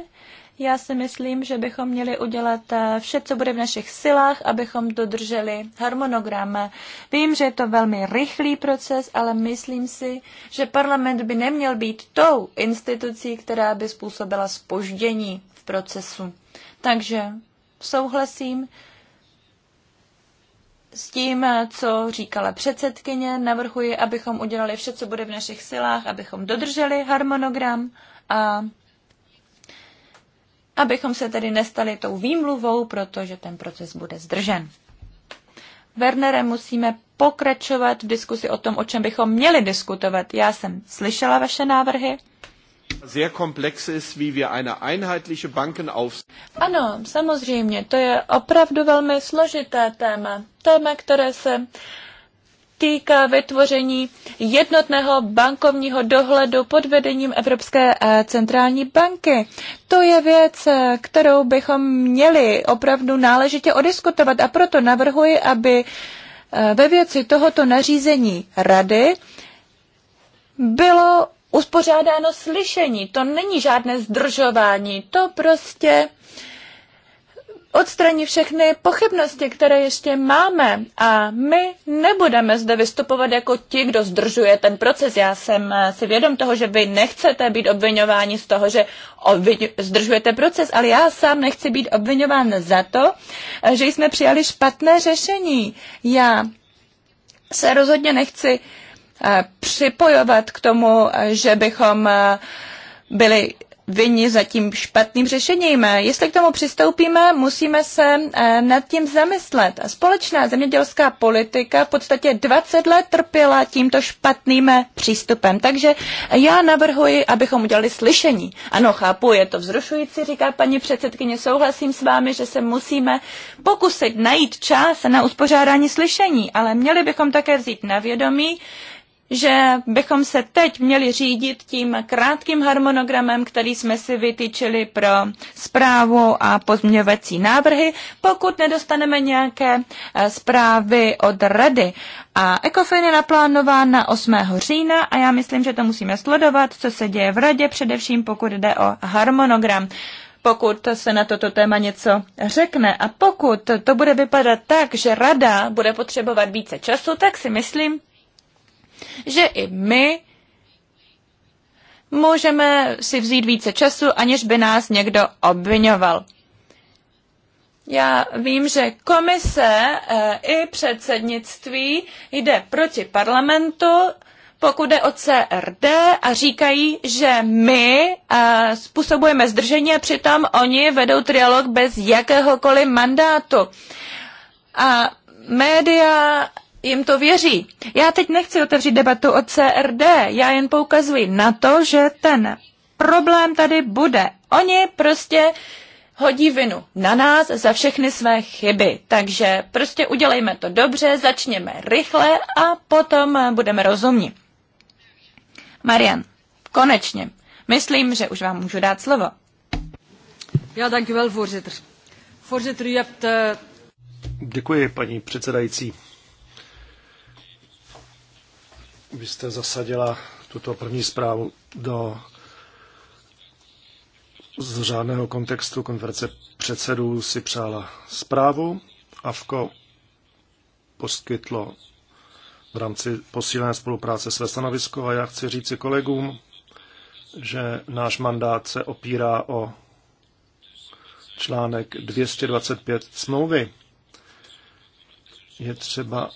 Já si myslím, že bychom měli udělat eh, vše, co bude v našich silách, abychom dodrželi harmonogram. Vím, že je to velmi rychlý proces, ale myslím si, že parlament by neměl být tou institucí, která by způsobila spoždění v procesu. Takže souhlasím s tím, eh, co říkala předsedkyně. Navrhuji, abychom udělali vše, co bude v našich silách, abychom dodrželi harmonogram a abychom se tedy nestali tou výmluvou, protože ten proces bude zdržen. Wernere, musíme pokračovat v diskusi o tom, o čem bychom měli diskutovat. Já jsem slyšela vaše návrhy. Ano, samozřejmě, to je opravdu velmi složité téma. Téma, které se týká vytvoření jednotného bankovního dohledu pod vedením Evropské eh, centrální banky. To je věc, eh, kterou bychom měli opravdu náležitě odiskutovat a proto navrhuji, aby eh, ve věci tohoto nařízení rady bylo uspořádáno slyšení. To není žádné zdržování, to prostě uh, odstraní všechny pochybnosti, které ještě máme a my nebudeme zde vystupovat jako ti, kdo zdržuje ten proces. Já jsem eh, si vědom toho, že vy nechcete být obvinováni z toho, že zdržujete proces, ale já sám nechci být obvinován za to, eh, že jsme přijali špatné řešení. Já se rozhodně nechci eh, připojovat k tomu, že bychom byli vyni za tím špatným řešením. Jestli k tomu přistoupíme, musíme se eh, nad tím zamyslet. Společná zemědělská politika v podstatě 20 let trpěla tímto špatným eh, přístupem. Takže já navrhuji, abychom udělali slyšení. Ano, chápu, je to vzrušující, říká paní předsedkyně, souhlasím s vámi, že se musíme pokusit najít čas na uspořádání slyšení, ale měli bychom také vzít na vědomí, že bychom se teď měli řídit tím krátkým harmonogramem, který jsme si vytyčili pro zprávu a pozměňovací návrhy, pokud nedostaneme nějaké eh, zprávy od rady. A ECOFIN je naplánován na 8. října a já myslím, že to musíme sledovat, co se děje v radě, především pokud jde o harmonogram pokud se na toto téma něco řekne. A pokud to bude vypadat tak, že rada bude potřebovat více času, tak si myslím, že i my můžeme si vzít více času, aniž by nás někdo obvinoval. Já vím, že komise eh, i předsednictví jde proti parlamentu, pokud jde o CRD a říkají, že my eh, způsobujeme zdržení a přitom oni vedou trialog bez jakéhokoliv mandátu. A média jim to věří. Já teď nechci otevřít debatu o CRD, já jen poukazuji na to, že ten problém tady bude. Oni prostě hodí vinu na nás za všechny své chyby. Takže prostě udělejme to dobře, začněme rychle a potom budeme rozumní. Marian, konečně. Myslím, že už vám můžu dát slovo. Já dank eh, Děkuji, paní předsedající. Vy jste zasadila tuto první zprávu do z řádného kontextu konference předsedů si přála zprávu. AFKO poskytlo v rámci posílené spolupráce své stanovisko a já chci říci kolegům, že náš mandát se opírá o článek 225 smlouvy. Je třeba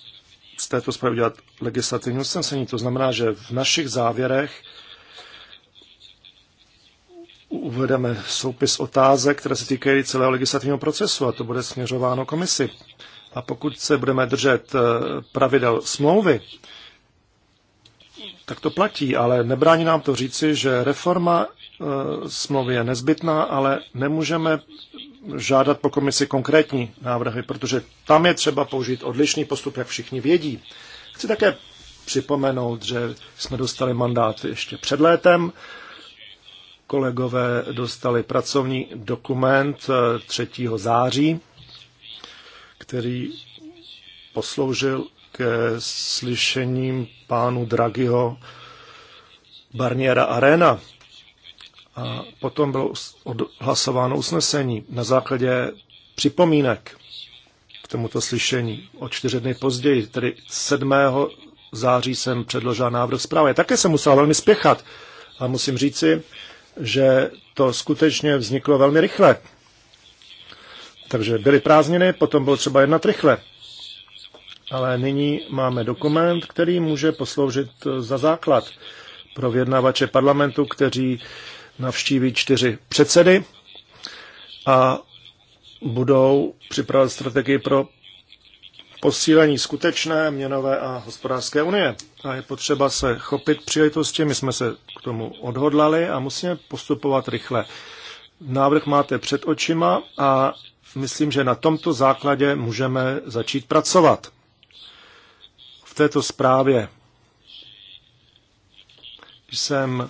z této zprávy udělat legislativní usnesení. To znamená, že v našich závěrech uvedeme soupis otázek, které se týkají celého legislativního procesu a to bude směřováno komisi. A pokud se budeme držet eh, pravidel smlouvy, tak to platí, ale nebrání nám to říci, že reforma eh, smlouvy je nezbytná, ale nemůžeme žádat po komisi konkrétní návrhy, protože tam je třeba použít odlišný postup, jak všichni vědí. Chci také připomenout, že jsme dostali mandát ještě před létem. Kolegové dostali pracovní dokument 3. Eh, září, který posloužil ke slyšením pánu Dragiho Barniera Arena a potom bylo odhlasováno usnesení na základě připomínek k tomuto slyšení. O čtyři dny později, tedy 7. září, jsem předložil návrh zprávy. Také jsem musel velmi spěchat. A musím říci, že to skutečně vzniklo velmi rychle. Takže byly prázdniny, potom bylo třeba jednat rychle. Ale nyní máme dokument, který může posloužit za základ pro vyjednavače parlamentu, kteří navštíví čtyři předsedy a budou připravovat strategii pro posílení skutečné měnové a hospodářské unie. A je potřeba se chopit příležitosti, my jsme se k tomu odhodlali a musíme postupovat rychle. Návrh máte před očima a myslím, že na tomto základě můžeme začít pracovat. V této zprávě jsem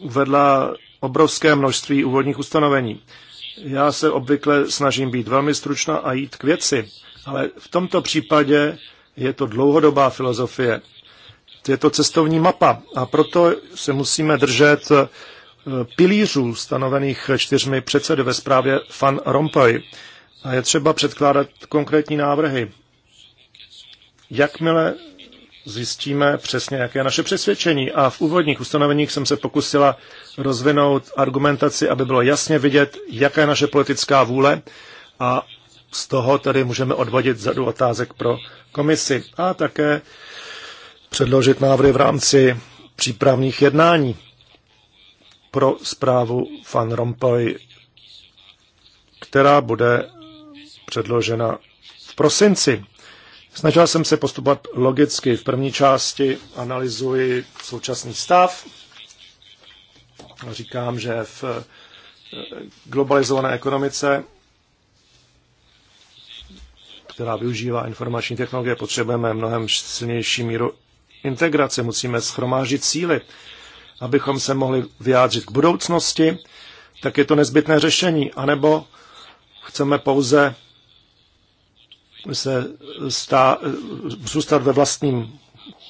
uvedla obrovské množství úvodních ustanovení. Já se obvykle snažím být velmi stručná a jít k věci, ale v tomto případě je to dlouhodobá filozofie. Je to cestovní mapa a proto se musíme držet eh, pilířů stanovených čtyřmi předsedy ve zprávě Van Rompuy. A je třeba předkládat konkrétní návrhy. Jakmile zjistíme přesně, jaké je naše přesvědčení. A v úvodních ustanoveních jsem se pokusila rozvinout argumentaci, aby bylo jasně vidět, jaká je naše politická vůle a z toho tedy můžeme odvodit zadu otázek pro komisi a také předložit návrhy v rámci přípravných jednání pro zprávu Van Rompuy, která bude předložena v prosinci. Snažil jsem se postupovat logicky. V první části analyzuji současný stav. Říkám, že v eh, globalizované ekonomice, která využívá informační technologie, potřebujeme mnohem silnější míru integrace. Musíme schromážit síly, abychom se mohli vyjádřit k budoucnosti, tak je to nezbytné řešení. Anebo chceme pouze se stá, zůstat ve vlastním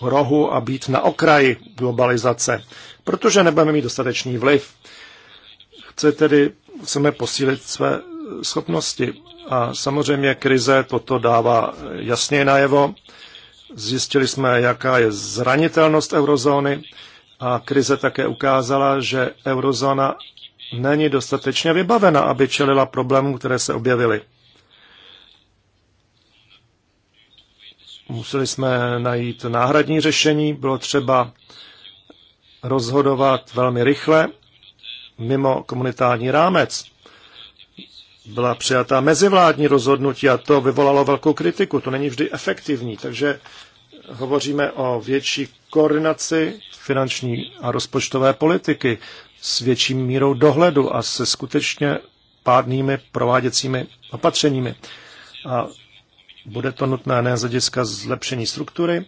rohu a být na okraji globalizace, protože nebudeme mít dostatečný vliv. Chce tedy, chceme posílit své schopnosti. A samozřejmě krize toto dává jasně najevo. Zjistili jsme, jaká je zranitelnost eurozóny a krize také ukázala, že eurozóna není dostatečně vybavena, aby čelila problémům, které se objevily. museli jsme najít náhradní řešení, bylo třeba rozhodovat velmi rychle mimo komunitární rámec. Byla přijatá mezivládní rozhodnutí a to vyvolalo velkou kritiku. To není vždy efektivní, takže hovoříme o větší koordinaci finanční a rozpočtové politiky s větší mírou dohledu a se skutečně pádnými prováděcími opatřeními. A bude to nutné ne z hlediska zlepšení struktury,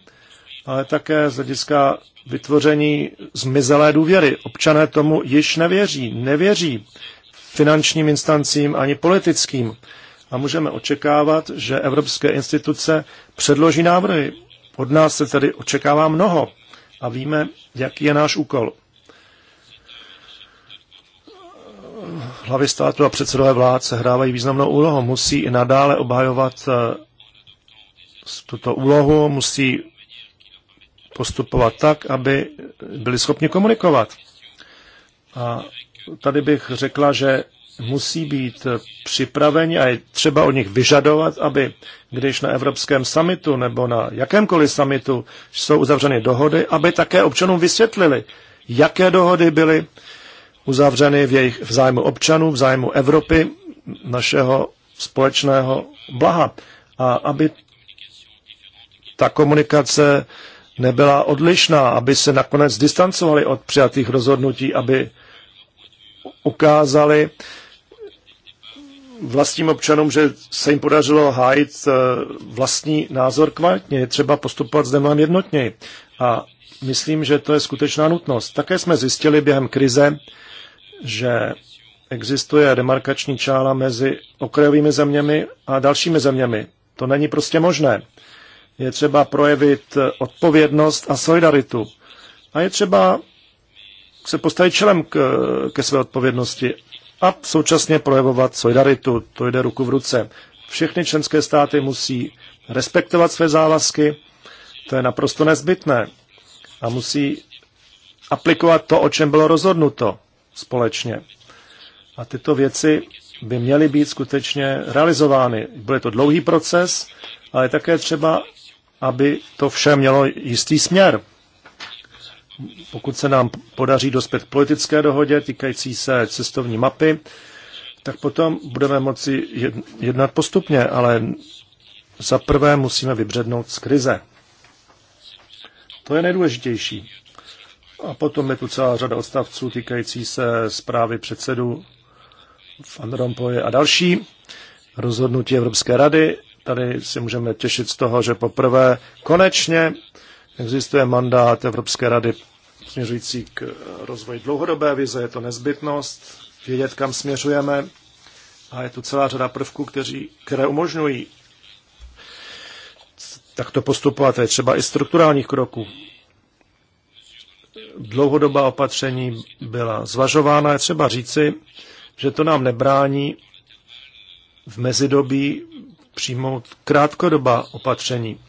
ale také z hlediska vytvoření zmizelé důvěry. Občané tomu již nevěří. Nevěří finančním instancím ani politickým. A můžeme očekávat, že evropské instituce předloží návrhy. Od nás se tedy očekává mnoho a víme, jaký je náš úkol. Hlavy státu a předsedové vlád se hrávají významnou úlohu. Musí i nadále obhajovat eh, tuto úlohu, musí postupovat tak, aby byli schopni komunikovat. A tady bych řekla, že musí být připraveni a je třeba od nich vyžadovat, aby když na Evropském samitu nebo na jakémkoliv samitu jsou uzavřeny dohody, aby také občanům vysvětlili, jaké dohody byly uzavřeny v jejich v zájmu občanů, v zájmu Evropy, našeho společného blaha. A aby ta komunikace nebyla odlišná, aby se nakonec distancovali od přijatých rozhodnutí, aby ukázali vlastním občanům, že se jim podařilo hájit eh, vlastní názor kvalitně. Je třeba postupovat zde mnohem jednotněji. A myslím, že to je skutečná nutnost. Také jsme zjistili během krize, že existuje demarkační čála mezi okrajovými zeměmi a dalšími zeměmi. To není prostě možné je třeba projevit eh, odpovědnost a solidaritu. A je třeba se postavit čelem k, ke své odpovědnosti a současně projevovat solidaritu. To jde ruku v ruce. Všechny členské státy musí respektovat své závazky, to je naprosto nezbytné. A musí aplikovat to, o čem bylo rozhodnuto společně. A tyto věci by měly být skutečně realizovány. Bude to dlouhý proces, ale také třeba aby to vše mělo jistý směr. Pokud se nám podaří dospět k politické dohodě týkající se cestovní mapy, tak potom budeme moci jednat postupně, ale za prvé musíme vybřednout z krize. To je nejdůležitější. A potom je tu celá řada odstavců týkající se zprávy předsedu Van Rompuy a další, rozhodnutí Evropské rady tady si můžeme těšit z toho, že poprvé konečně existuje mandát Evropské rady směřující k rozvoji dlouhodobé vize, je to nezbytnost, vědět, kam směřujeme a je tu celá řada prvků, kteří, které umožňují takto postupovat, je třeba i strukturálních kroků. Dlouhodobá opatření byla zvažována, je třeba říci, že to nám nebrání v mezidobí přijmout krátkodobá opatření,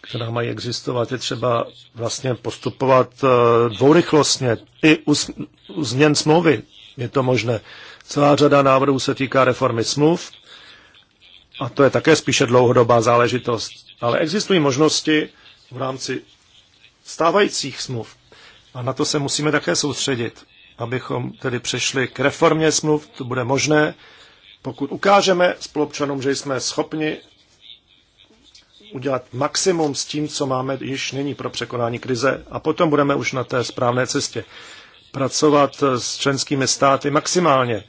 která mají existovat. Je třeba vlastně postupovat eh, dvourychlostně. I u změn smlouvy je to možné. Celá řada návrhů se týká reformy smluv a to je také spíše dlouhodobá záležitost. Ale existují možnosti v rámci stávajících smluv a na to se musíme také soustředit abychom tedy přešli k reformě smluv, to bude možné pokud ukážeme spolupčanům, že jsme schopni udělat maximum s tím, co máme již nyní pro překonání krize a potom budeme už na té správné cestě. Pracovat s členskými státy maximálně.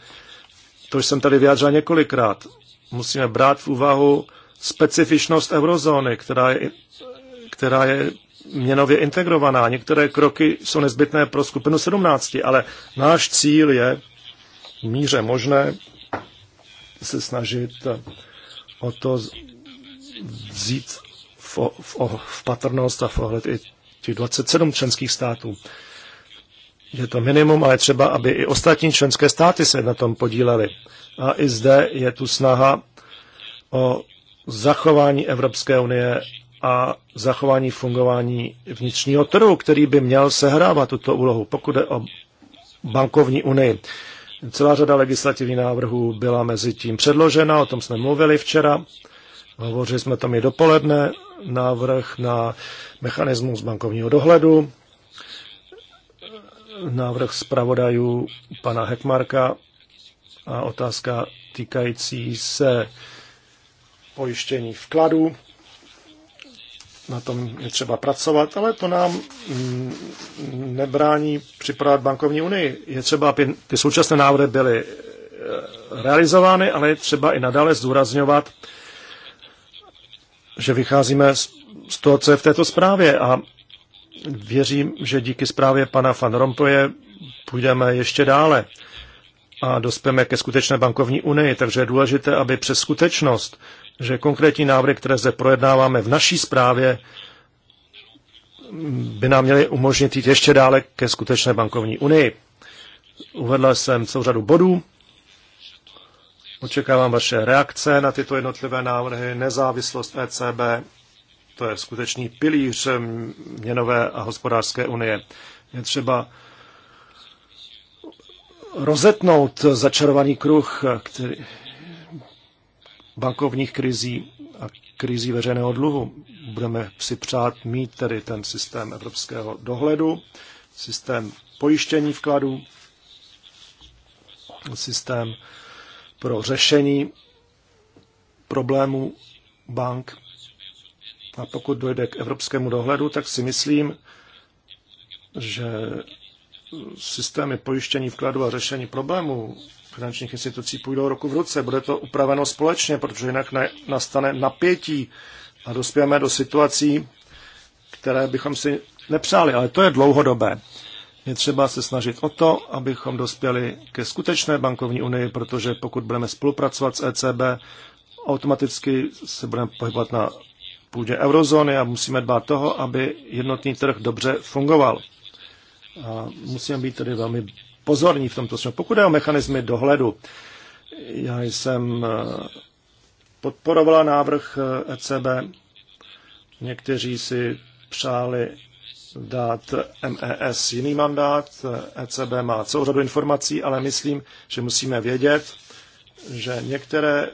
To už jsem tady vyjádřil několikrát. Musíme brát v úvahu specifičnost eurozóny, která je, která je měnově integrovaná. Některé kroky jsou nezbytné pro skupinu 17, ale náš cíl je v míře možné se snažit eh, o to vzít v, v, v patrnost a v ohled i těch 27 členských států. Je to minimum, ale třeba, aby i ostatní členské státy se na tom podílely. A i zde je tu snaha o zachování Evropské unie a zachování fungování vnitřního trhu, který by měl sehrávat tuto úlohu, pokud je o bankovní unii. Celá řada legislativních návrhů byla mezi tím předložena, o tom jsme mluvili včera. Hovořili jsme tam i dopoledne, návrh na mechanismus bankovního dohledu, návrh zpravodajů pana Hekmarka a otázka týkající se pojištění vkladů na tom je třeba pracovat, ale to nám mm, nebrání připravovat bankovní unii. Je třeba, aby ty současné návrhy byly eh, realizovány, ale je třeba i nadále zdůrazňovat, že vycházíme z toho, co je v této zprávě a věřím, že díky zprávě pana Van Rompuje půjdeme ještě dále a dospěme ke skutečné bankovní unii, takže je důležité, aby přes skutečnost, že konkrétní návrhy, které zde projednáváme v naší zprávě, by nám měly umožnit jít ještě dále ke skutečné bankovní unii. Uvedl jsem celou řadu bodů. Očekávám vaše reakce na tyto jednotlivé návrhy, nezávislost ECB, to je skutečný pilíř měnové a hospodářské unie. Je třeba rozetnout začarovaný kruh, který bankovních krizí a krizí veřejného dluhu. Budeme si přát mít tedy ten systém evropského dohledu, systém pojištění vkladů, systém pro řešení problémů bank. A pokud dojde k evropskému dohledu, tak si myslím, že systémy pojištění vkladu a řešení problémů finančních institucí půjdou roku v ruce. Bude to upraveno společně, protože jinak ne, nastane napětí a dospějeme do situací, které bychom si nepřáli, ale to je dlouhodobé. Je třeba se snažit o to, abychom dospěli ke skutečné bankovní unii, protože pokud budeme spolupracovat s ECB, automaticky se budeme pohybovat na půdě eurozóny a musíme dbát toho, aby jednotný trh dobře fungoval. A musíme být tedy velmi pozorní v tomto směru. Pokud je o mechanismy dohledu, já jsem eh, podporovala návrh ECB. Eh, e Někteří si přáli dát MES jiný mandát. ECB eh, e má celou řadu informací, ale myslím, že musíme vědět, že některé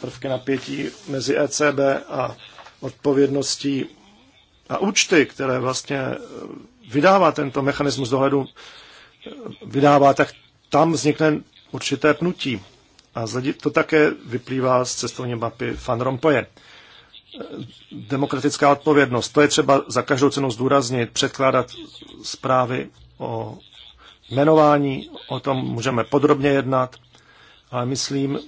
prvky napětí mezi ECB a odpovědností a účty, které vlastně vydává tento mechanismus dohledu, vydává, tak tam vznikne určité pnutí. A to také vyplývá z cestovní mapy Van Rompuye. Demokratická odpovědnost. To je třeba za každou cenu zdůraznit, předkládat zprávy o jmenování, o tom můžeme podrobně jednat, ale myslím,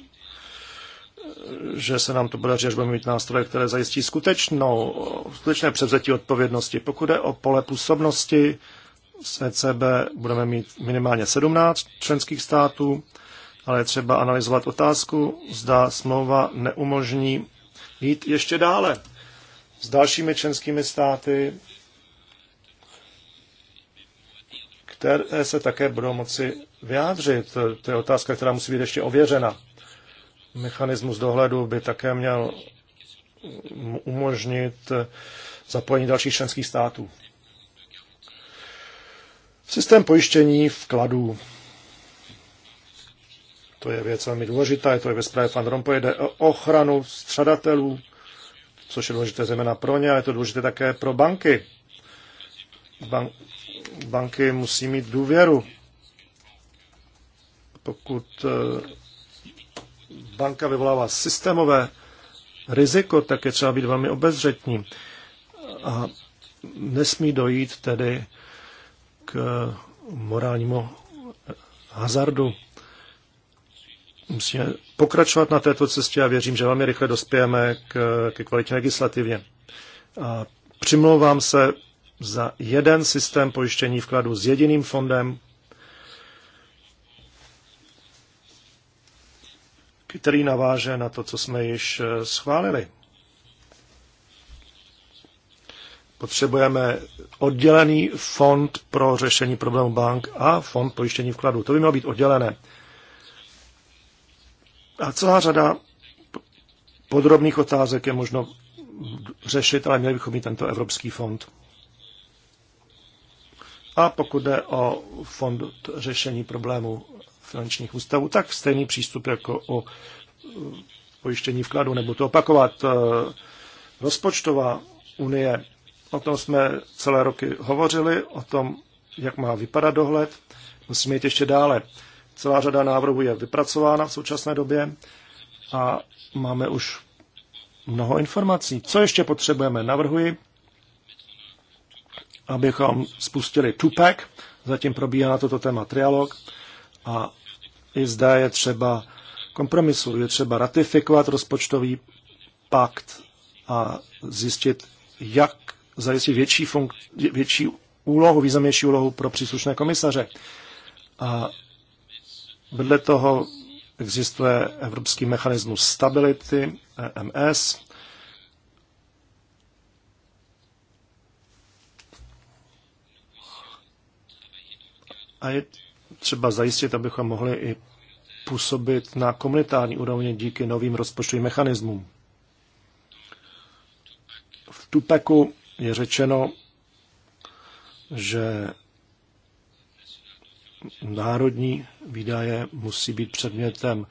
že se nám to podaří, až budeme mít nástroje, které zajistí skutečnou, skutečné převzetí odpovědnosti. Pokud je o pole působnosti z ECB, budeme mít minimálně 17 členských států, ale je třeba analyzovat otázku, zda smlouva neumožní jít ještě dále s dalšími členskými státy, které se také budou moci vyjádřit. To je otázka, která musí být ještě ověřena. Mechanismus dohledu by také měl umožnit zapojení dalších členských států. Systém pojištění vkladů. To je věc velmi důležitá, je to i ve zprávě Van Rompuy, jde o ochranu střadatelů, což je důležité zejména pro ně, ale je to důležité také pro banky. Ban- banky musí mít důvěru. Pokud eh, banka vyvolává systémové riziko, tak je třeba být velmi obezřetní. A nesmí dojít tedy k morálnímu hazardu. Musíme pokračovat na této cestě a věřím, že velmi rychle dospějeme k, k kvalitě legislativně. A přimlouvám se za jeden systém pojištění vkladů s jediným fondem, který naváže na to, co jsme již eh, schválili. Potřebujeme oddělený fond pro řešení problémů bank a fond pojištění vkladů. To by mělo být oddělené. A celá řada podrobných otázek je možno řešit, ale měli bychom mít tento Evropský fond. A pokud jde o fond řešení problémů finančních ústavů, tak stejný přístup jako o pojištění vkladu, nebo to opakovat. E, rozpočtová unie, o tom jsme celé roky hovořili, o tom, jak má vypadat dohled, musíme jít ještě dále. Celá řada návrhů je vypracována v současné době a máme už mnoho informací. Co ještě potřebujeme? Navrhuji, abychom spustili TUPEC, zatím probíhá na toto téma trialog a i zde je třeba kompromisu, je třeba ratifikovat rozpočtový pakt a zjistit, jak zajistit větší, funk- větší úlohu, významnější úlohu pro příslušné komisaře. A vedle toho existuje evropský mechanismus stability, EMS. A je třeba zajistit, abychom mohli i působit na komunitární úrovni díky novým rozpočtovým mechanismům. V Tupeku je řečeno, že národní výdaje musí být předmětem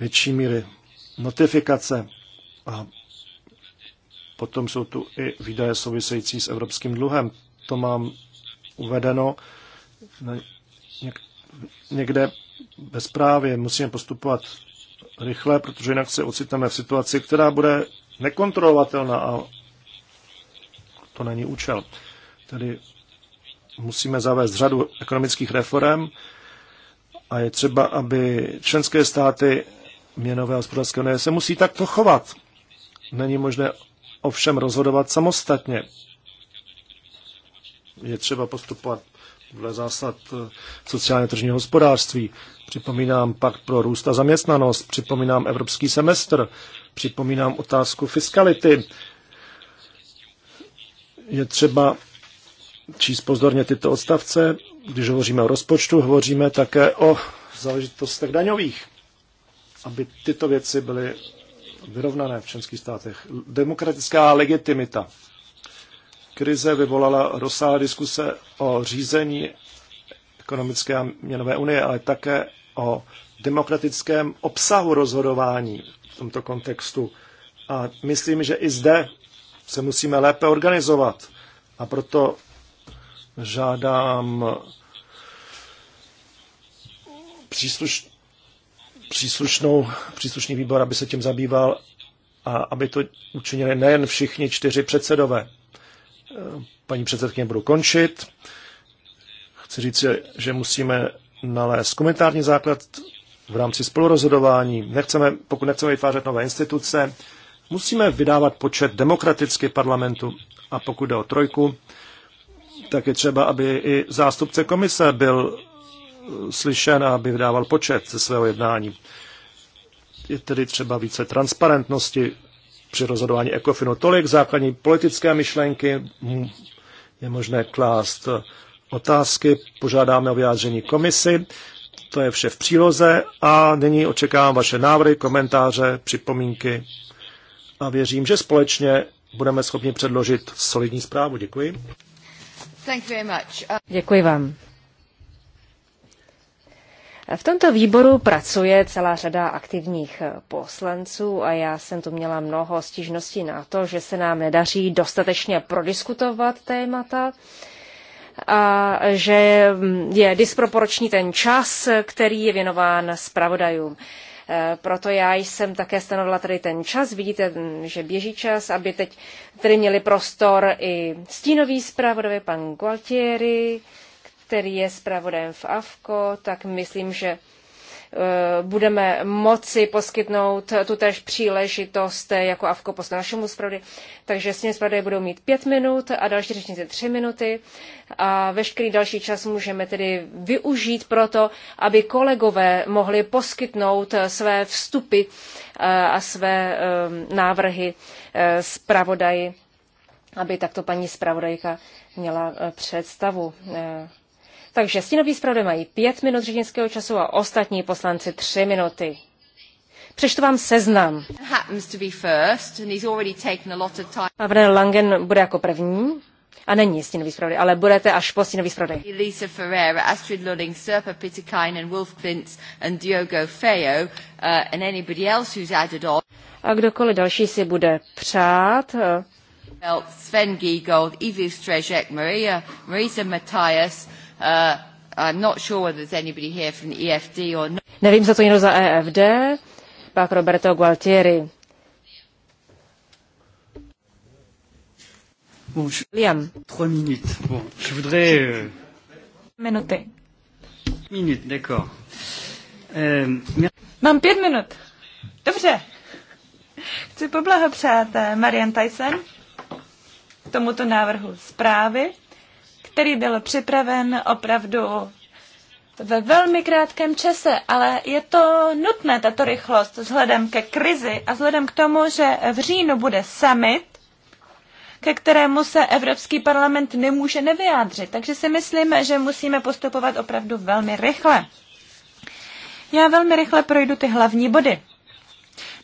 větší míry notifikace a potom jsou tu i výdaje související s evropským dluhem. To mám uvedeno někde zprávě, Musíme postupovat rychle, protože jinak se ocitneme v situaci, která bude nekontrolovatelná a to není účel. Tedy musíme zavést řadu ekonomických reform a je třeba, aby členské státy měnové a hospodářské unie se musí takto chovat. Není možné ovšem rozhodovat samostatně. Je třeba postupovat dle zásad eh, sociálně tržního hospodářství. Připomínám pak pro růst a zaměstnanost, připomínám evropský semestr, připomínám otázku fiskality. Je třeba číst pozorně tyto odstavce. Když hovoříme o rozpočtu, hovoříme také o záležitostech daňových, aby tyto věci byly vyrovnané v členských státech. Demokratická legitimita Krize vyvolala rozsáhlé diskuse o řízení ekonomické a měnové unie, ale také o demokratickém obsahu rozhodování v tomto kontextu. A myslím, že i zde se musíme lépe organizovat. A proto žádám přísluš, příslušnou, příslušný výbor, aby se tím zabýval a aby to učinili nejen všichni čtyři předsedové paní předsedkyně, budu končit. Chci říct, že musíme nalézt komentární základ v rámci spolurozhodování. Nechceme, pokud nechceme vytvářet nové instituce, musíme vydávat počet demokraticky parlamentu. A pokud jde o trojku, tak je třeba, aby i zástupce komise byl slyšen a aby vydával počet ze svého jednání. Je tedy třeba více transparentnosti při rozhodování ECOFINu. Tolik základní politické myšlenky je možné klást otázky, požádáme o vyjádření komisy. To je vše v příloze a nyní očekávám vaše návrhy, komentáře, připomínky a věřím, že společně budeme schopni předložit solidní zprávu. Děkuji. Děkuji vám. V tomto výboru pracuje celá řada aktivních eh, poslanců a já jsem tu měla mnoho stížností na to, že se nám nedaří dostatečně prodiskutovat témata a že mm, je disproporční ten čas, který je věnován zpravodajům. Eh, proto já jsem také stanovila tady ten čas, vidíte, mm, že běží čas, aby teď tady měli prostor i stínový zpravodaj, pan Gualtieri, který je zpravodajem v AFKO, tak myslím, že e, budeme moci poskytnout tu tež příležitost jako AFKO posle našemu zpravodaji. Takže sně zpravodaje budou mít pět minut a další řečnice tři minuty a veškerý další čas můžeme tedy využít proto, aby kolegové mohli poskytnout své vstupy e, a své e, návrhy zpravodaji, aby takto paní zpravodajka měla představu takže stínoví zpravodaj mají pět minut řečnického času a ostatní poslanci tři minuty. Přečtu vám seznam. Pavel Langen bude jako první. A není stínový zpravodaj, ale budete až po stínový zpravodaj. Elisa Ferreira, Astrid Lulling, Serpa Pitikainen, Wolf Klintz and Diogo Feo uh, and anybody else who's added on. A kdokoliv další si bude přát. Uh... Sven Giegold, Ivo Strežek, Maria, Marisa Matthias, Nevím, za to někdo za EFD, pak Roberto Gualtieri. Bon, Liam. Bon, euh, Minuty. Minutes, euh, Mám pět minut. Dobře. Chci poblahopřát eh, Marian Tyson k tomuto návrhu zprávy který byl připraven opravdu ve velmi krátkém čase, ale je to nutné, tato rychlost, vzhledem ke krizi a vzhledem k tomu, že v říjnu bude summit, ke kterému se Evropský parlament nemůže nevyjádřit. Takže si myslím, že musíme postupovat opravdu velmi rychle. Já velmi rychle projdu ty hlavní body.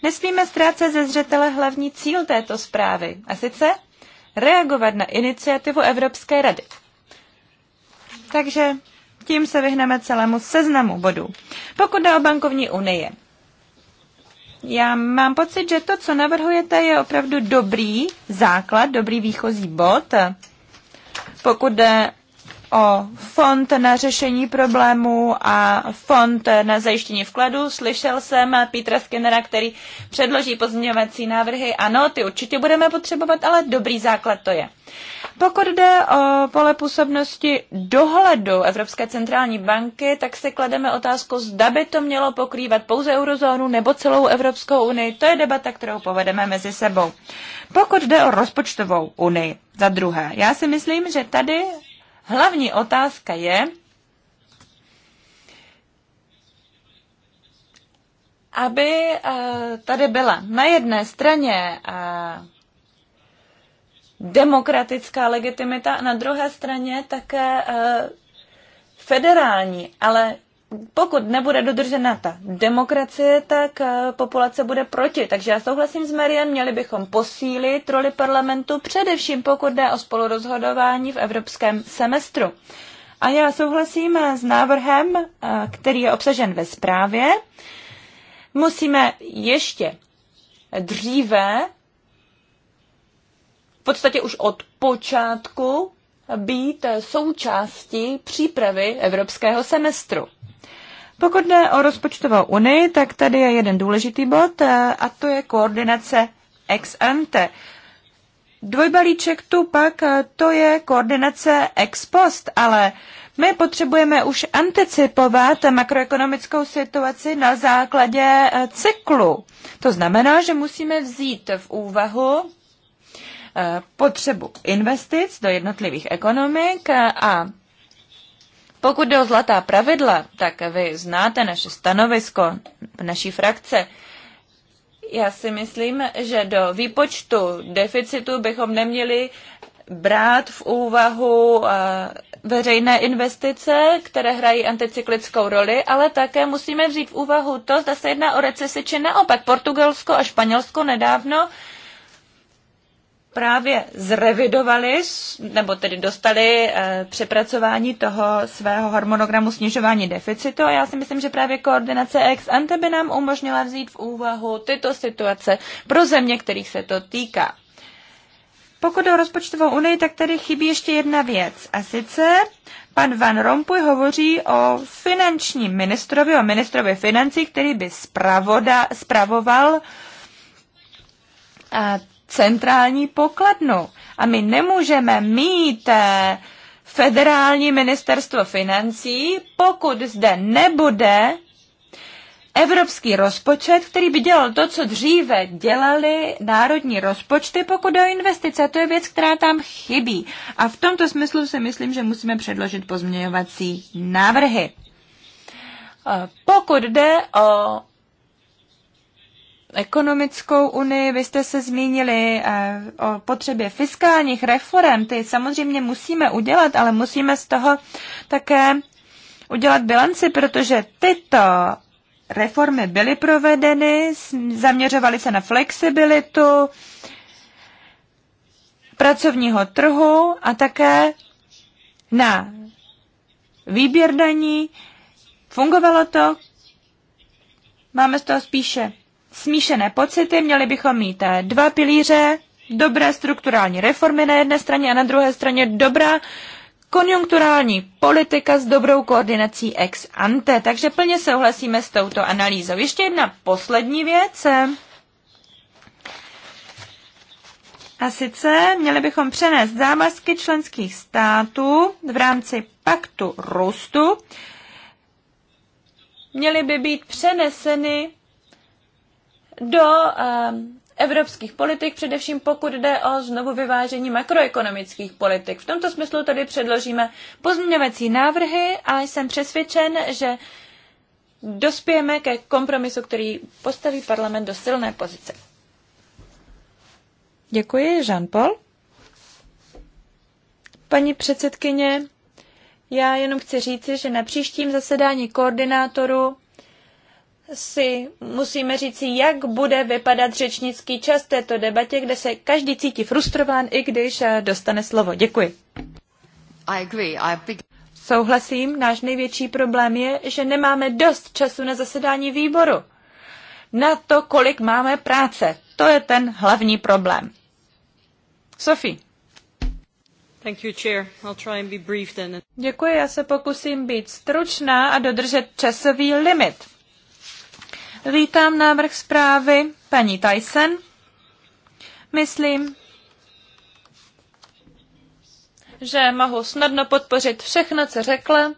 Nesmíme ztrácet ze zřetele hlavní cíl této zprávy, a sice reagovat na iniciativu Evropské rady. Takže tím se vyhneme celému seznamu bodů. Pokud jde o bankovní unie, já mám pocit, že to, co navrhujete, je opravdu dobrý základ, dobrý výchozí bod, pokud jde o fond na řešení problémů a fond na zajištění vkladu. Slyšel jsem Petra Skinnera, který předloží pozměňovací návrhy. Ano, ty určitě budeme potřebovat, ale dobrý základ to je. Pokud jde o pole působnosti dohledu Evropské centrální banky, tak si klademe otázku, zda by to mělo pokrývat pouze eurozónu nebo celou Evropskou unii. To je debata, kterou povedeme mezi sebou. Pokud jde o rozpočtovou unii, za druhé, já si myslím, že tady Hlavní otázka je, aby eh, tady byla na jedné straně eh, demokratická legitimita a na druhé straně také eh, federální, ale pokud nebude dodržena ta demokracie, tak eh, populace bude proti. Takže já souhlasím s Marian, měli bychom posílit roli parlamentu, především pokud jde o spolurozhodování v evropském semestru. A já souhlasím eh, s návrhem, eh, který je obsažen ve zprávě. Musíme ještě dříve, v podstatě už od počátku, být součástí přípravy evropského semestru. Pokud jde o rozpočtovou unii, tak tady je jeden důležitý bod eh, a to je koordinace ex ante. Dvojbalíček tu pak eh, to je koordinace ex post, ale my potřebujeme už anticipovat makroekonomickou situaci na základě eh, cyklu. To znamená, že musíme vzít v úvahu potřebu investic do jednotlivých ekonomik a pokud jde o zlatá pravidla, tak vy znáte naše stanovisko naší frakce. Já si myslím, že do výpočtu deficitu bychom neměli brát v úvahu eh, veřejné investice, které hrají anticyklickou roli, ale také musíme vzít v úvahu to, zda se jedná o recesi či naopak. Portugalsko a Španělsko nedávno právě zrevidovali, nebo tedy dostali eh, přepracování toho svého harmonogramu snižování deficitu a já si myslím, že právě koordinace ex ante by nám umožnila vzít v úvahu tyto situace pro země, kterých se to týká. Pokud o rozpočtovou unii, tak tady chybí ještě jedna věc. A sice pan Van Rompuy hovoří o finančním ministrovi, o ministrovi financí, který by spravoda, spravoval eh, centrální pokladnu. A my nemůžeme mít eh, federální ministerstvo financí, pokud zde nebude evropský rozpočet, který by dělal to, co dříve dělali národní rozpočty, pokud o investice. To je věc, která tam chybí. A v tomto smyslu si myslím, že musíme předložit pozměňovací návrhy. Eh, pokud jde o ekonomickou unii. Vy jste se zmínili eh, o potřebě fiskálních reform. Ty samozřejmě musíme udělat, ale musíme z toho také udělat bilanci, protože tyto reformy byly provedeny, zaměřovaly se na flexibilitu pracovního trhu a také na výběr daní. Fungovalo to? Máme z toho spíše smíšené pocity, měli bychom mít eh, dva pilíře, dobré strukturální reformy na jedné straně a na druhé straně dobrá konjunkturální politika s dobrou koordinací ex ante. Takže plně souhlasíme s touto analýzou. Ještě jedna poslední věc. A sice měli bychom přenést závazky členských států v rámci paktu růstu. Měly by být přeneseny do ehm, evropských politik, především pokud jde o znovu vyvážení makroekonomických politik. V tomto smyslu tedy předložíme pozměňovací návrhy a jsem přesvědčen, že dospějeme ke kompromisu, který postaví parlament do silné pozice. Děkuji, Jean-Paul. Paní předsedkyně, já jenom chci říci, že na příštím zasedání koordinátoru si musíme říci, jak bude vypadat řečnický čas této debatě, kde se každý cítí frustrován, i když eh, dostane slovo. Děkuji. I agree. I big... Souhlasím, náš největší problém je, že nemáme dost času na zasedání výboru. Na to, kolik máme práce. To je ten hlavní problém. Sophie. Thank you, Chair. I'll try and be brief then. Děkuji, já se pokusím být stručná a dodržet časový limit. Vítám návrh zprávy paní Tyson. Myslím, že mohu snadno podpořit všechno, co řekla.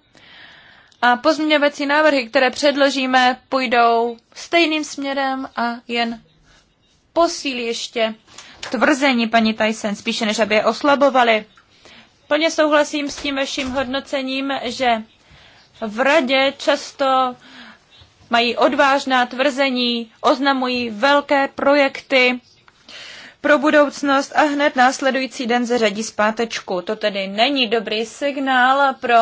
A pozměňovací návrhy, které předložíme, půjdou stejným směrem a jen posílí ještě tvrzení paní Tyson, spíše než aby je oslabovali. Plně souhlasím s tím vaším hodnocením, že v radě často mají odvážná tvrzení, oznamují velké projekty pro budoucnost a hned následující den zařadí zpátečku. To tedy není dobrý signál pro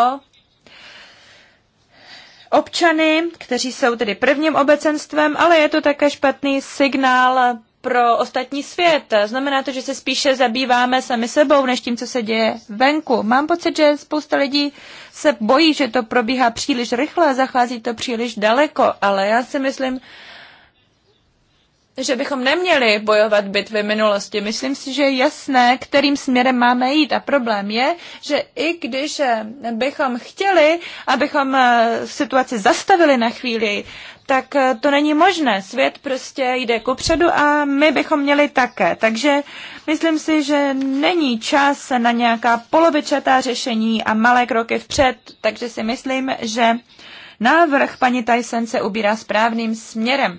občany, kteří jsou tedy prvním obecenstvem, ale je to také špatný signál pro ostatní svět. Znamená to, že se spíše zabýváme sami sebou, než tím, co se děje venku. Mám pocit, že spousta lidí se bojí, že to probíhá příliš rychle, zachází to příliš daleko, ale já si myslím, že bychom neměli bojovat bitvy minulosti. Myslím si, že je jasné, kterým směrem máme jít. A problém je, že i když eh, bychom chtěli, abychom eh, situaci zastavili na chvíli, tak eh, to není možné. Svět prostě jde kupředu a my bychom měli také. Takže myslím si, že není čas na nějaká polovičatá řešení a malé kroky vpřed, takže si myslím, že návrh paní Tyson se ubírá správným směrem.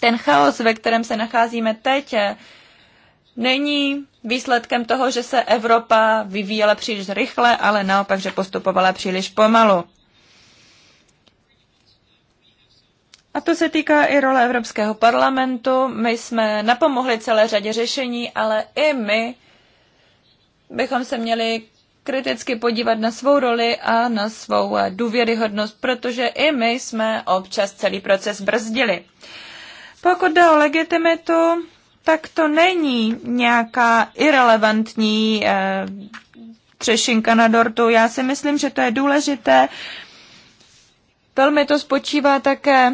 Ten chaos, ve kterém se nacházíme teď, eh, není výsledkem toho, že se Evropa vyvíjela příliš rychle, ale naopak, že postupovala příliš pomalu. A to se týká i role Evropského parlamentu. My jsme napomohli celé řadě řešení, ale i my bychom se měli kriticky podívat na svou roli a na svou důvěryhodnost, protože i my jsme občas celý proces brzdili. Pokud jde o legitimitu, tak to není nějaká irrelevantní e, třešinka na dortu. Já si myslím, že to je důležité. Velmi to spočívá také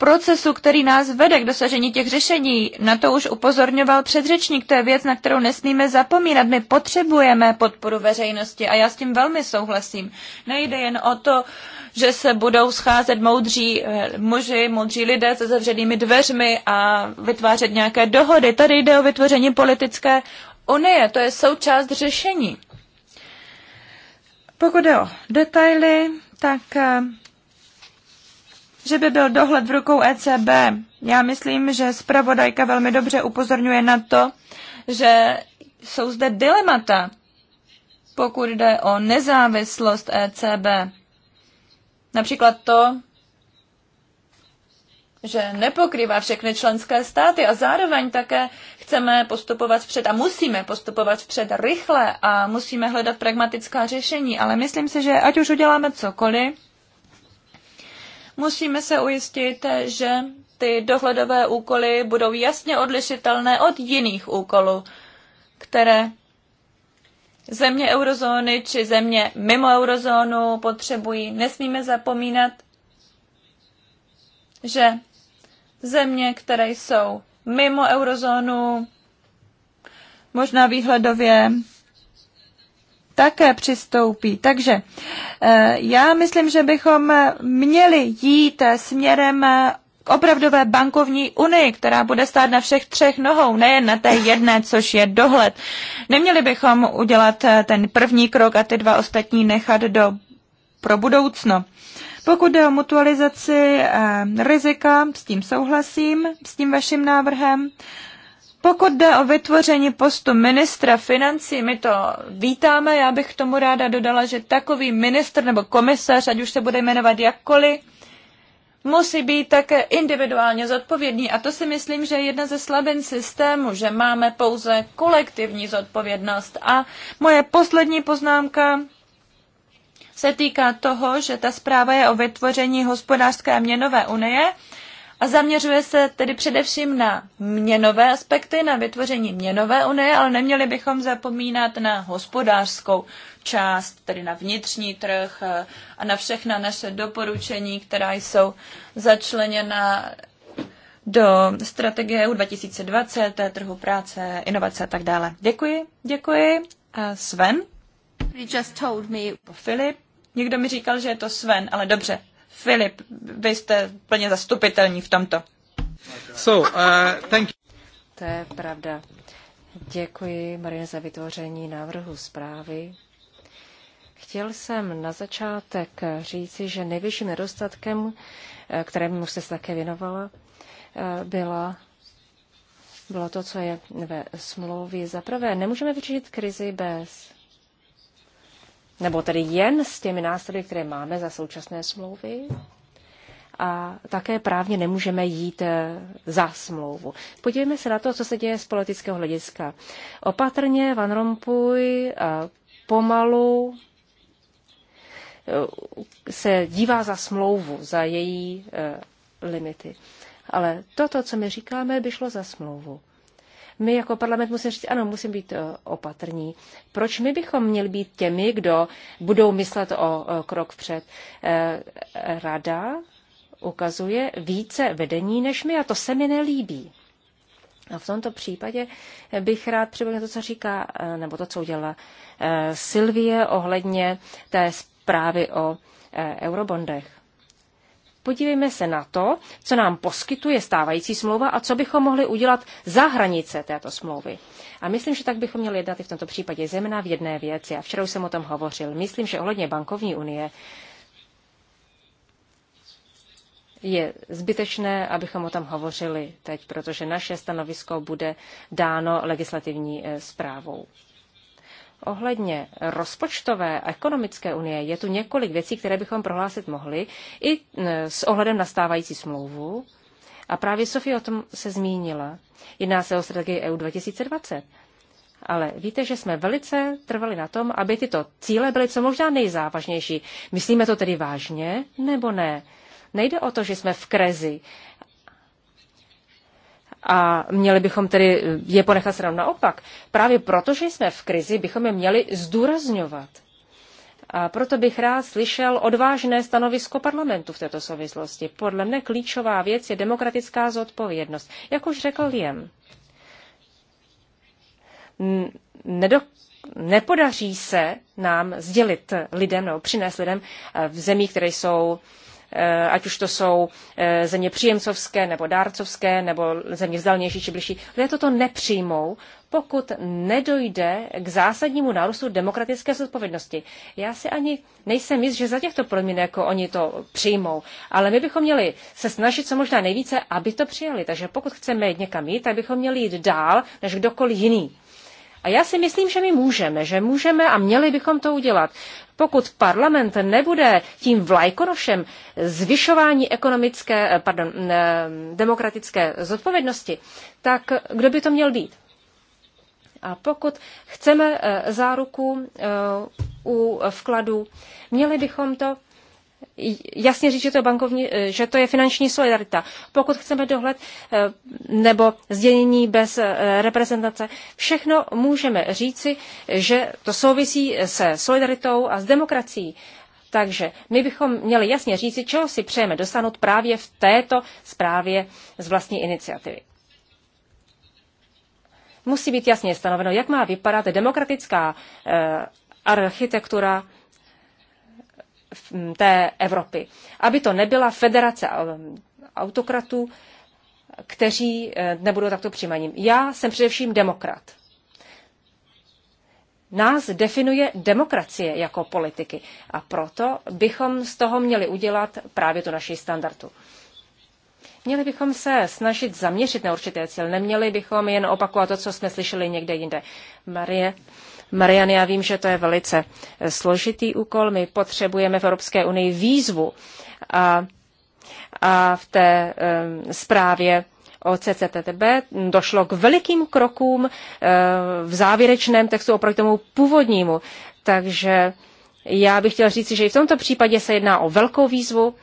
procesu, který nás vede k dosažení těch řešení. Na to už upozorňoval předřečník, to je věc, na kterou nesmíme zapomínat. My potřebujeme podporu veřejnosti a já s tím velmi souhlasím. Nejde jen o to, že se budou scházet moudří eh, muži, moudří lidé se zavřenými dveřmi a vytvářet nějaké dohody. Tady jde o vytvoření politické unie, to je součást řešení. Pokud jde o detaily, tak eh, že by byl dohled v rukou ECB. Já myslím, že zpravodajka velmi dobře upozorňuje na to, že jsou zde dilemata, pokud jde o nezávislost ECB. Například to, že nepokrývá všechny členské státy a zároveň také chceme postupovat vpřed a musíme postupovat vpřed rychle a musíme hledat pragmatická řešení, ale myslím si, že ať už uděláme cokoliv, Musíme se ujistit, že ty dohledové úkoly budou jasně odlišitelné od jiných úkolů, které země eurozóny či země mimo eurozónu potřebují. Nesmíme zapomínat, že země, které jsou mimo eurozónu, možná výhledově také přistoupí. Takže eh, já myslím, že bychom měli jít směrem eh, k opravdové bankovní unii, která bude stát na všech třech nohou, nejen na té jedné, což je dohled. Neměli bychom udělat eh, ten první krok a ty dva ostatní nechat do pro budoucno. Pokud jde o mutualizaci eh, rizika, s tím souhlasím, s tím vaším návrhem. Eh, pokud jde o vytvoření postu ministra financí, my to vítáme. Já bych k tomu ráda dodala, že takový ministr nebo komisař, ať už se bude jmenovat jakkoliv, musí být také individuálně zodpovědný. A to si myslím, že je jedna ze slabin systému, že máme pouze kolektivní zodpovědnost. A moje poslední poznámka se týká toho, že ta zpráva je o vytvoření hospodářské a měnové unie a zaměřuje se tedy především na měnové aspekty, na vytvoření měnové unie, ale neměli bychom zapomínat na hospodářskou část, tedy na vnitřní trh eh, a na všechna naše doporučení, která jsou začleněna do strategie EU 2020, trhu práce, inovace a tak dále. Děkuji, děkuji. A Sven? He just told me. Filip? Někdo mi říkal, že je to Sven, ale dobře, Filip, vy jste plně zastupitelní v tomto. So, uh, thank you. To je pravda. Děkuji, Marie, za vytvoření návrhu zprávy. Chtěl jsem na začátek říci, že nejvyšším nedostatkem, eh, kterému se také věnovala, eh, byla, bylo to, co je ve smlouvě. Za prvé, nemůžeme vyřešit krizi bez nebo tedy jen s těmi nástroji, které máme za současné smlouvy. A také právně nemůžeme jít eh, za smlouvu. Podívejme se na to, co se děje z politického hlediska. Opatrně Van Rompuy eh, pomalu eh, se dívá za smlouvu, za její limity. Ale toto, co my říkáme, by šlo za smlouvu my jako parlament musíme říct, ano, musím být eh, opatrní. Proč my bychom měli být těmi, kdo budou myslet o eh, krok před? Eh, rada ukazuje více vedení než my a to se mi nelíbí. A v tomto případě bych rád připomněl to, co říká, nebo to, co udělala Silvie ohledně té zprávy o eurobondech podívejme se na to, co nám poskytuje stávající smlouva a co bychom mohli udělat za hranice této smlouvy. A myslím, že tak bychom měli jednat i v tomto případě, zemna v jedné věci. A včera jsem o tom hovořil. Myslím, že ohledně bankovní unie je zbytečné, abychom o tom hovořili teď, protože naše stanovisko bude dáno legislativní eh, zprávou. Ohledně rozpočtové a ekonomické unie je tu několik věcí, které bychom prohlásit mohli i e, s ohledem na stávající smlouvu. A právě Sofie o tom se zmínila. Jedná se o strategii EU 2020. Ale víte, že jsme velice trvali na tom, aby tyto cíle byly co možná nejzávažnější. Myslíme to tedy vážně, nebo ne? Nejde o to, že jsme v krezi a měli bychom tedy eh, je ponechat stranou. Naopak, právě protože jsme v krizi, bychom je měli zdůrazňovat. A proto bych rád slyšel odvážné stanovisko parlamentu v této souvislosti. Podle mne klíčová věc je demokratická zodpovědnost. Jak už řekl Liam, nedo, nepodaří se nám sdělit lidem nebo přinést lidem eh, v zemích, které jsou uh, Eh, ať už to jsou eh, země příjemcovské nebo dárcovské nebo země vzdálnější či blížší, lidé toto nepřijmou, pokud nedojde k zásadnímu nárůstu demokratické zodpovědnosti. Já si ani nejsem jist, že za těchto podmínek jako oni to přijmou, ale my bychom měli se snažit co možná nejvíce, aby to přijali. Takže pokud chceme jít někam jít, tak bychom měli jít dál než kdokoliv jiný. A já si myslím, že my můžeme, že můžeme a měli bychom to udělat pokud parlament nebude tím vlajkonošem zvyšování ekonomické, eh, pardon, eh, demokratické zodpovědnosti, tak kdo by to měl být? A pokud chceme eh, záruku u vkladu, měli bychom to jasně říct, že to, bankovní, eh, že to je finanční solidarita. Pokud chceme dohled eh, nebo sdělení bez eh, reprezentace, všechno můžeme říci, že to souvisí se solidaritou a s demokracií. Takže my bychom měli jasně říci, čeho si přejeme dosáhnout právě v této zprávě z vlastní iniciativy. Musí být jasně stanoveno, jak má vypadat demokratická architektura té Evropy. Aby to nebyla federace autokratů, kteří e, nebudou takto přijímaní. Já jsem především demokrat. Nás definuje demokracie jako politiky a proto bychom z toho měli udělat právě tu naši standardu. Měli bychom se snažit zaměřit na určité cíl, neměli bychom jen opakovat to, co jsme slyšeli někde jinde. Marie Marian, já vím, že to je velice eh, složitý úkol. My potřebujeme v Evropské unii výzvu a, a v té um, zprávě o CCTB došlo k velikým krokům uh, v závěrečném textu oproti tomu původnímu. Takže já bych chtěl říct, že i v tomto případě se jedná o velkou výzvu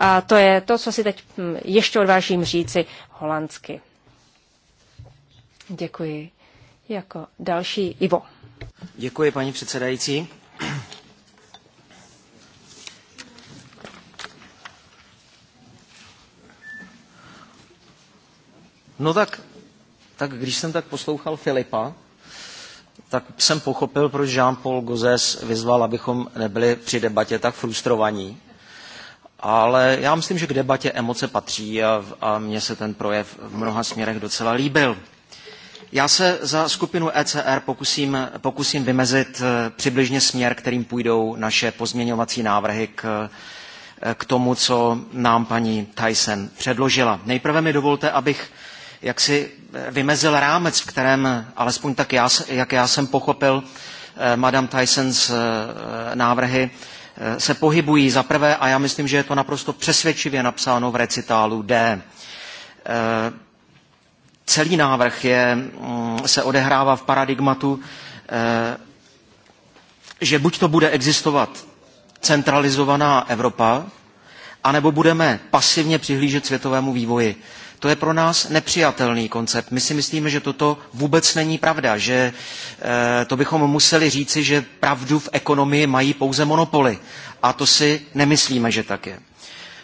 a to je to, co si teď hm, ještě odvážím říci holandsky. Děkuji. Jako další Ivo. Děkuji, paní předsedající. No tak, tak když jsem tak poslouchal Filipa, tak jsem pochopil, proč Jean-Paul Gozes vyzval, abychom nebyli při debatě tak frustrovaní. Ale já myslím, že k debatě emoce patří a, a mně se ten projev v mnoha směrech docela líbil. Já se za skupinu ECR pokusím, pokusím vymezit eh, přibližně směr, kterým půjdou naše pozměňovací návrhy k, eh, k tomu, co nám paní Tyson předložila. Nejprve mi dovolte, abych jak si eh, vymezil rámec, v kterém, alespoň tak já, jak já jsem pochopil, Madame Tysons návrhy se pohybují za prvé, a já myslím, že je to naprosto přesvědčivě napsáno v recitálu D celý návrh je, mm, se odehrává v paradigmatu, eh, že buď to bude existovat centralizovaná Evropa, anebo budeme pasivně přihlížet světovému vývoji. To je pro nás nepřijatelný koncept. My si myslíme, že toto vůbec není pravda, že eh, to bychom museli říci, že pravdu v ekonomii mají pouze monopoly. A to si nemyslíme, že tak je.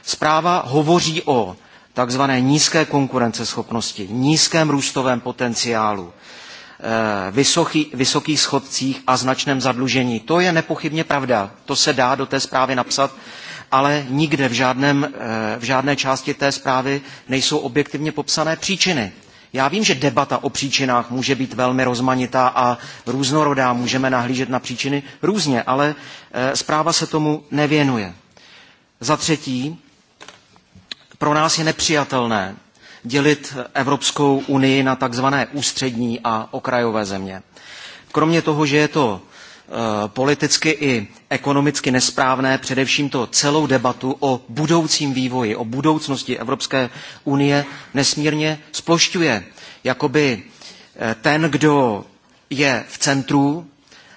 Zpráva hovoří o takzvané nízké konkurenceschopnosti, nízkém růstovém potenciálu, eh, vysoký, vysokých schodcích a značném zadlužení. To je nepochybně pravda, to se dá do té zprávy napsat, ale nikde v, žádném, eh, v žádné části té zprávy nejsou objektivně popsané příčiny. Já vím, že debata o příčinách může být velmi rozmanitá a různorodá, můžeme nahlížet na příčiny různě, ale eh, zpráva se tomu nevěnuje. Za třetí, pro nás je nepřijatelné dělit Evropskou unii na takzvané ústřední a okrajové země. Kromě toho, že je to e, politicky i ekonomicky nesprávné, především to celou debatu o budoucím vývoji, o budoucnosti Evropské unie nesmírně splošťuje. Jakoby e, ten, kdo je v centru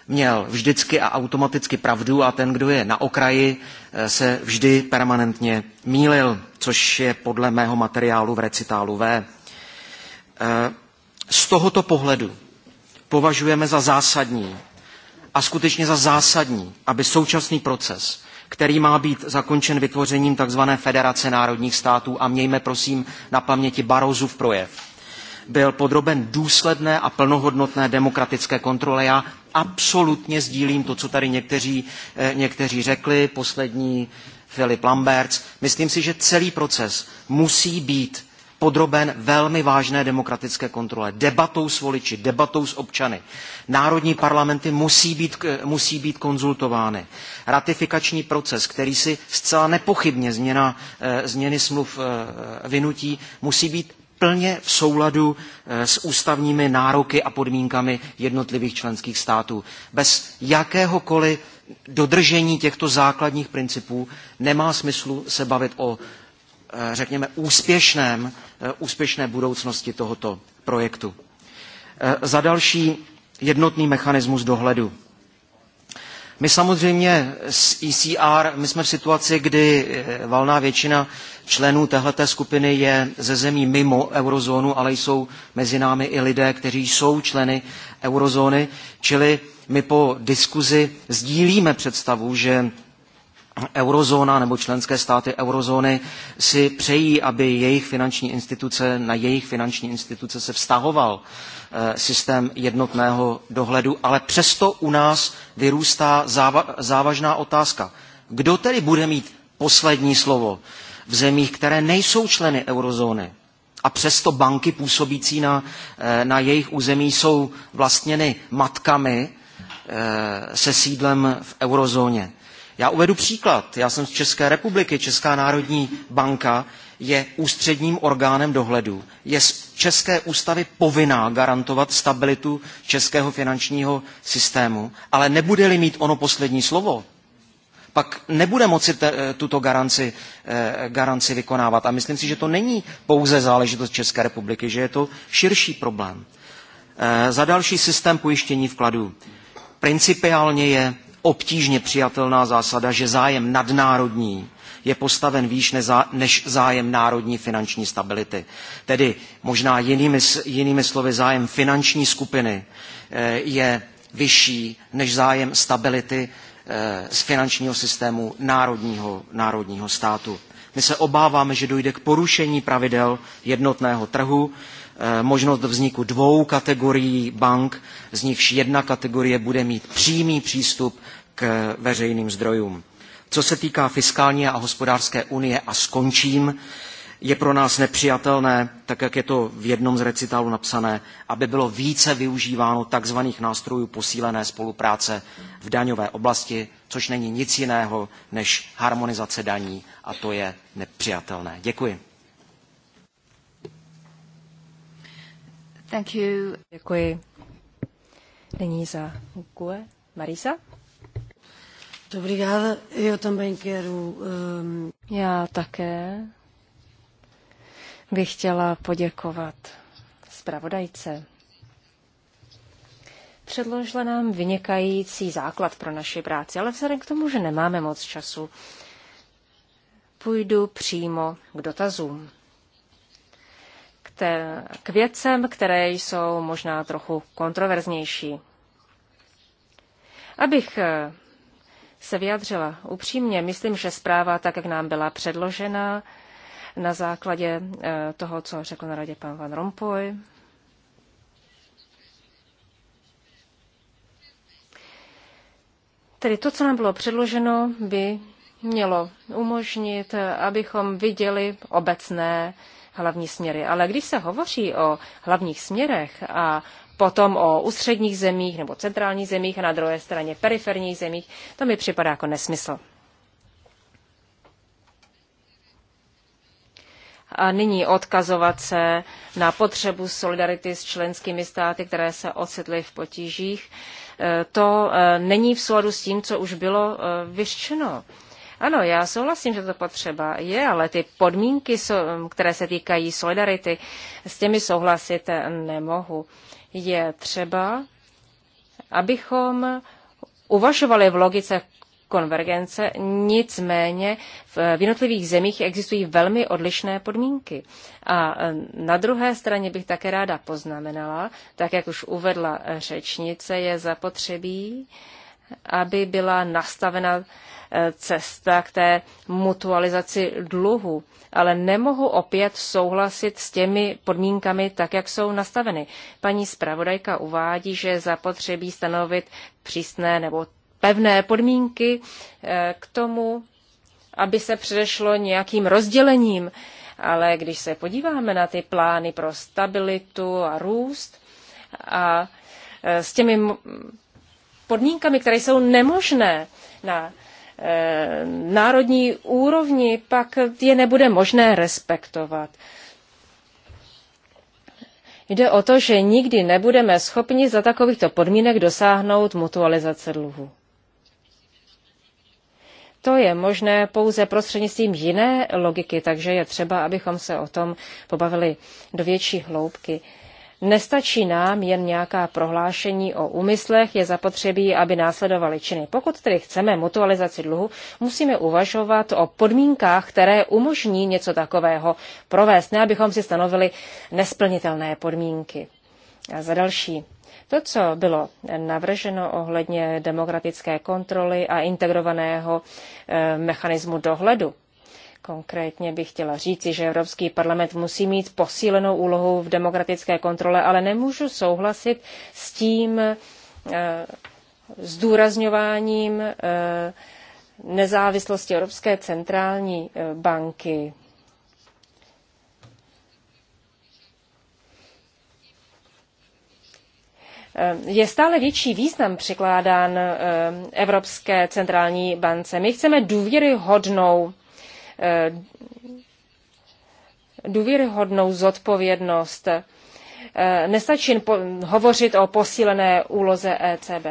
měl vždycky a automaticky pravdu a ten, kdo je na okraji, eh, se vždy permanentně mýlil, což je podle mého materiálu v recitálu V. Eh, z tohoto pohledu považujeme za zásadní a skutečně za zásadní, aby současný proces, který má být zakončen vytvořením tzv. Federace národních států a mějme prosím na paměti Barozův projev, byl podroben důsledné a plnohodnotné demokratické kontrole. Já absolutně sdílím to, co tady někteří, eh, někteří řekli, poslední Filip Lamberts. Myslím si, že celý proces musí být podroben velmi vážné demokratické kontrole, debatou s voliči, debatou s občany. Národní parlamenty musí být, musí být konzultovány. Ratifikační proces, který si zcela nepochybně změna, eh, změny smluv eh, vynutí, musí být plně v souladu eh, s ústavními nároky a podmínkami jednotlivých členských států. Bez jakéhokoliv dodržení těchto základních principů nemá smyslu se bavit o, eh, řekněme, úspěšném, eh, úspěšné budoucnosti tohoto projektu. Za další jednotný mechanismus dohledu. My samozřejmě s ECR, my jsme v situaci, kdy eh, valná většina členů téhleté skupiny je ze zemí mimo eurozónu, ale jsou mezi námi i lidé, kteří jsou členy eurozóny, čili my po diskuzi sdílíme představu, že eurozóna nebo členské státy eurozóny si přejí, aby jejich finanční instituce, na jejich finanční instituce se vztahoval eh, systém jednotného dohledu, ale přesto u nás vyrůstá záva, závažná otázka. Kdo tedy bude mít poslední slovo v zemích, které nejsou členy eurozóny? A přesto banky působící na, eh, na jejich území jsou vlastněny matkami eh, se sídlem v eurozóně. Já uvedu příklad. Já jsem z České republiky. Česká národní banka je ústředním orgánem dohledu. Je z České ústavy povinná garantovat stabilitu českého finančního systému, ale nebude-li mít ono poslední slovo, pak nebude moci te, eh, tuto garanci, eh, garanci vykonávat. A myslím si, že to není pouze záležitost České republiky, že je to širší problém. Eh, za další systém pojištění vkladů. Principiálně je obtížně přijatelná zásada, že zájem nadnárodní je postaven výš než zájem národní finanční stability. Tedy možná jinými, jinými slovy zájem finanční skupiny eh, je vyšší než zájem stability eh, z finančního systému národního, národního státu. My se obáváme, že dojde k porušení pravidel jednotného trhu, eh, možnost vzniku dvou kategorií bank, z nichž jedna kategorie bude mít přímý přístup k veřejným zdrojům. Co se týká fiskální a hospodářské unie, a skončím, je pro nás nepřijatelné, tak jak je to v jednom z recitálů napsané, aby bylo více využíváno tzv. nástrojů posílené spolupráce v daňové oblasti, což není nic jiného než harmonizace daní a to je nepřijatelné. Děkuji. Thank you. Děkuji. Nyní za Gue Marisa. Obrigada. Eu também quero, Já také bych chtěla poděkovat zpravodajce. Předložila nám vynikající základ pro naši práci, ale vzhledem k tomu, že nemáme moc času, půjdu přímo k dotazům. K, te, k věcem, které jsou možná trochu kontroverznější. Abych eh, se vyjadřila upřímně. Myslím, že zpráva, tak jak nám byla předložena, na základě eh, toho, co řekl na radě pan Van Rompuy, Tedy to, co nám bylo předloženo, by mělo umožnit, abychom viděli obecné hlavní směry. Ale když se hovoří o hlavních směrech a potom o ústředních zemích nebo centrálních zemích a na druhé straně periferních zemích, to mi připadá jako nesmysl. A nyní odkazovat se na potřebu solidarity s členskými státy, které se ocitly v potížích, e, to e, není v souladu s tím, co už bylo e, vyřčeno. Ano, já souhlasím, že to potřeba je, ale ty podmínky, které se týkají solidarity, s těmi souhlasit nemohu je třeba, abychom uvažovali v logice konvergence, nicméně v jednotlivých zemích existují velmi odlišné podmínky. A e, na druhé straně bych také ráda poznamenala, tak jak už uvedla řečnice, je zapotřebí aby byla nastavena eh, cesta k té mutualizaci dluhu, ale nemohu opět souhlasit s těmi podmínkami tak, jak jsou nastaveny. Paní zpravodajka uvádí, že zapotřebí stanovit přísné nebo pevné podmínky eh, k tomu, aby se předešlo nějakým rozdělením. Ale když se podíváme na ty plány pro stabilitu a růst a eh, s těmi podmínkami, které jsou nemožné na e, národní úrovni, pak je nebude možné respektovat. Jde o to, že nikdy nebudeme schopni za takovýchto podmínek dosáhnout mutualizace dluhu. To je možné pouze prostřednictvím jiné logiky, takže je třeba, abychom se o tom pobavili do větší hloubky. Nestačí nám jen nějaká prohlášení o úmyslech, je zapotřebí, aby následovaly činy. Pokud tedy chceme mutualizaci dluhu, musíme uvažovat o podmínkách, které umožní něco takového provést, ne abychom si stanovili nesplnitelné podmínky. A za další, to, co bylo navrženo ohledně demokratické kontroly a integrovaného eh, mechanismu dohledu, Konkrétně bych chtěla říci, že Evropský parlament musí mít posílenou úlohu v demokratické kontrole, ale nemůžu souhlasit s tím e, zdůrazňováním e, nezávislosti Evropské centrální eh, banky. je stále větší význam přikládán Evropské centrální bance. My chceme důvěryhodnou Eh, důvěryhodnou zodpovědnost. Eh, nestačí hovořit o posílené úloze ECB.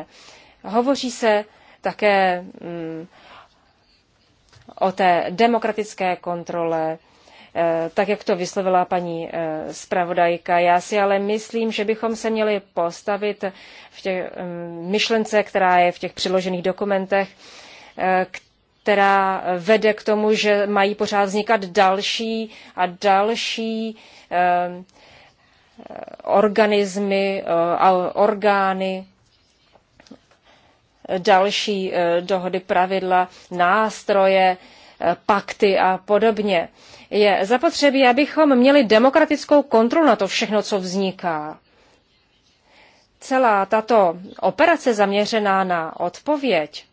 Hovoří se také mm, o té demokratické kontrole, eh, tak jak to vyslovila paní zpravodajka. Já si ale myslím, že bychom se měli postavit v těch mm, myšlence, která je v těch přiložených dokumentech, k která vede k tomu, že mají pořád vznikat další a další eh, eh, organismy eh, a orgány, další dohody, pravidla, nástroje, pakty a podobně. Je zapotřebí, abychom měli demokratickou kontrolu na to všechno, co vzniká. Celá tato operace zaměřená na odpověď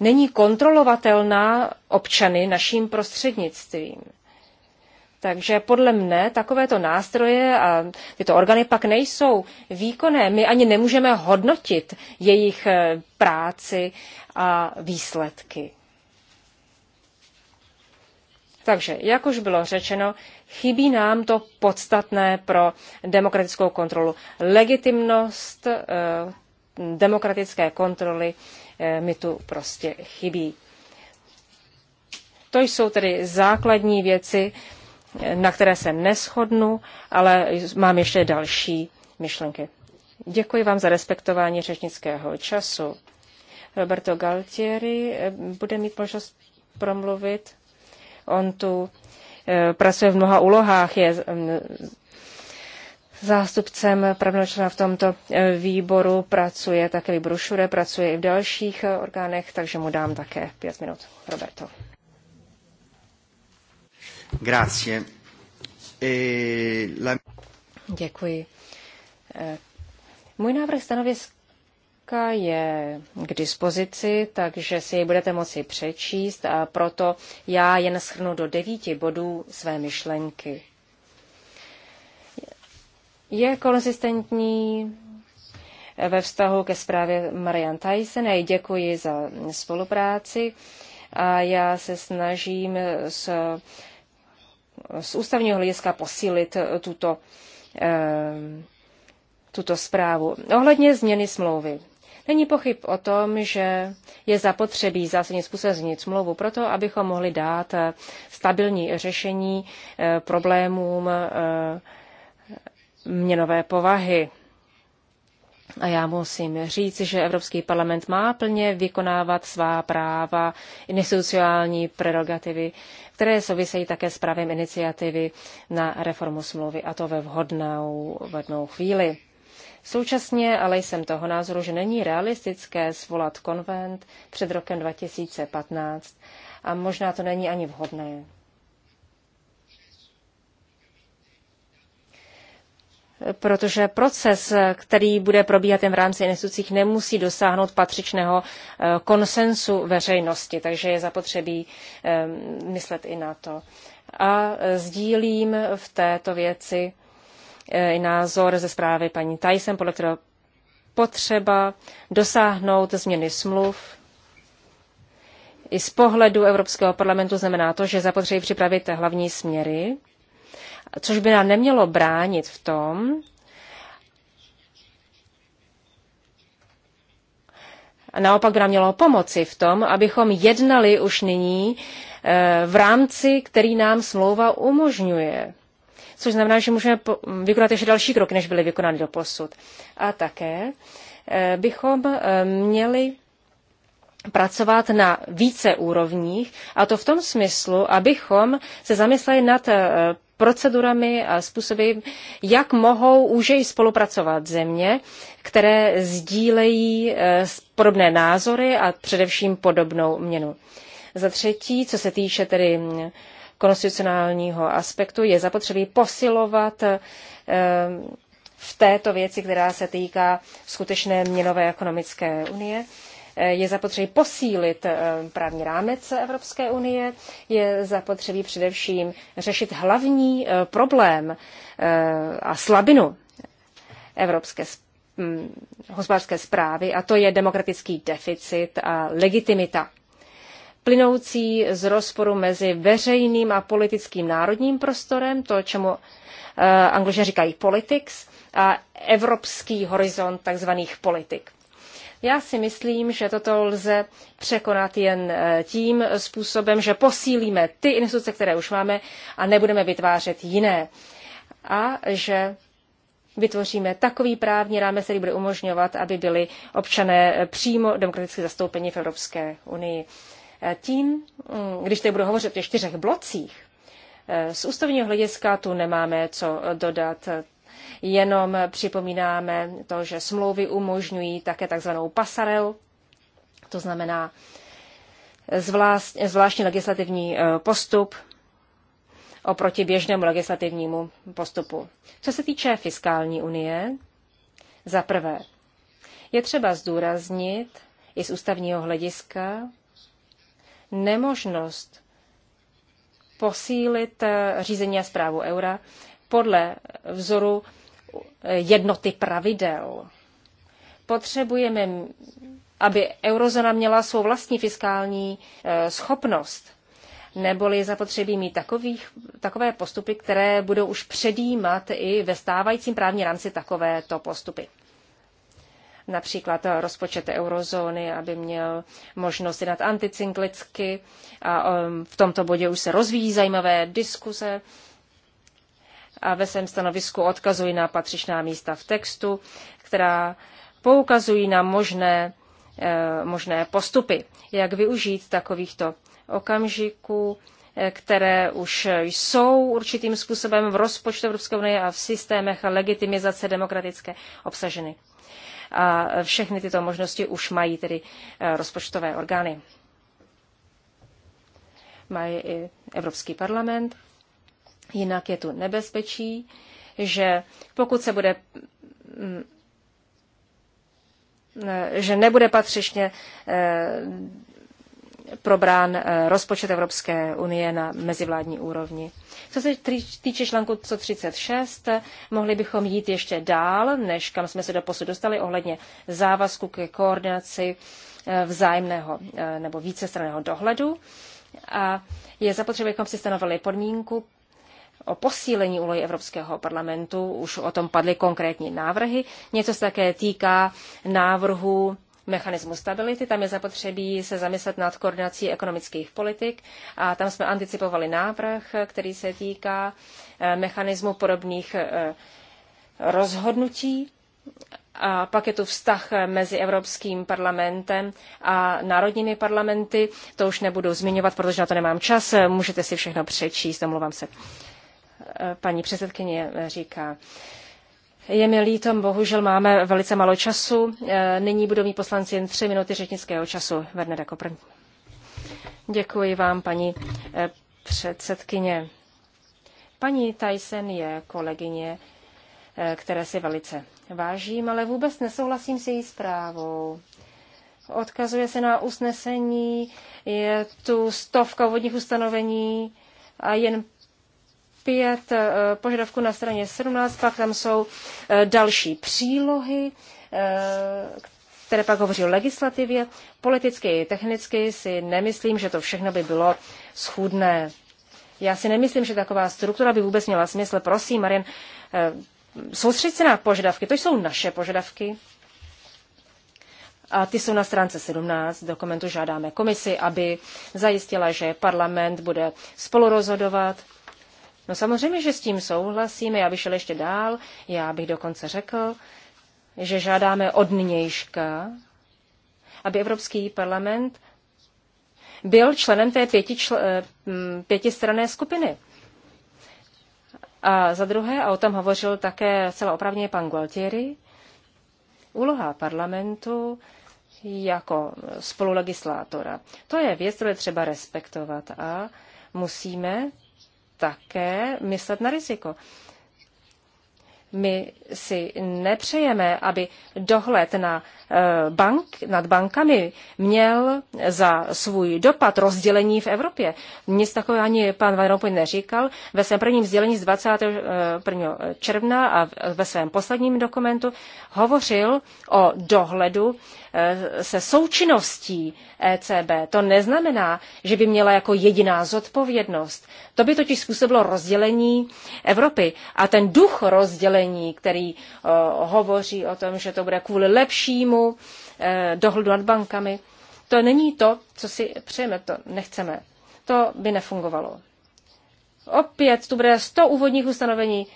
není kontrolovatelná občany naším prostřednictvím. Takže podle mne takovéto nástroje a tyto orgány pak nejsou výkonné. My ani nemůžeme hodnotit jejich eh, práci a výsledky. Takže, jak už bylo řečeno, chybí nám to podstatné pro demokratickou kontrolu. Legitimnost eh, demokratické kontroly eh, E, mi tu prostě chybí. To jsou tedy základní věci, e, na které se neschodnu, ale mám ještě další myšlenky. Děkuji vám za respektování řečnického času. Roberto Galtieri e, bude mít možnost promluvit. On tu pracuje v mnoha úlohách, je Zástupcem pravného v tomto e, výboru pracuje také v brošure, pracuje i v dalších e, orgánech, takže mu dám také pět minut. Roberto. Grazie. E la... Děkuji. E, můj návrh stanoviska je k dispozici, takže si jej budete moci přečíst a proto já jen schrnu do devíti bodů své myšlenky je konzistentní ve vztahu ke zprávě Marian Tyson. Já děkuji za spolupráci a já se snažím z, z ústavního hlediska posílit tuto, eh, tuto zprávu. Ohledně změny smlouvy. Není pochyb o tom, že je zapotřebí zásadně způsobem změnit smlouvu proto, abychom mohli dát stabilní řešení eh, problémům eh, měnové povahy. A já musím říct, že Evropský parlament má plně vykonávat svá práva, institucionální prerogativy, které souvisejí také s právem iniciativy na reformu smlouvy, a to ve vhodnou, vhodnou chvíli. Současně ale jsem toho názoru, že není realistické svolat konvent před rokem 2015 a možná to není ani vhodné. protože proces, který bude probíhat jen v rámci institucích, nemusí dosáhnout patřičného eh, konsensu veřejnosti, takže je zapotřebí eh, myslet i na to. A eh, sdílím v této věci i názor ze zprávy paní Tyson, podle kterého potřeba dosáhnout změny smluv. I z pohledu Evropského parlamentu znamená to, že zapotřebí připravit hlavní směry což by nám nemělo bránit v tom, a naopak by nám mělo pomoci v tom, abychom jednali už nyní eh, v rámci, který nám smlouva umožňuje. Což znamená, že můžeme vykonat ještě další kroky, než byly vykonány do posud. A také eh, bychom eh, měli pracovat na více úrovních, a to v tom smyslu, abychom se zamysleli nad procedurami a způsoby, jak mohou úžeji spolupracovat země, které sdílejí eh, podobné názory a především podobnou měnu. Za třetí, co se týče tedy mm, konstitucionálního aspektu, je zapotřebí posilovat eh, v této věci, která se týká skutečné měnové ekonomické unie. Eh, je zapotřebí posílit eh, právní rámec Evropské unie, je zapotřebí především řešit hlavní eh, problém a slabinu evropské mm, hospodářské zprávy, a to je demokratický deficit a legitimita plynoucí z rozporu mezi veřejným a politickým národním prostorem, to, čemu uh, angliže říkají politics, a evropský horizont takzvaných politik. Já si myslím, že toto lze překonat jen eh, tím způsobem, že posílíme ty instituce, které už máme a nebudeme vytvářet jiné. A že vytvoříme takový právní rámec, který bude umožňovat, aby byli občané eh, přímo demokraticky zastoupeni v Evropské unii. Eh, tím, mm, když tady budu hovořit o těch čtyřech blocích, z ústavního hlediska tu nemáme co dodat. Jenom připomínáme to, že smlouvy umožňují také takzvanou pasarel, to znamená zvláštní legislativní eh, postup oproti běžnému legislativnímu postupu. Co se týče fiskální unie, za prvé, je třeba zdůraznit i z ústavního hlediska nemožnost posílit eh, řízení a zprávu eura podle vzoru jednoty pravidel. Potřebujeme, aby eurozona měla svou vlastní fiskální eh, schopnost, neboli zapotřebí mít takových, takové postupy, které budou už předjímat i ve stávajícím právní rámci takovéto postupy například rozpočet eurozóny, aby měl možnost jednat anticyklicky. A v tomto bodě už se rozvíjí zajímavé diskuze a ve svém stanovisku odkazují na patřičná místa v textu, která poukazují na možné, eh, možné postupy, jak využít takovýchto okamžiků, eh, které už jsou určitým způsobem v rozpočtu Evropské unie a v systémech legitimizace demokratické obsaženy. A všechny tyto možnosti už mají tedy eh, rozpočtové orgány. Mají i Evropský parlament. Jinak je tu nebezpečí, že pokud se bude mm, že nebude patřičně eh, probrán eh, rozpočet Evropské unie na mezivládní úrovni. Co se týče článku 136, mohli bychom jít ještě dál, než kam jsme se do posud dostali ohledně závazku ke koordinaci eh, vzájemného nebo vícestranného dohledu. A je zapotřebí, abychom si stanovili podmínku o posílení úlohy Evropského parlamentu. Už o tom padly konkrétní návrhy. Něco se také týká návrhu mechanismu stability. Tam je zapotřebí se zamyslet nad koordinací ekonomických politik a tam jsme anticipovali návrh, který se týká eh, mechanismu podobných eh, rozhodnutí. A pak je tu vztah mezi Evropským parlamentem a národními parlamenty. To už nebudu zmiňovat, protože na to nemám čas. Můžete si všechno přečíst, omlouvám se paní předsedkyně říká. Je mi líto, bohužel máme velice málo času. E, nyní budou mít poslanci jen tři minuty řečnického času. Verne jako první. Děkuji vám, paní e, předsedkyně. Paní Tyson je kolegyně, e, které si velice vážím, ale vůbec nesouhlasím s její zprávou. Odkazuje se na usnesení, je tu stovka vodních ustanovení a jen 5 eh, požadavků na straně 17, pak tam jsou eh, další přílohy, eh, které pak hovoří o legislativě. Politicky i technicky si nemyslím, že to všechno by bylo schůdné. Já si nemyslím, že taková struktura by vůbec měla smysl. Prosím, Marian, soustředit se na požadavky, to jsou naše požadavky. A ty jsou na stránce 17 dokumentu žádáme komisi, aby zajistila, že parlament bude spolurozhodovat No samozřejmě, že s tím souhlasíme, já bych šel ještě dál, já bych dokonce řekl, že žádáme od nynějška, aby Evropský parlament byl členem té pěti čl, eh, mm, pětistrané skupiny. A za druhé, a o tom hovořil také celá opravně pan Gualtieri, úloha parlamentu jako spolulegislátora. To je věc, kterou je třeba respektovat a musíme také myslet na riziko. My si nepřejeme, aby dohled na Eh, bank, nad bankami měl za svůj dopad rozdělení v Evropě. Nic takového ani pan Van Rompuy neříkal. Ve svém prvním sdělení z 21. června a ve svém posledním dokumentu hovořil o dohledu eh, se součinností ECB. To neznamená, že by měla jako jediná zodpovědnost. To by totiž způsobilo rozdělení Evropy. A ten duch rozdělení, který eh, hovoří o tom, že to bude kvůli lepšímu mechanismu eh, dohledu nad bankami. To není to, co si přejeme, to nechceme. To by nefungovalo. Opět tu bude 100 úvodních ustanovení,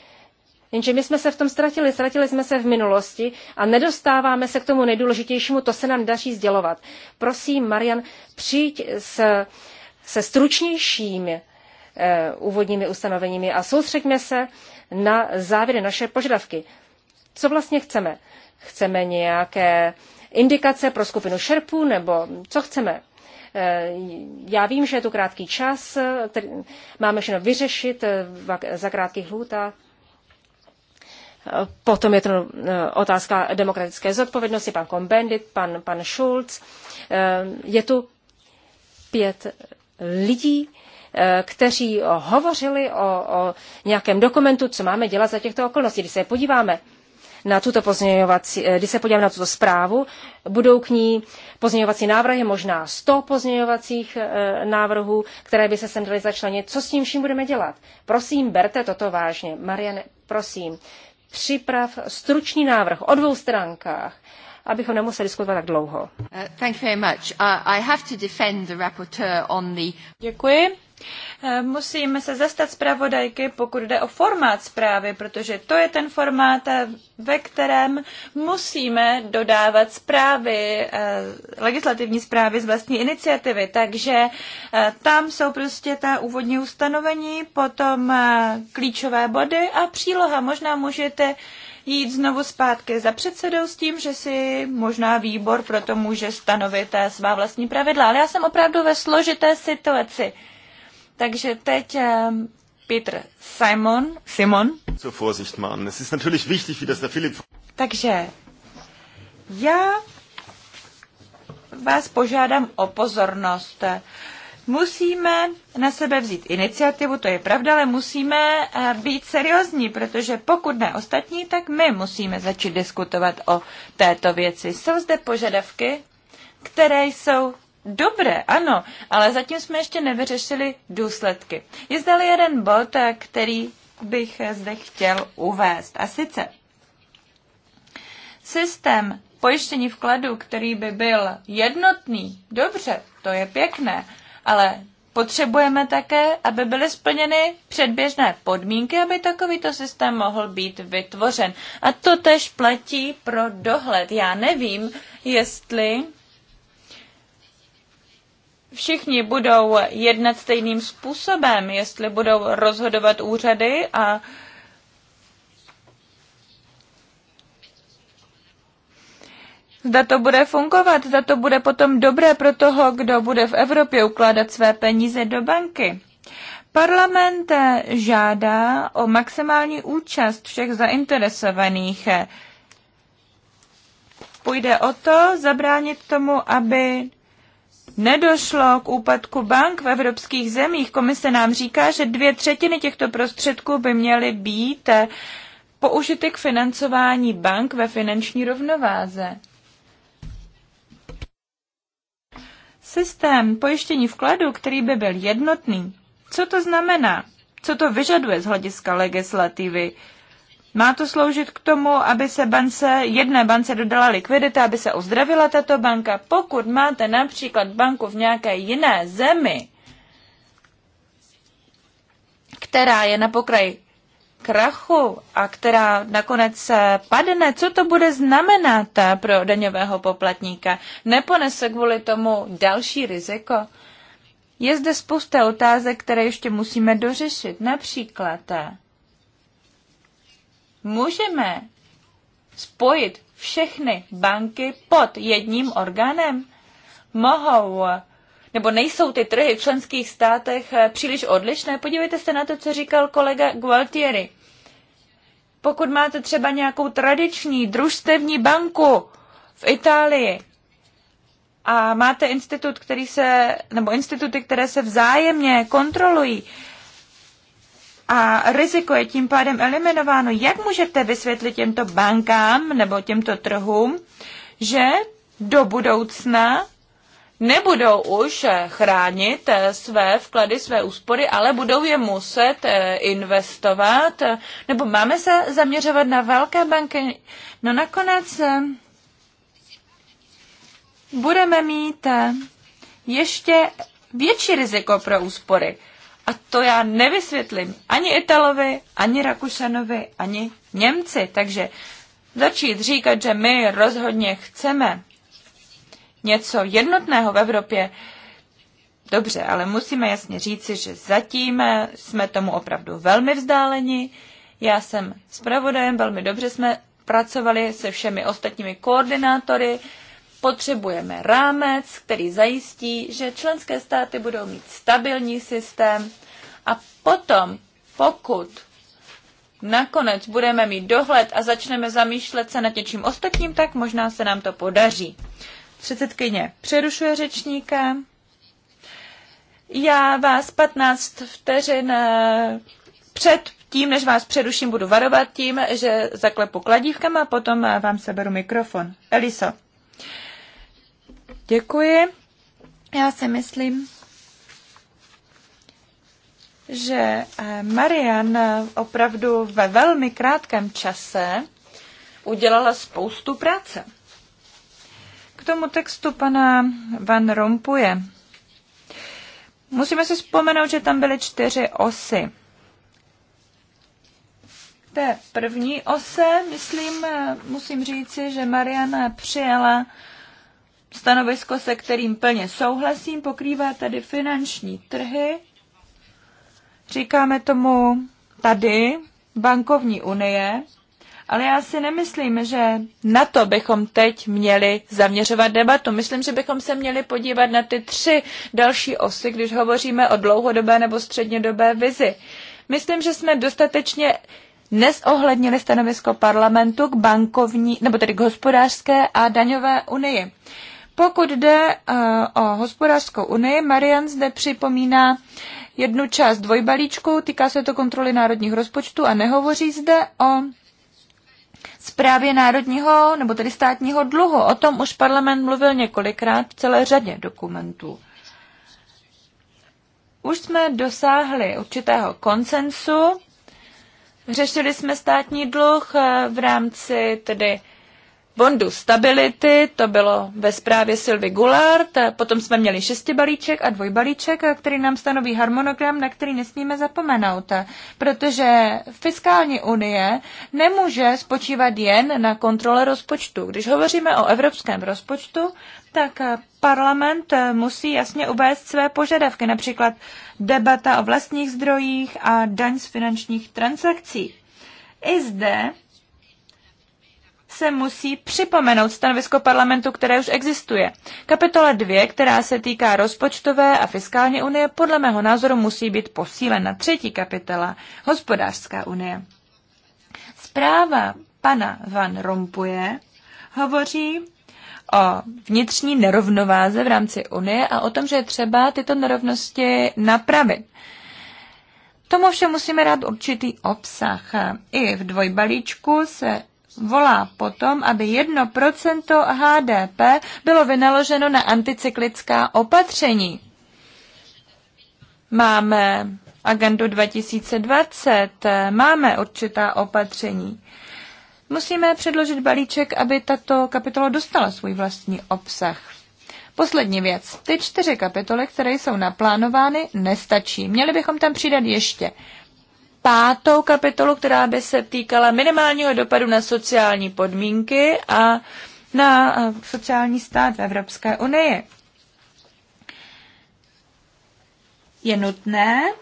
jenže my jsme se v tom ztratili, ztratili jsme se v minulosti a nedostáváme se k tomu nejdůležitějšímu, to se nám daří sdělovat. Prosím, Marian, přijď s, se stručnějšími eh, úvodními ustanoveními a soustřeďme se na závěry naše požadavky. Co vlastně chceme? Chceme nějaké indikace pro skupinu šerpů nebo co chceme? Eh, já vím, že je tu krátký čas, který máme všechno vyřešit eh, za krátkých lhůtách. Eh, potom je to otázka demokratické zodpovědnosti, pan Kombendit, pan, pan Schulz. Je tu pět lidí, kteří hovořili o, o nějakém dokumentu, co máme dělat za těchto okolností. Když se podíváme na tuto pozměňovací, eh, když se podívám na tuto zprávu, budou k ní pozměňovací návrhy, možná 100 pozměňovacích eh, návrhů, které by se sem daly začlenit. Co s tím vším budeme dělat? Prosím, berte toto vážně. Marianne, prosím, připrav stručný návrh o dvou stránkách, abychom nemuseli diskutovat tak dlouho. Uh, uh, Děkuji. Eh, musíme se zastat zpravodajky, pokud jde o formát zprávy, protože to je ten formát, eh, ve kterém musíme dodávat zprávy, eh, legislativní zprávy z vlastní iniciativy. Takže tam jsou prostě ta úvodní ustanovení, potom klíčové body a příloha. Možná můžete jít znovu zpátky za předsedou s tím, že si možná výbor pro to může stanovit svá vlastní pravidla. Ale já jsem opravdu ve složité situaci. Takže teď eh, Petr Simon. Simon. Zur Vorsicht machen. Es ist natürlich wichtig, wie das der Philipp. Takže já vás požádám o pozornost. Musíme na sebe vzít iniciativu, to je pravda, ale musíme eh, být seriózní, protože pokud ne ostatní, tak my musíme začít diskutovat o této věci. Jsou zde požadavky, které jsou dobré, ano, ale zatím jsme ještě nevyřešili důsledky. Je zde jeden bod, eh, který bych eh, zde chtěl uvést. A sice systém pojištění vkladu, který by byl jednotný, dobře, to je pěkné, ale potřebujeme také, aby byly splněny předběžné podmínky, aby takovýto systém mohl být vytvořen. A to tež platí pro dohled. Já nevím, jestli všichni budou jednat stejným způsobem, jestli budou rozhodovat úřady a Zda to bude fungovat, zda to bude potom dobré pro toho, kdo bude v Evropě ukládat své peníze do banky. Parlament žádá o maximální účast všech zainteresovaných. Půjde o to zabránit tomu, aby nedošlo k úpadku bank v evropských zemích. Komise nám říká, že dvě třetiny těchto prostředků by měly být eh, použity k financování bank ve finanční rovnováze. Systém pojištění vkladu, který by byl jednotný, co to znamená? Co to vyžaduje z hlediska legislativy? Má to sloužit k tomu, aby se bance, jedné bance dodala likvidita, aby se ozdravila tato banka. Pokud máte například banku v nějaké jiné zemi, která je na pokraji krachu a která nakonec padne, co to bude znamenat pro daňového poplatníka? Neponese kvůli tomu další riziko? Je zde spousta otázek, které ještě musíme dořešit. Například, můžeme spojit všechny banky pod jedním orgánem? Mohou, nebo nejsou ty trhy v členských státech eh, příliš odlišné? Podívejte se na to, co říkal kolega Gualtieri. Pokud máte třeba nějakou tradiční družstevní banku v Itálii a máte institut, který se, nebo instituty, které se vzájemně kontrolují, a riziko je tím pádem eliminováno. Jak můžete vysvětlit těmto bankám nebo těmto trhům, že do budoucna nebudou už chránit své vklady, své úspory, ale budou je muset eh, investovat? Nebo máme se zaměřovat na velké banky? No nakonec eh, budeme mít eh, ještě větší riziko pro úspory. A to já nevysvětlím ani Italovi, ani Rakušanovi, ani Němci. Takže začít říkat, že my rozhodně chceme něco jednotného v Evropě, dobře, ale musíme jasně říci, že zatím jsme tomu opravdu velmi vzdáleni. Já jsem s pravodajem, velmi dobře jsme pracovali se všemi ostatními koordinátory, Potřebujeme rámec, který zajistí, že členské státy budou mít stabilní systém a potom, pokud nakonec budeme mít dohled a začneme zamýšlet se nad něčím ostatním, tak možná se nám to podaří. Předsedkyně přerušuje řečníka. Já vás 15 vteřin eh, před tím, než vás přeruším, budu varovat tím, že zaklepu kladívkama a potom eh, vám seberu mikrofon. Eliso. Děkuji. Já si myslím, že eh, Marian eh, opravdu ve velmi krátkém čase udělala spoustu práce. K tomu textu pana Van Rompuje. Musíme si vzpomenout, že tam byly čtyři osy. V té první ose, myslím, eh, musím říci, že Mariana přijela. Stanovisko, se kterým plně souhlasím, pokrývá tady finanční trhy. Říkáme tomu tady bankovní unie, ale já si nemyslím, že na to bychom teď měli zaměřovat debatu. Myslím, že bychom se měli podívat na ty tři další osy, když hovoříme o dlouhodobé nebo střednědobé vizi. Myslím, že jsme dostatečně nezohlednili stanovisko parlamentu k bankovní, nebo tedy k hospodářské a daňové unii. Pokud jde eh, o hospodářskou unii, Marian zde připomíná jednu část dvojbalíčku, týká se to kontroly národních rozpočtů a nehovoří zde o zprávě národního nebo tedy státního dluhu. O tom už parlament mluvil několikrát v celé řadě dokumentů. Už jsme dosáhli určitého konsensu. Řešili jsme státní dluh eh, v rámci tedy bondu stability, to bylo ve zprávě Sylvie Goulart, potom jsme měli šesti balíček a dvoj balíček, který nám stanoví harmonogram, na který nesmíme zapomenout, protože fiskální unie nemůže spočívat jen na kontrole rozpočtu. Když hovoříme o evropském rozpočtu, tak parlament musí jasně uvést své požadavky, například debata o vlastních zdrojích a daň z finančních transakcí. I zde se musí připomenout stanovisko parlamentu, které už existuje. Kapitola 2, která se týká rozpočtové a fiskální unie, podle mého názoru musí být posílena. Třetí kapitola, hospodářská unie. Zpráva pana Van Rompuje hovoří o vnitřní nerovnováze v rámci Unie a o tom, že je třeba tyto nerovnosti napravit. Tomu vše musíme rád určitý obsah. I v dvojbalíčku se volá potom, aby 1% HDP bylo vynaloženo na anticyklická opatření. Máme agendu 2020, máme určitá opatření. Musíme předložit balíček, aby tato kapitola dostala svůj vlastní obsah. Poslední věc. Ty čtyři kapitoly, které jsou naplánovány, nestačí. Měli bychom tam přidat ještě pátou kapitolu, která by se týkala minimálního dopadu na sociální podmínky a na eh, sociální stát v Evropské unii. Je nutné,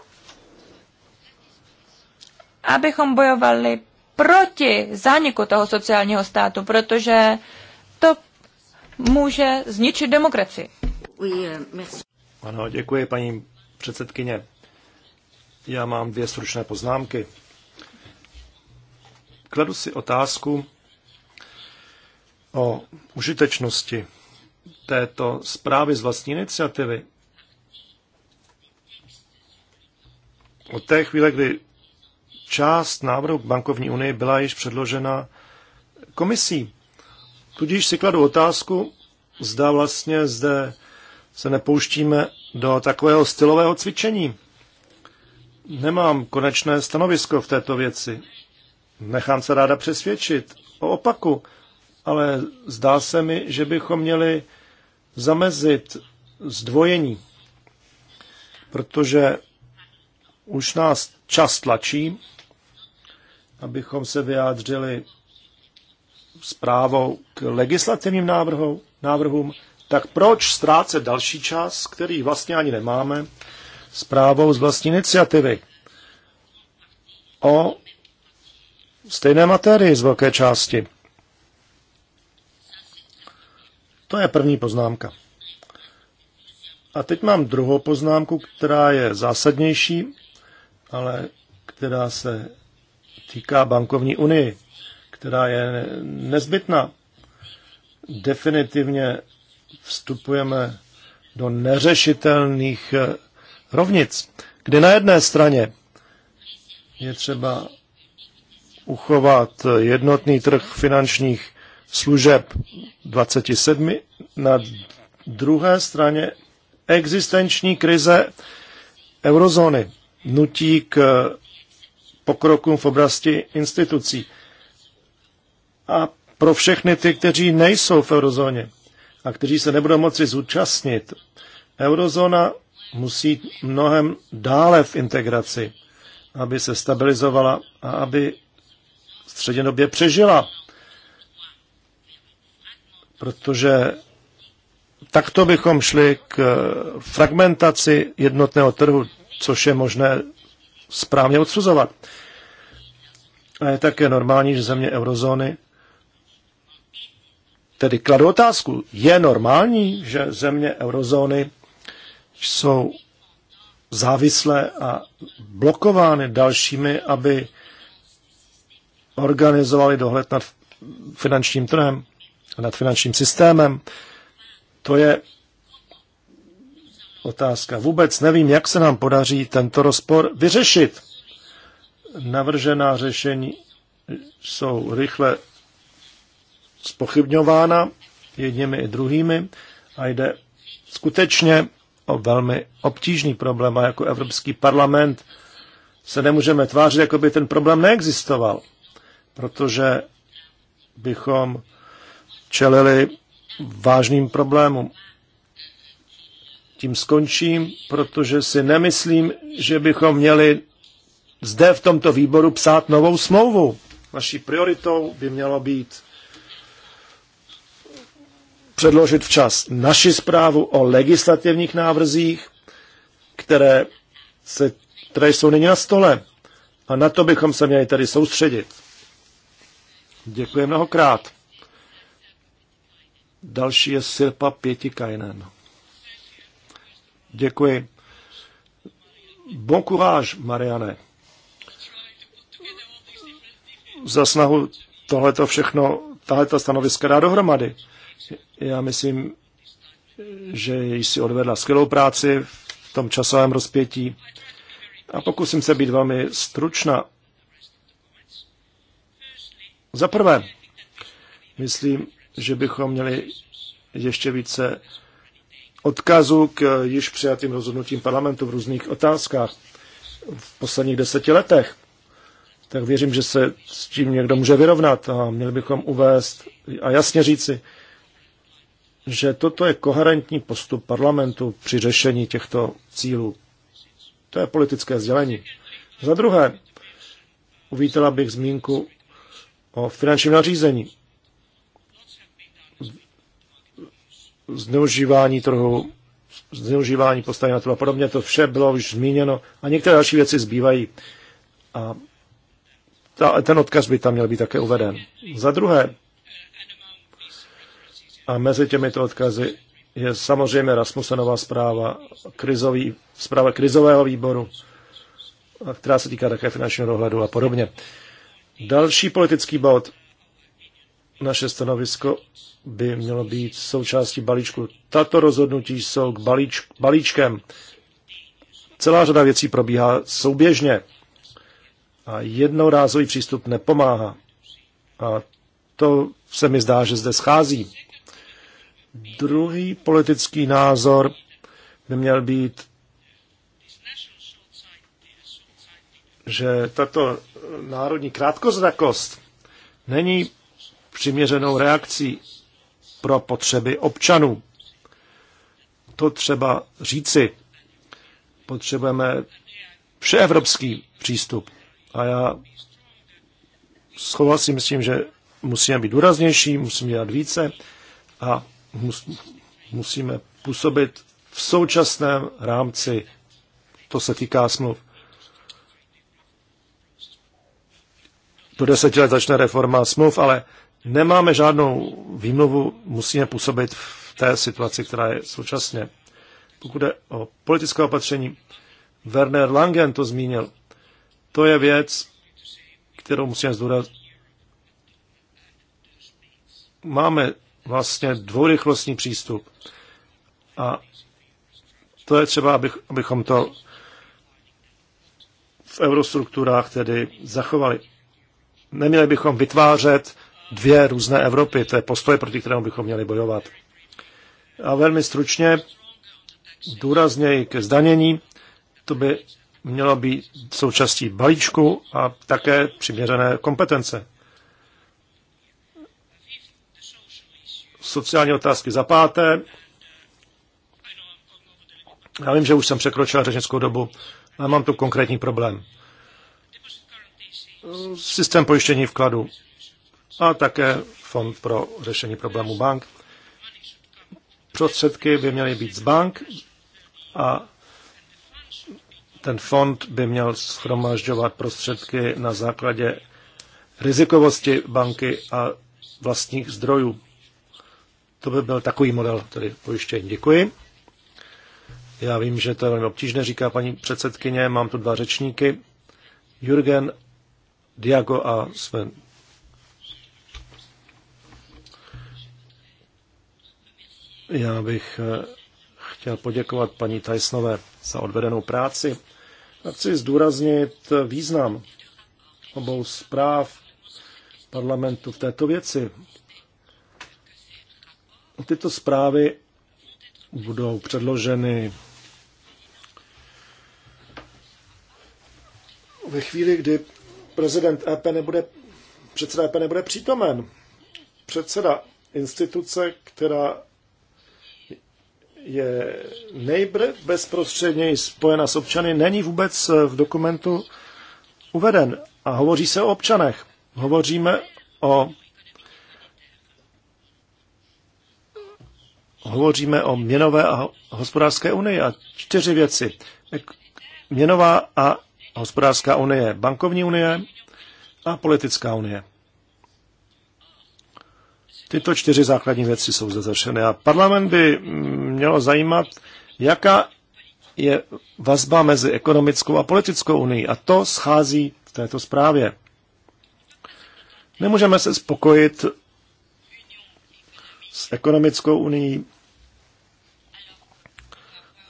abychom bojovali proti zániku toho sociálního státu, protože to může zničit demokracii. Eh, ano, děkuji paní předsedkyně. Já mám dvě stručné poznámky. Kladu si otázku o užitečnosti této zprávy z vlastní iniciativy. Od té chvíle, kdy část návrhu k bankovní unii byla již předložena komisí. Tudíž si kladu otázku, zda vlastně zde se nepouštíme do takového stylového cvičení. Nemám konečné stanovisko v této věci. Nechám se ráda přesvědčit o opaku, ale zdá se mi, že bychom měli zamezit zdvojení, protože už nás čas tlačí, abychom se vyjádřili zprávou k legislativním návrhům, tak proč ztrácet další čas, který vlastně ani nemáme, zprávou z vlastní iniciativy o stejné materii z velké části. To je první poznámka. A teď mám druhou poznámku, která je zásadnější, ale která se týká bankovní unii, která je nezbytná. Definitivně vstupujeme do neřešitelných rovnic, kdy na jedné straně je třeba uchovat jednotný trh finančních služeb 27, na druhé straně existenční krize eurozóny nutí k pokrokům v oblasti institucí. A pro všechny ty, kteří nejsou v eurozóně a kteří se nebudou moci zúčastnit, eurozóna musí mnohem dále v integraci, aby se stabilizovala a aby střednědobě přežila. Protože takto bychom šli k fragmentaci jednotného trhu, což je možné správně odsuzovat. A je také normální, že země eurozóny tedy kladu otázku, je normální, že země eurozóny jsou závislé a blokovány dalšími, aby organizovali dohled nad finančním trhem, nad finančním systémem. To je otázka. Vůbec nevím, jak se nám podaří tento rozpor vyřešit. Navržená řešení jsou rychle spochybňována jedněmi i druhými a jde skutečně o velmi obtížný problém a jako Evropský parlament se nemůžeme tvářit, jako by ten problém neexistoval, protože bychom čelili vážným problémům. Tím skončím, protože si nemyslím, že bychom měli zde v tomto výboru psát novou smlouvu. Naší prioritou by mělo být předložit včas naši zprávu o legislativních návrzích, které, se, které jsou nyní na stole. A na to bychom se měli tedy soustředit. Děkuji mnohokrát. Další je Sirpa Pětikajnen. Děkuji. Bon courage, Marianne. Za snahu tohleto všechno, tahle stanoviska dá dohromady. Já myslím, že jsi odvedla skvělou práci v tom časovém rozpětí a pokusím se být velmi stručná. Za prvé, myslím, že bychom měli ještě více odkazu k již přijatým rozhodnutím parlamentu v různých otázkách v posledních deseti letech. Tak věřím, že se s tím někdo může vyrovnat a měli bychom uvést a jasně říci, že toto je koherentní postup parlamentu při řešení těchto cílů. To je politické sdělení. Za druhé, uvítala bych zmínku o finančním nařízení. Zneužívání trhu, zneužívání postavení na trhu a podobně, to vše bylo už zmíněno a některé další věci zbývají. A ta, ten odkaz by tam měl být také uveden. Za druhé, a mezi těmito odkazy je samozřejmě Rasmusenová zpráva, krizový, zpráva krizového výboru, která se týká také finančního dohledu a podobně. Další politický bod. Naše stanovisko by mělo být součástí balíčku. Tato rozhodnutí jsou k balíč, balíčkem. Celá řada věcí probíhá souběžně a jednorázový přístup nepomáhá. A to se mi zdá, že zde schází druhý politický názor by měl být, že tato národní krátkozrakost není přiměřenou reakcí pro potřeby občanů. To třeba říci. Potřebujeme všeevropský přístup. A já souhlasím s tím, že musíme být důraznější, musíme dělat více a musíme působit v současném rámci. To se týká smluv. Do deseti let začne reforma smluv, ale nemáme žádnou výmluvu, musíme působit v té situaci, která je současně. Pokud je o politické opatření, Werner Langen to zmínil. To je věc, kterou musíme zdůraznit. Máme vlastně dvourychlostní přístup. A to je třeba, abych, abychom to v eurostrukturách tedy zachovali. Neměli bychom vytvářet dvě různé Evropy. To je postoj, proti kterému bychom měli bojovat. A velmi stručně, důrazněji ke zdanění, to by mělo být součástí balíčku a také přiměřené kompetence. sociální otázky za páté. Já vím, že už jsem překročil řečnickou dobu, ale mám tu konkrétní problém. Systém pojištění vkladu a také fond pro řešení problémů bank. Prostředky by měly být z bank a ten fond by měl schromažďovat prostředky na základě rizikovosti banky a vlastních zdrojů. To by byl takový model tedy pojištění. Děkuji. Já vím, že to je velmi obtížné, říká paní předsedkyně. Mám tu dva řečníky. Jürgen, Diago a Sven. Já bych eh, chtěl poděkovat paní Tajsnové za odvedenou práci. A chci zdůraznit význam obou zpráv parlamentu v této věci. Tyto zprávy budou předloženy ve chvíli, kdy prezident EP nebude, předseda EP nebude přítomen. Předseda instituce, která je nejbr bezprostředně spojena s občany, není vůbec v dokumentu uveden. A hovoří se o občanech. Hovoříme o hovoříme o měnové a hospodářské unii a čtyři věci. Měnová a hospodářská unie, bankovní unie a politická unie. Tyto čtyři základní věci jsou zde a parlament by mělo zajímat, jaká je vazba mezi ekonomickou a politickou unii a to schází v této zprávě. Nemůžeme se spokojit s ekonomickou unii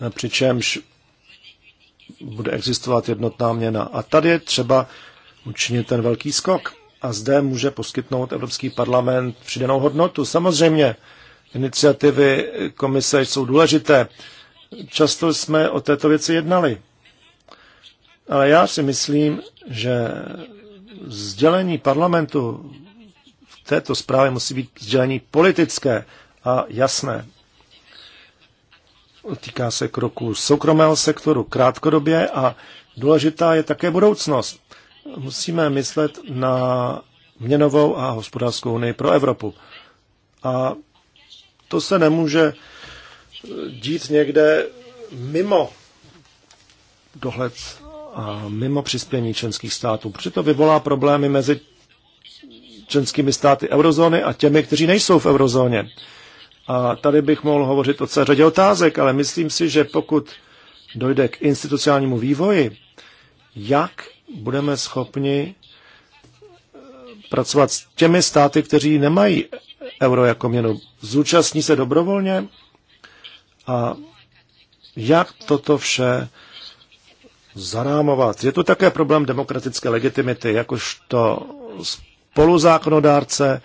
přičemž bude existovat jednotná měna. A tady je třeba učinit ten velký skok. A zde může poskytnout Evropský parlament přidanou hodnotu. Samozřejmě iniciativy komise jsou důležité. Často jsme o této věci jednali. Ale já si myslím, že sdělení parlamentu v této zprávě musí být sdělení politické a jasné týká se kroku soukromého sektoru krátkodobě a důležitá je také budoucnost. Musíme myslet na měnovou a hospodářskou unii pro Evropu. A to se nemůže dít někde mimo dohled a mimo přispění členských států, protože to vyvolá problémy mezi členskými státy eurozóny a těmi, kteří nejsou v eurozóně. A tady bych mohl hovořit o celé řadě otázek, ale myslím si, že pokud dojde k institucionálnímu vývoji, jak budeme schopni eh, pracovat s těmi státy, kteří nemají euro jako měnu. Zúčastní se dobrovolně a jak toto vše zarámovat. Je to také problém demokratické legitimity, jakožto spoluzákonodárce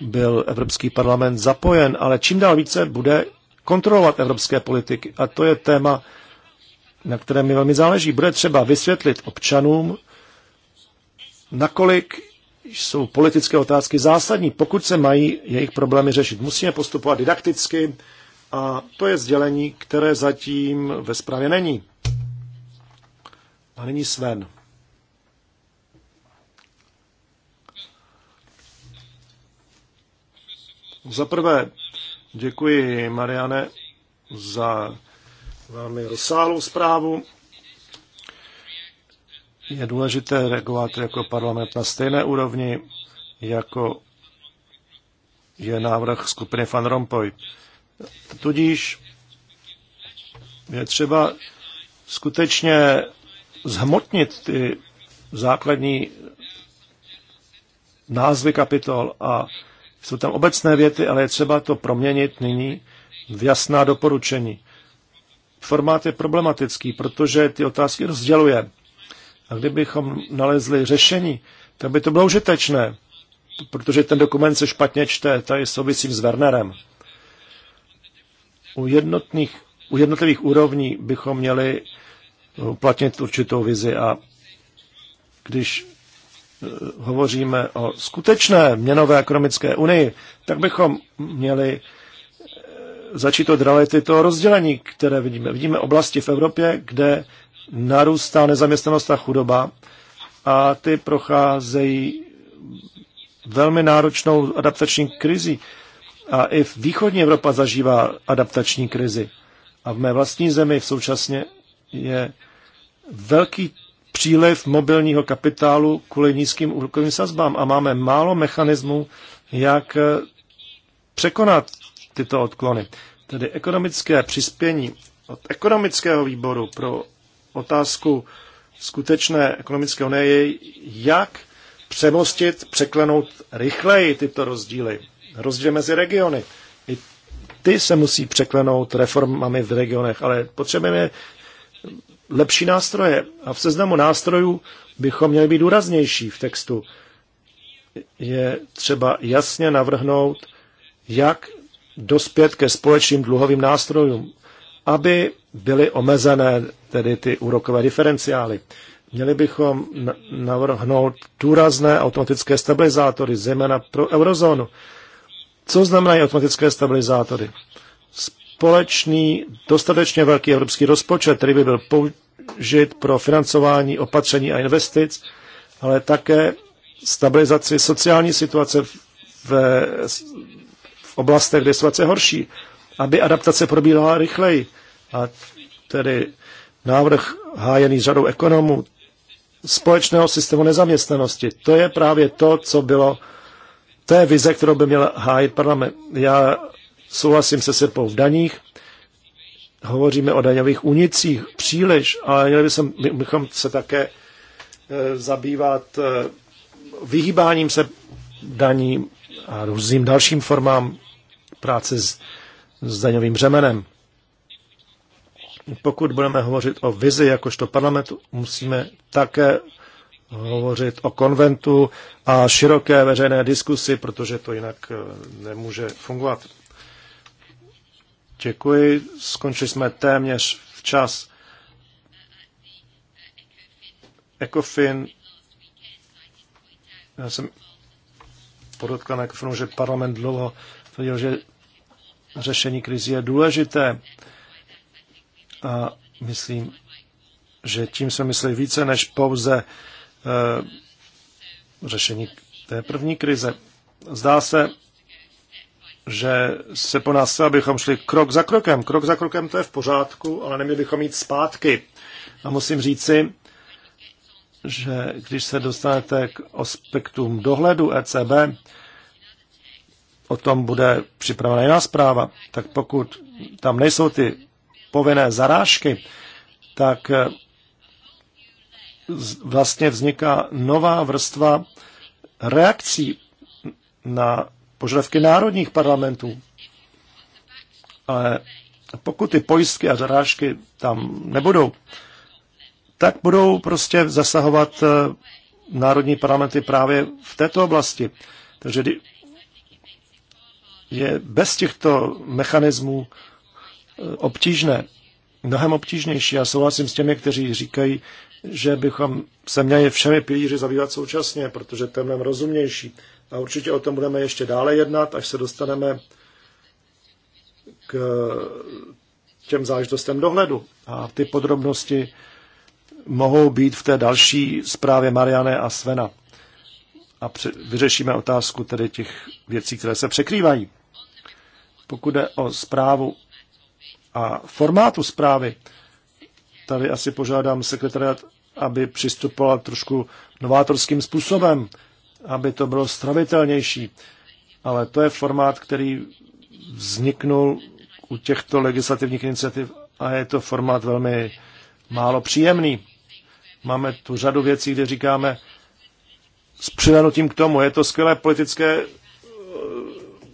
byl Evropský parlament zapojen, ale čím dál více bude kontrolovat evropské politiky. A to je téma, na které mi velmi záleží. Bude třeba vysvětlit občanům, nakolik jsou politické otázky zásadní, pokud se mají jejich problémy řešit. Musíme postupovat didakticky a to je sdělení, které zatím ve zprávě není. A nyní Sven. Za prvé, děkuji, Mariane, za velmi rozsáhlou zprávu. Je důležité reagovat jako parlament na stejné úrovni, jako je návrh skupiny Van Rompuy. Tudíž je třeba skutečně zhmotnit ty základní názvy kapitol a jsou tam obecné věty, ale je třeba to proměnit nyní v jasná doporučení. Formát je problematický, protože ty otázky rozděluje. A kdybychom nalezli řešení, tak by to bylo užitečné, protože ten dokument se špatně čte, tady souvisím s Wernerem. U, jednotných, u jednotlivých úrovní bychom měli uplatnit určitou vizi a když Eh, hovoříme o skutečné měnové ekonomické unii, tak bychom měli eh, začít od reality toho rozdělení, které vidíme. Vidíme oblasti v Evropě, kde narůstá nezaměstnanost a chudoba a ty procházejí velmi náročnou adaptační krizi. A i v východní Evropa zažívá adaptační krizi. A v mé vlastní zemi v současně je velký příliv mobilního kapitálu kvůli nízkým úrokovým sazbám a máme málo mechanismů, jak eh, překonat tyto odklony. Tedy ekonomické přispění od ekonomického výboru pro otázku skutečné ekonomické unie je, jak přemostit, překlenout rychleji tyto rozdíly. Rozdíly mezi regiony. I ty se musí překlenout reformami v regionech, ale potřebujeme lepší nástroje. A v seznamu nástrojů bychom měli být důraznější v textu. Je třeba jasně navrhnout, jak dospět ke společným dluhovým nástrojům, aby byly omezené tedy ty úrokové diferenciály. Měli bychom navrhnout důrazné automatické stabilizátory, zejména pro eurozónu. Co znamenají automatické stabilizátory? Společný, dostatečně velký evropský rozpočet, který by byl využit pro financování opatření a investic, ale také stabilizaci sociální situace v, v oblastech, kde je situace horší, aby adaptace probíhala rychleji. A tedy návrh hájený řadou ekonomů společného systému nezaměstnanosti. To je právě to, co bylo, to je vize, kterou by měl hájit parlament. Já souhlasím se sepou v daních, hovoříme o daňových unicích příliš, ale měli bychom se také e, zabývat e, vyhýbáním se daní a různým dalším formám práce s, s daňovým řemenem. Pokud budeme hovořit o vizi jakožto parlamentu, musíme také hovořit o konventu a široké veřejné diskusy, protože to jinak e, nemůže fungovat. Děkuji, skončili jsme téměř včas. Ecofin, já jsem podotkal na Ecofinu, že parlament dlouho tvrdil, že řešení krizi je důležité. A myslím, že tím se myslí více než pouze uh, řešení té první krize. Zdá se, že se po nás chce, abychom šli krok za krokem. Krok za krokem to je v pořádku, ale neměli bychom jít zpátky. A musím říci, že když se dostanete k aspektům dohledu ECB, o tom bude připravena jiná zpráva, tak pokud tam nejsou ty povinné zarážky, tak eh, vlastně vzniká nová vrstva reakcí na požadavky národních parlamentů. Ale pokud ty pojistky a zarážky tam nebudou, tak budou prostě zasahovat eh, národní parlamenty právě v této oblasti. Takže je bez těchto mechanismů eh, obtížné, mnohem obtížnější. Já souhlasím s těmi, kteří říkají, že bychom se měli všemi pilíři zabývat současně, protože to je mnohem rozumnější a určitě o tom budeme ještě dále jednat, až se dostaneme k těm zážitostem dohledu. A ty podrobnosti mohou být v té další zprávě Mariane a Svena. A vyřešíme otázku tedy těch věcí, které se překrývají. Pokud jde o zprávu a formátu zprávy, tady asi požádám sekretariat, aby přistupoval trošku novátorským způsobem aby to bylo stravitelnější. Ale to je formát, který vzniknul u těchto legislativních iniciativ a je to formát velmi málo příjemný. Máme tu řadu věcí, kde říkáme s přidanutím k tomu. Je to skvělé politické eh,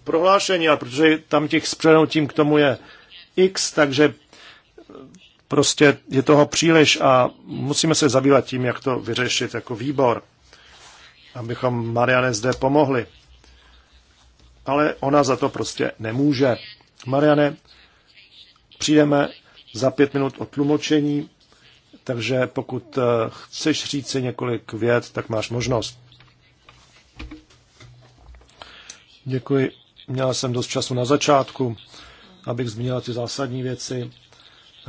prohlášení, ale protože tam těch s přidanutím k tomu je x, takže eh, prostě je toho příliš a musíme se zabývat tím, jak to vyřešit jako výbor abychom Mariane zde pomohli. Ale ona za to prostě nemůže. Mariane, přijdeme za pět minut o tlumočení, takže pokud eh, chceš říct si několik věd, tak máš možnost. Děkuji. Měla jsem dost času na začátku, abych zmínila ty zásadní věci,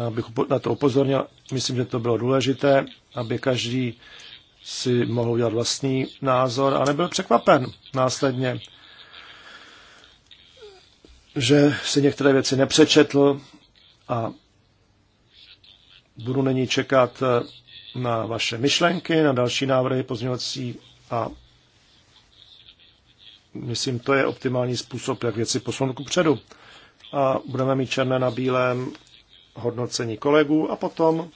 abych na to upozornil. Myslím, že to bylo důležité, aby každý si mohl udělat vlastní názor a nebyl překvapen následně, že si některé věci nepřečetl a budu není čekat eh, na vaše myšlenky, na další návrhy pozměňovací a myslím, to je optimální způsob, jak věci posunout ku předu. A budeme mít černé na bílém hodnocení kolegů a potom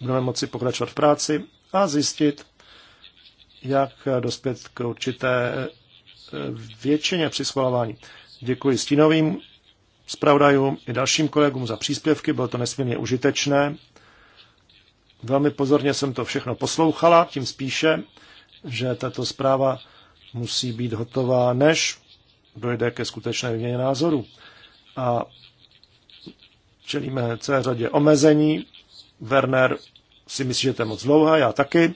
budeme moci pokračovat v práci a zjistit, jak dospět k určité eh, většině při schvalování. Děkuji stínovým zpravodajům i dalším kolegům za příspěvky, bylo to nesmírně užitečné. Velmi pozorně jsem to všechno poslouchala, tím spíše, že tato zpráva musí být hotová, než dojde ke skutečné výměně názoru. A čelíme celé řadě omezení. Werner si myslí, že to je moc dlouhá, já taky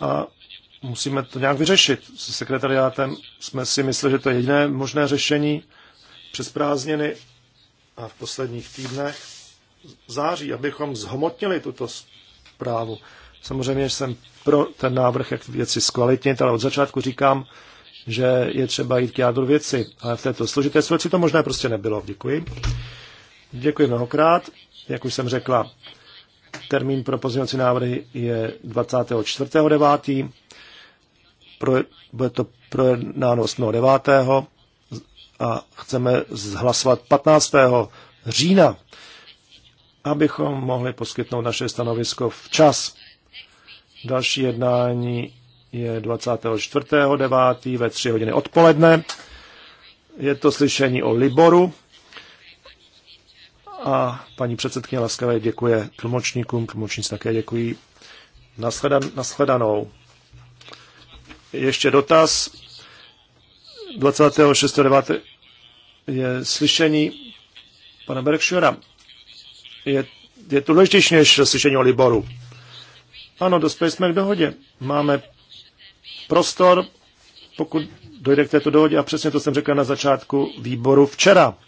a musíme to nějak vyřešit. Se sekretariátem jsme si mysleli, že to je jediné možné řešení přes prázdniny a v posledních týdnech září, abychom zhomotnili tuto zprávu. Samozřejmě jsem pro ten návrh, jak věci zkvalitnit, ale od začátku říkám, že je třeba jít k jádru věci. Ale v této složité situaci to možné prostě nebylo. Děkuji. Děkuji mnohokrát. Jak už jsem řekla, Termín pro pozměňovací návrhy je 24.9. Pro, bude to projednáno 8.9. a chceme zhlasovat 15. října, abychom mohli poskytnout naše stanovisko včas. Další jednání je 24.9. ve 3 hodiny odpoledne. Je to slyšení o Liboru a paní předsedkyně laskavě děkuje tlumočníkům, tlumočníci také děkují. Nasledan, nasledanou. Ještě dotaz. 26.9. je slyšení pana Berkshira. Je, je to důležitější než slyšení o Liboru. Ano, dospěli jsme k dohodě. Máme prostor, pokud dojde k této dohodě, a přesně to jsem řekl na začátku výboru včera.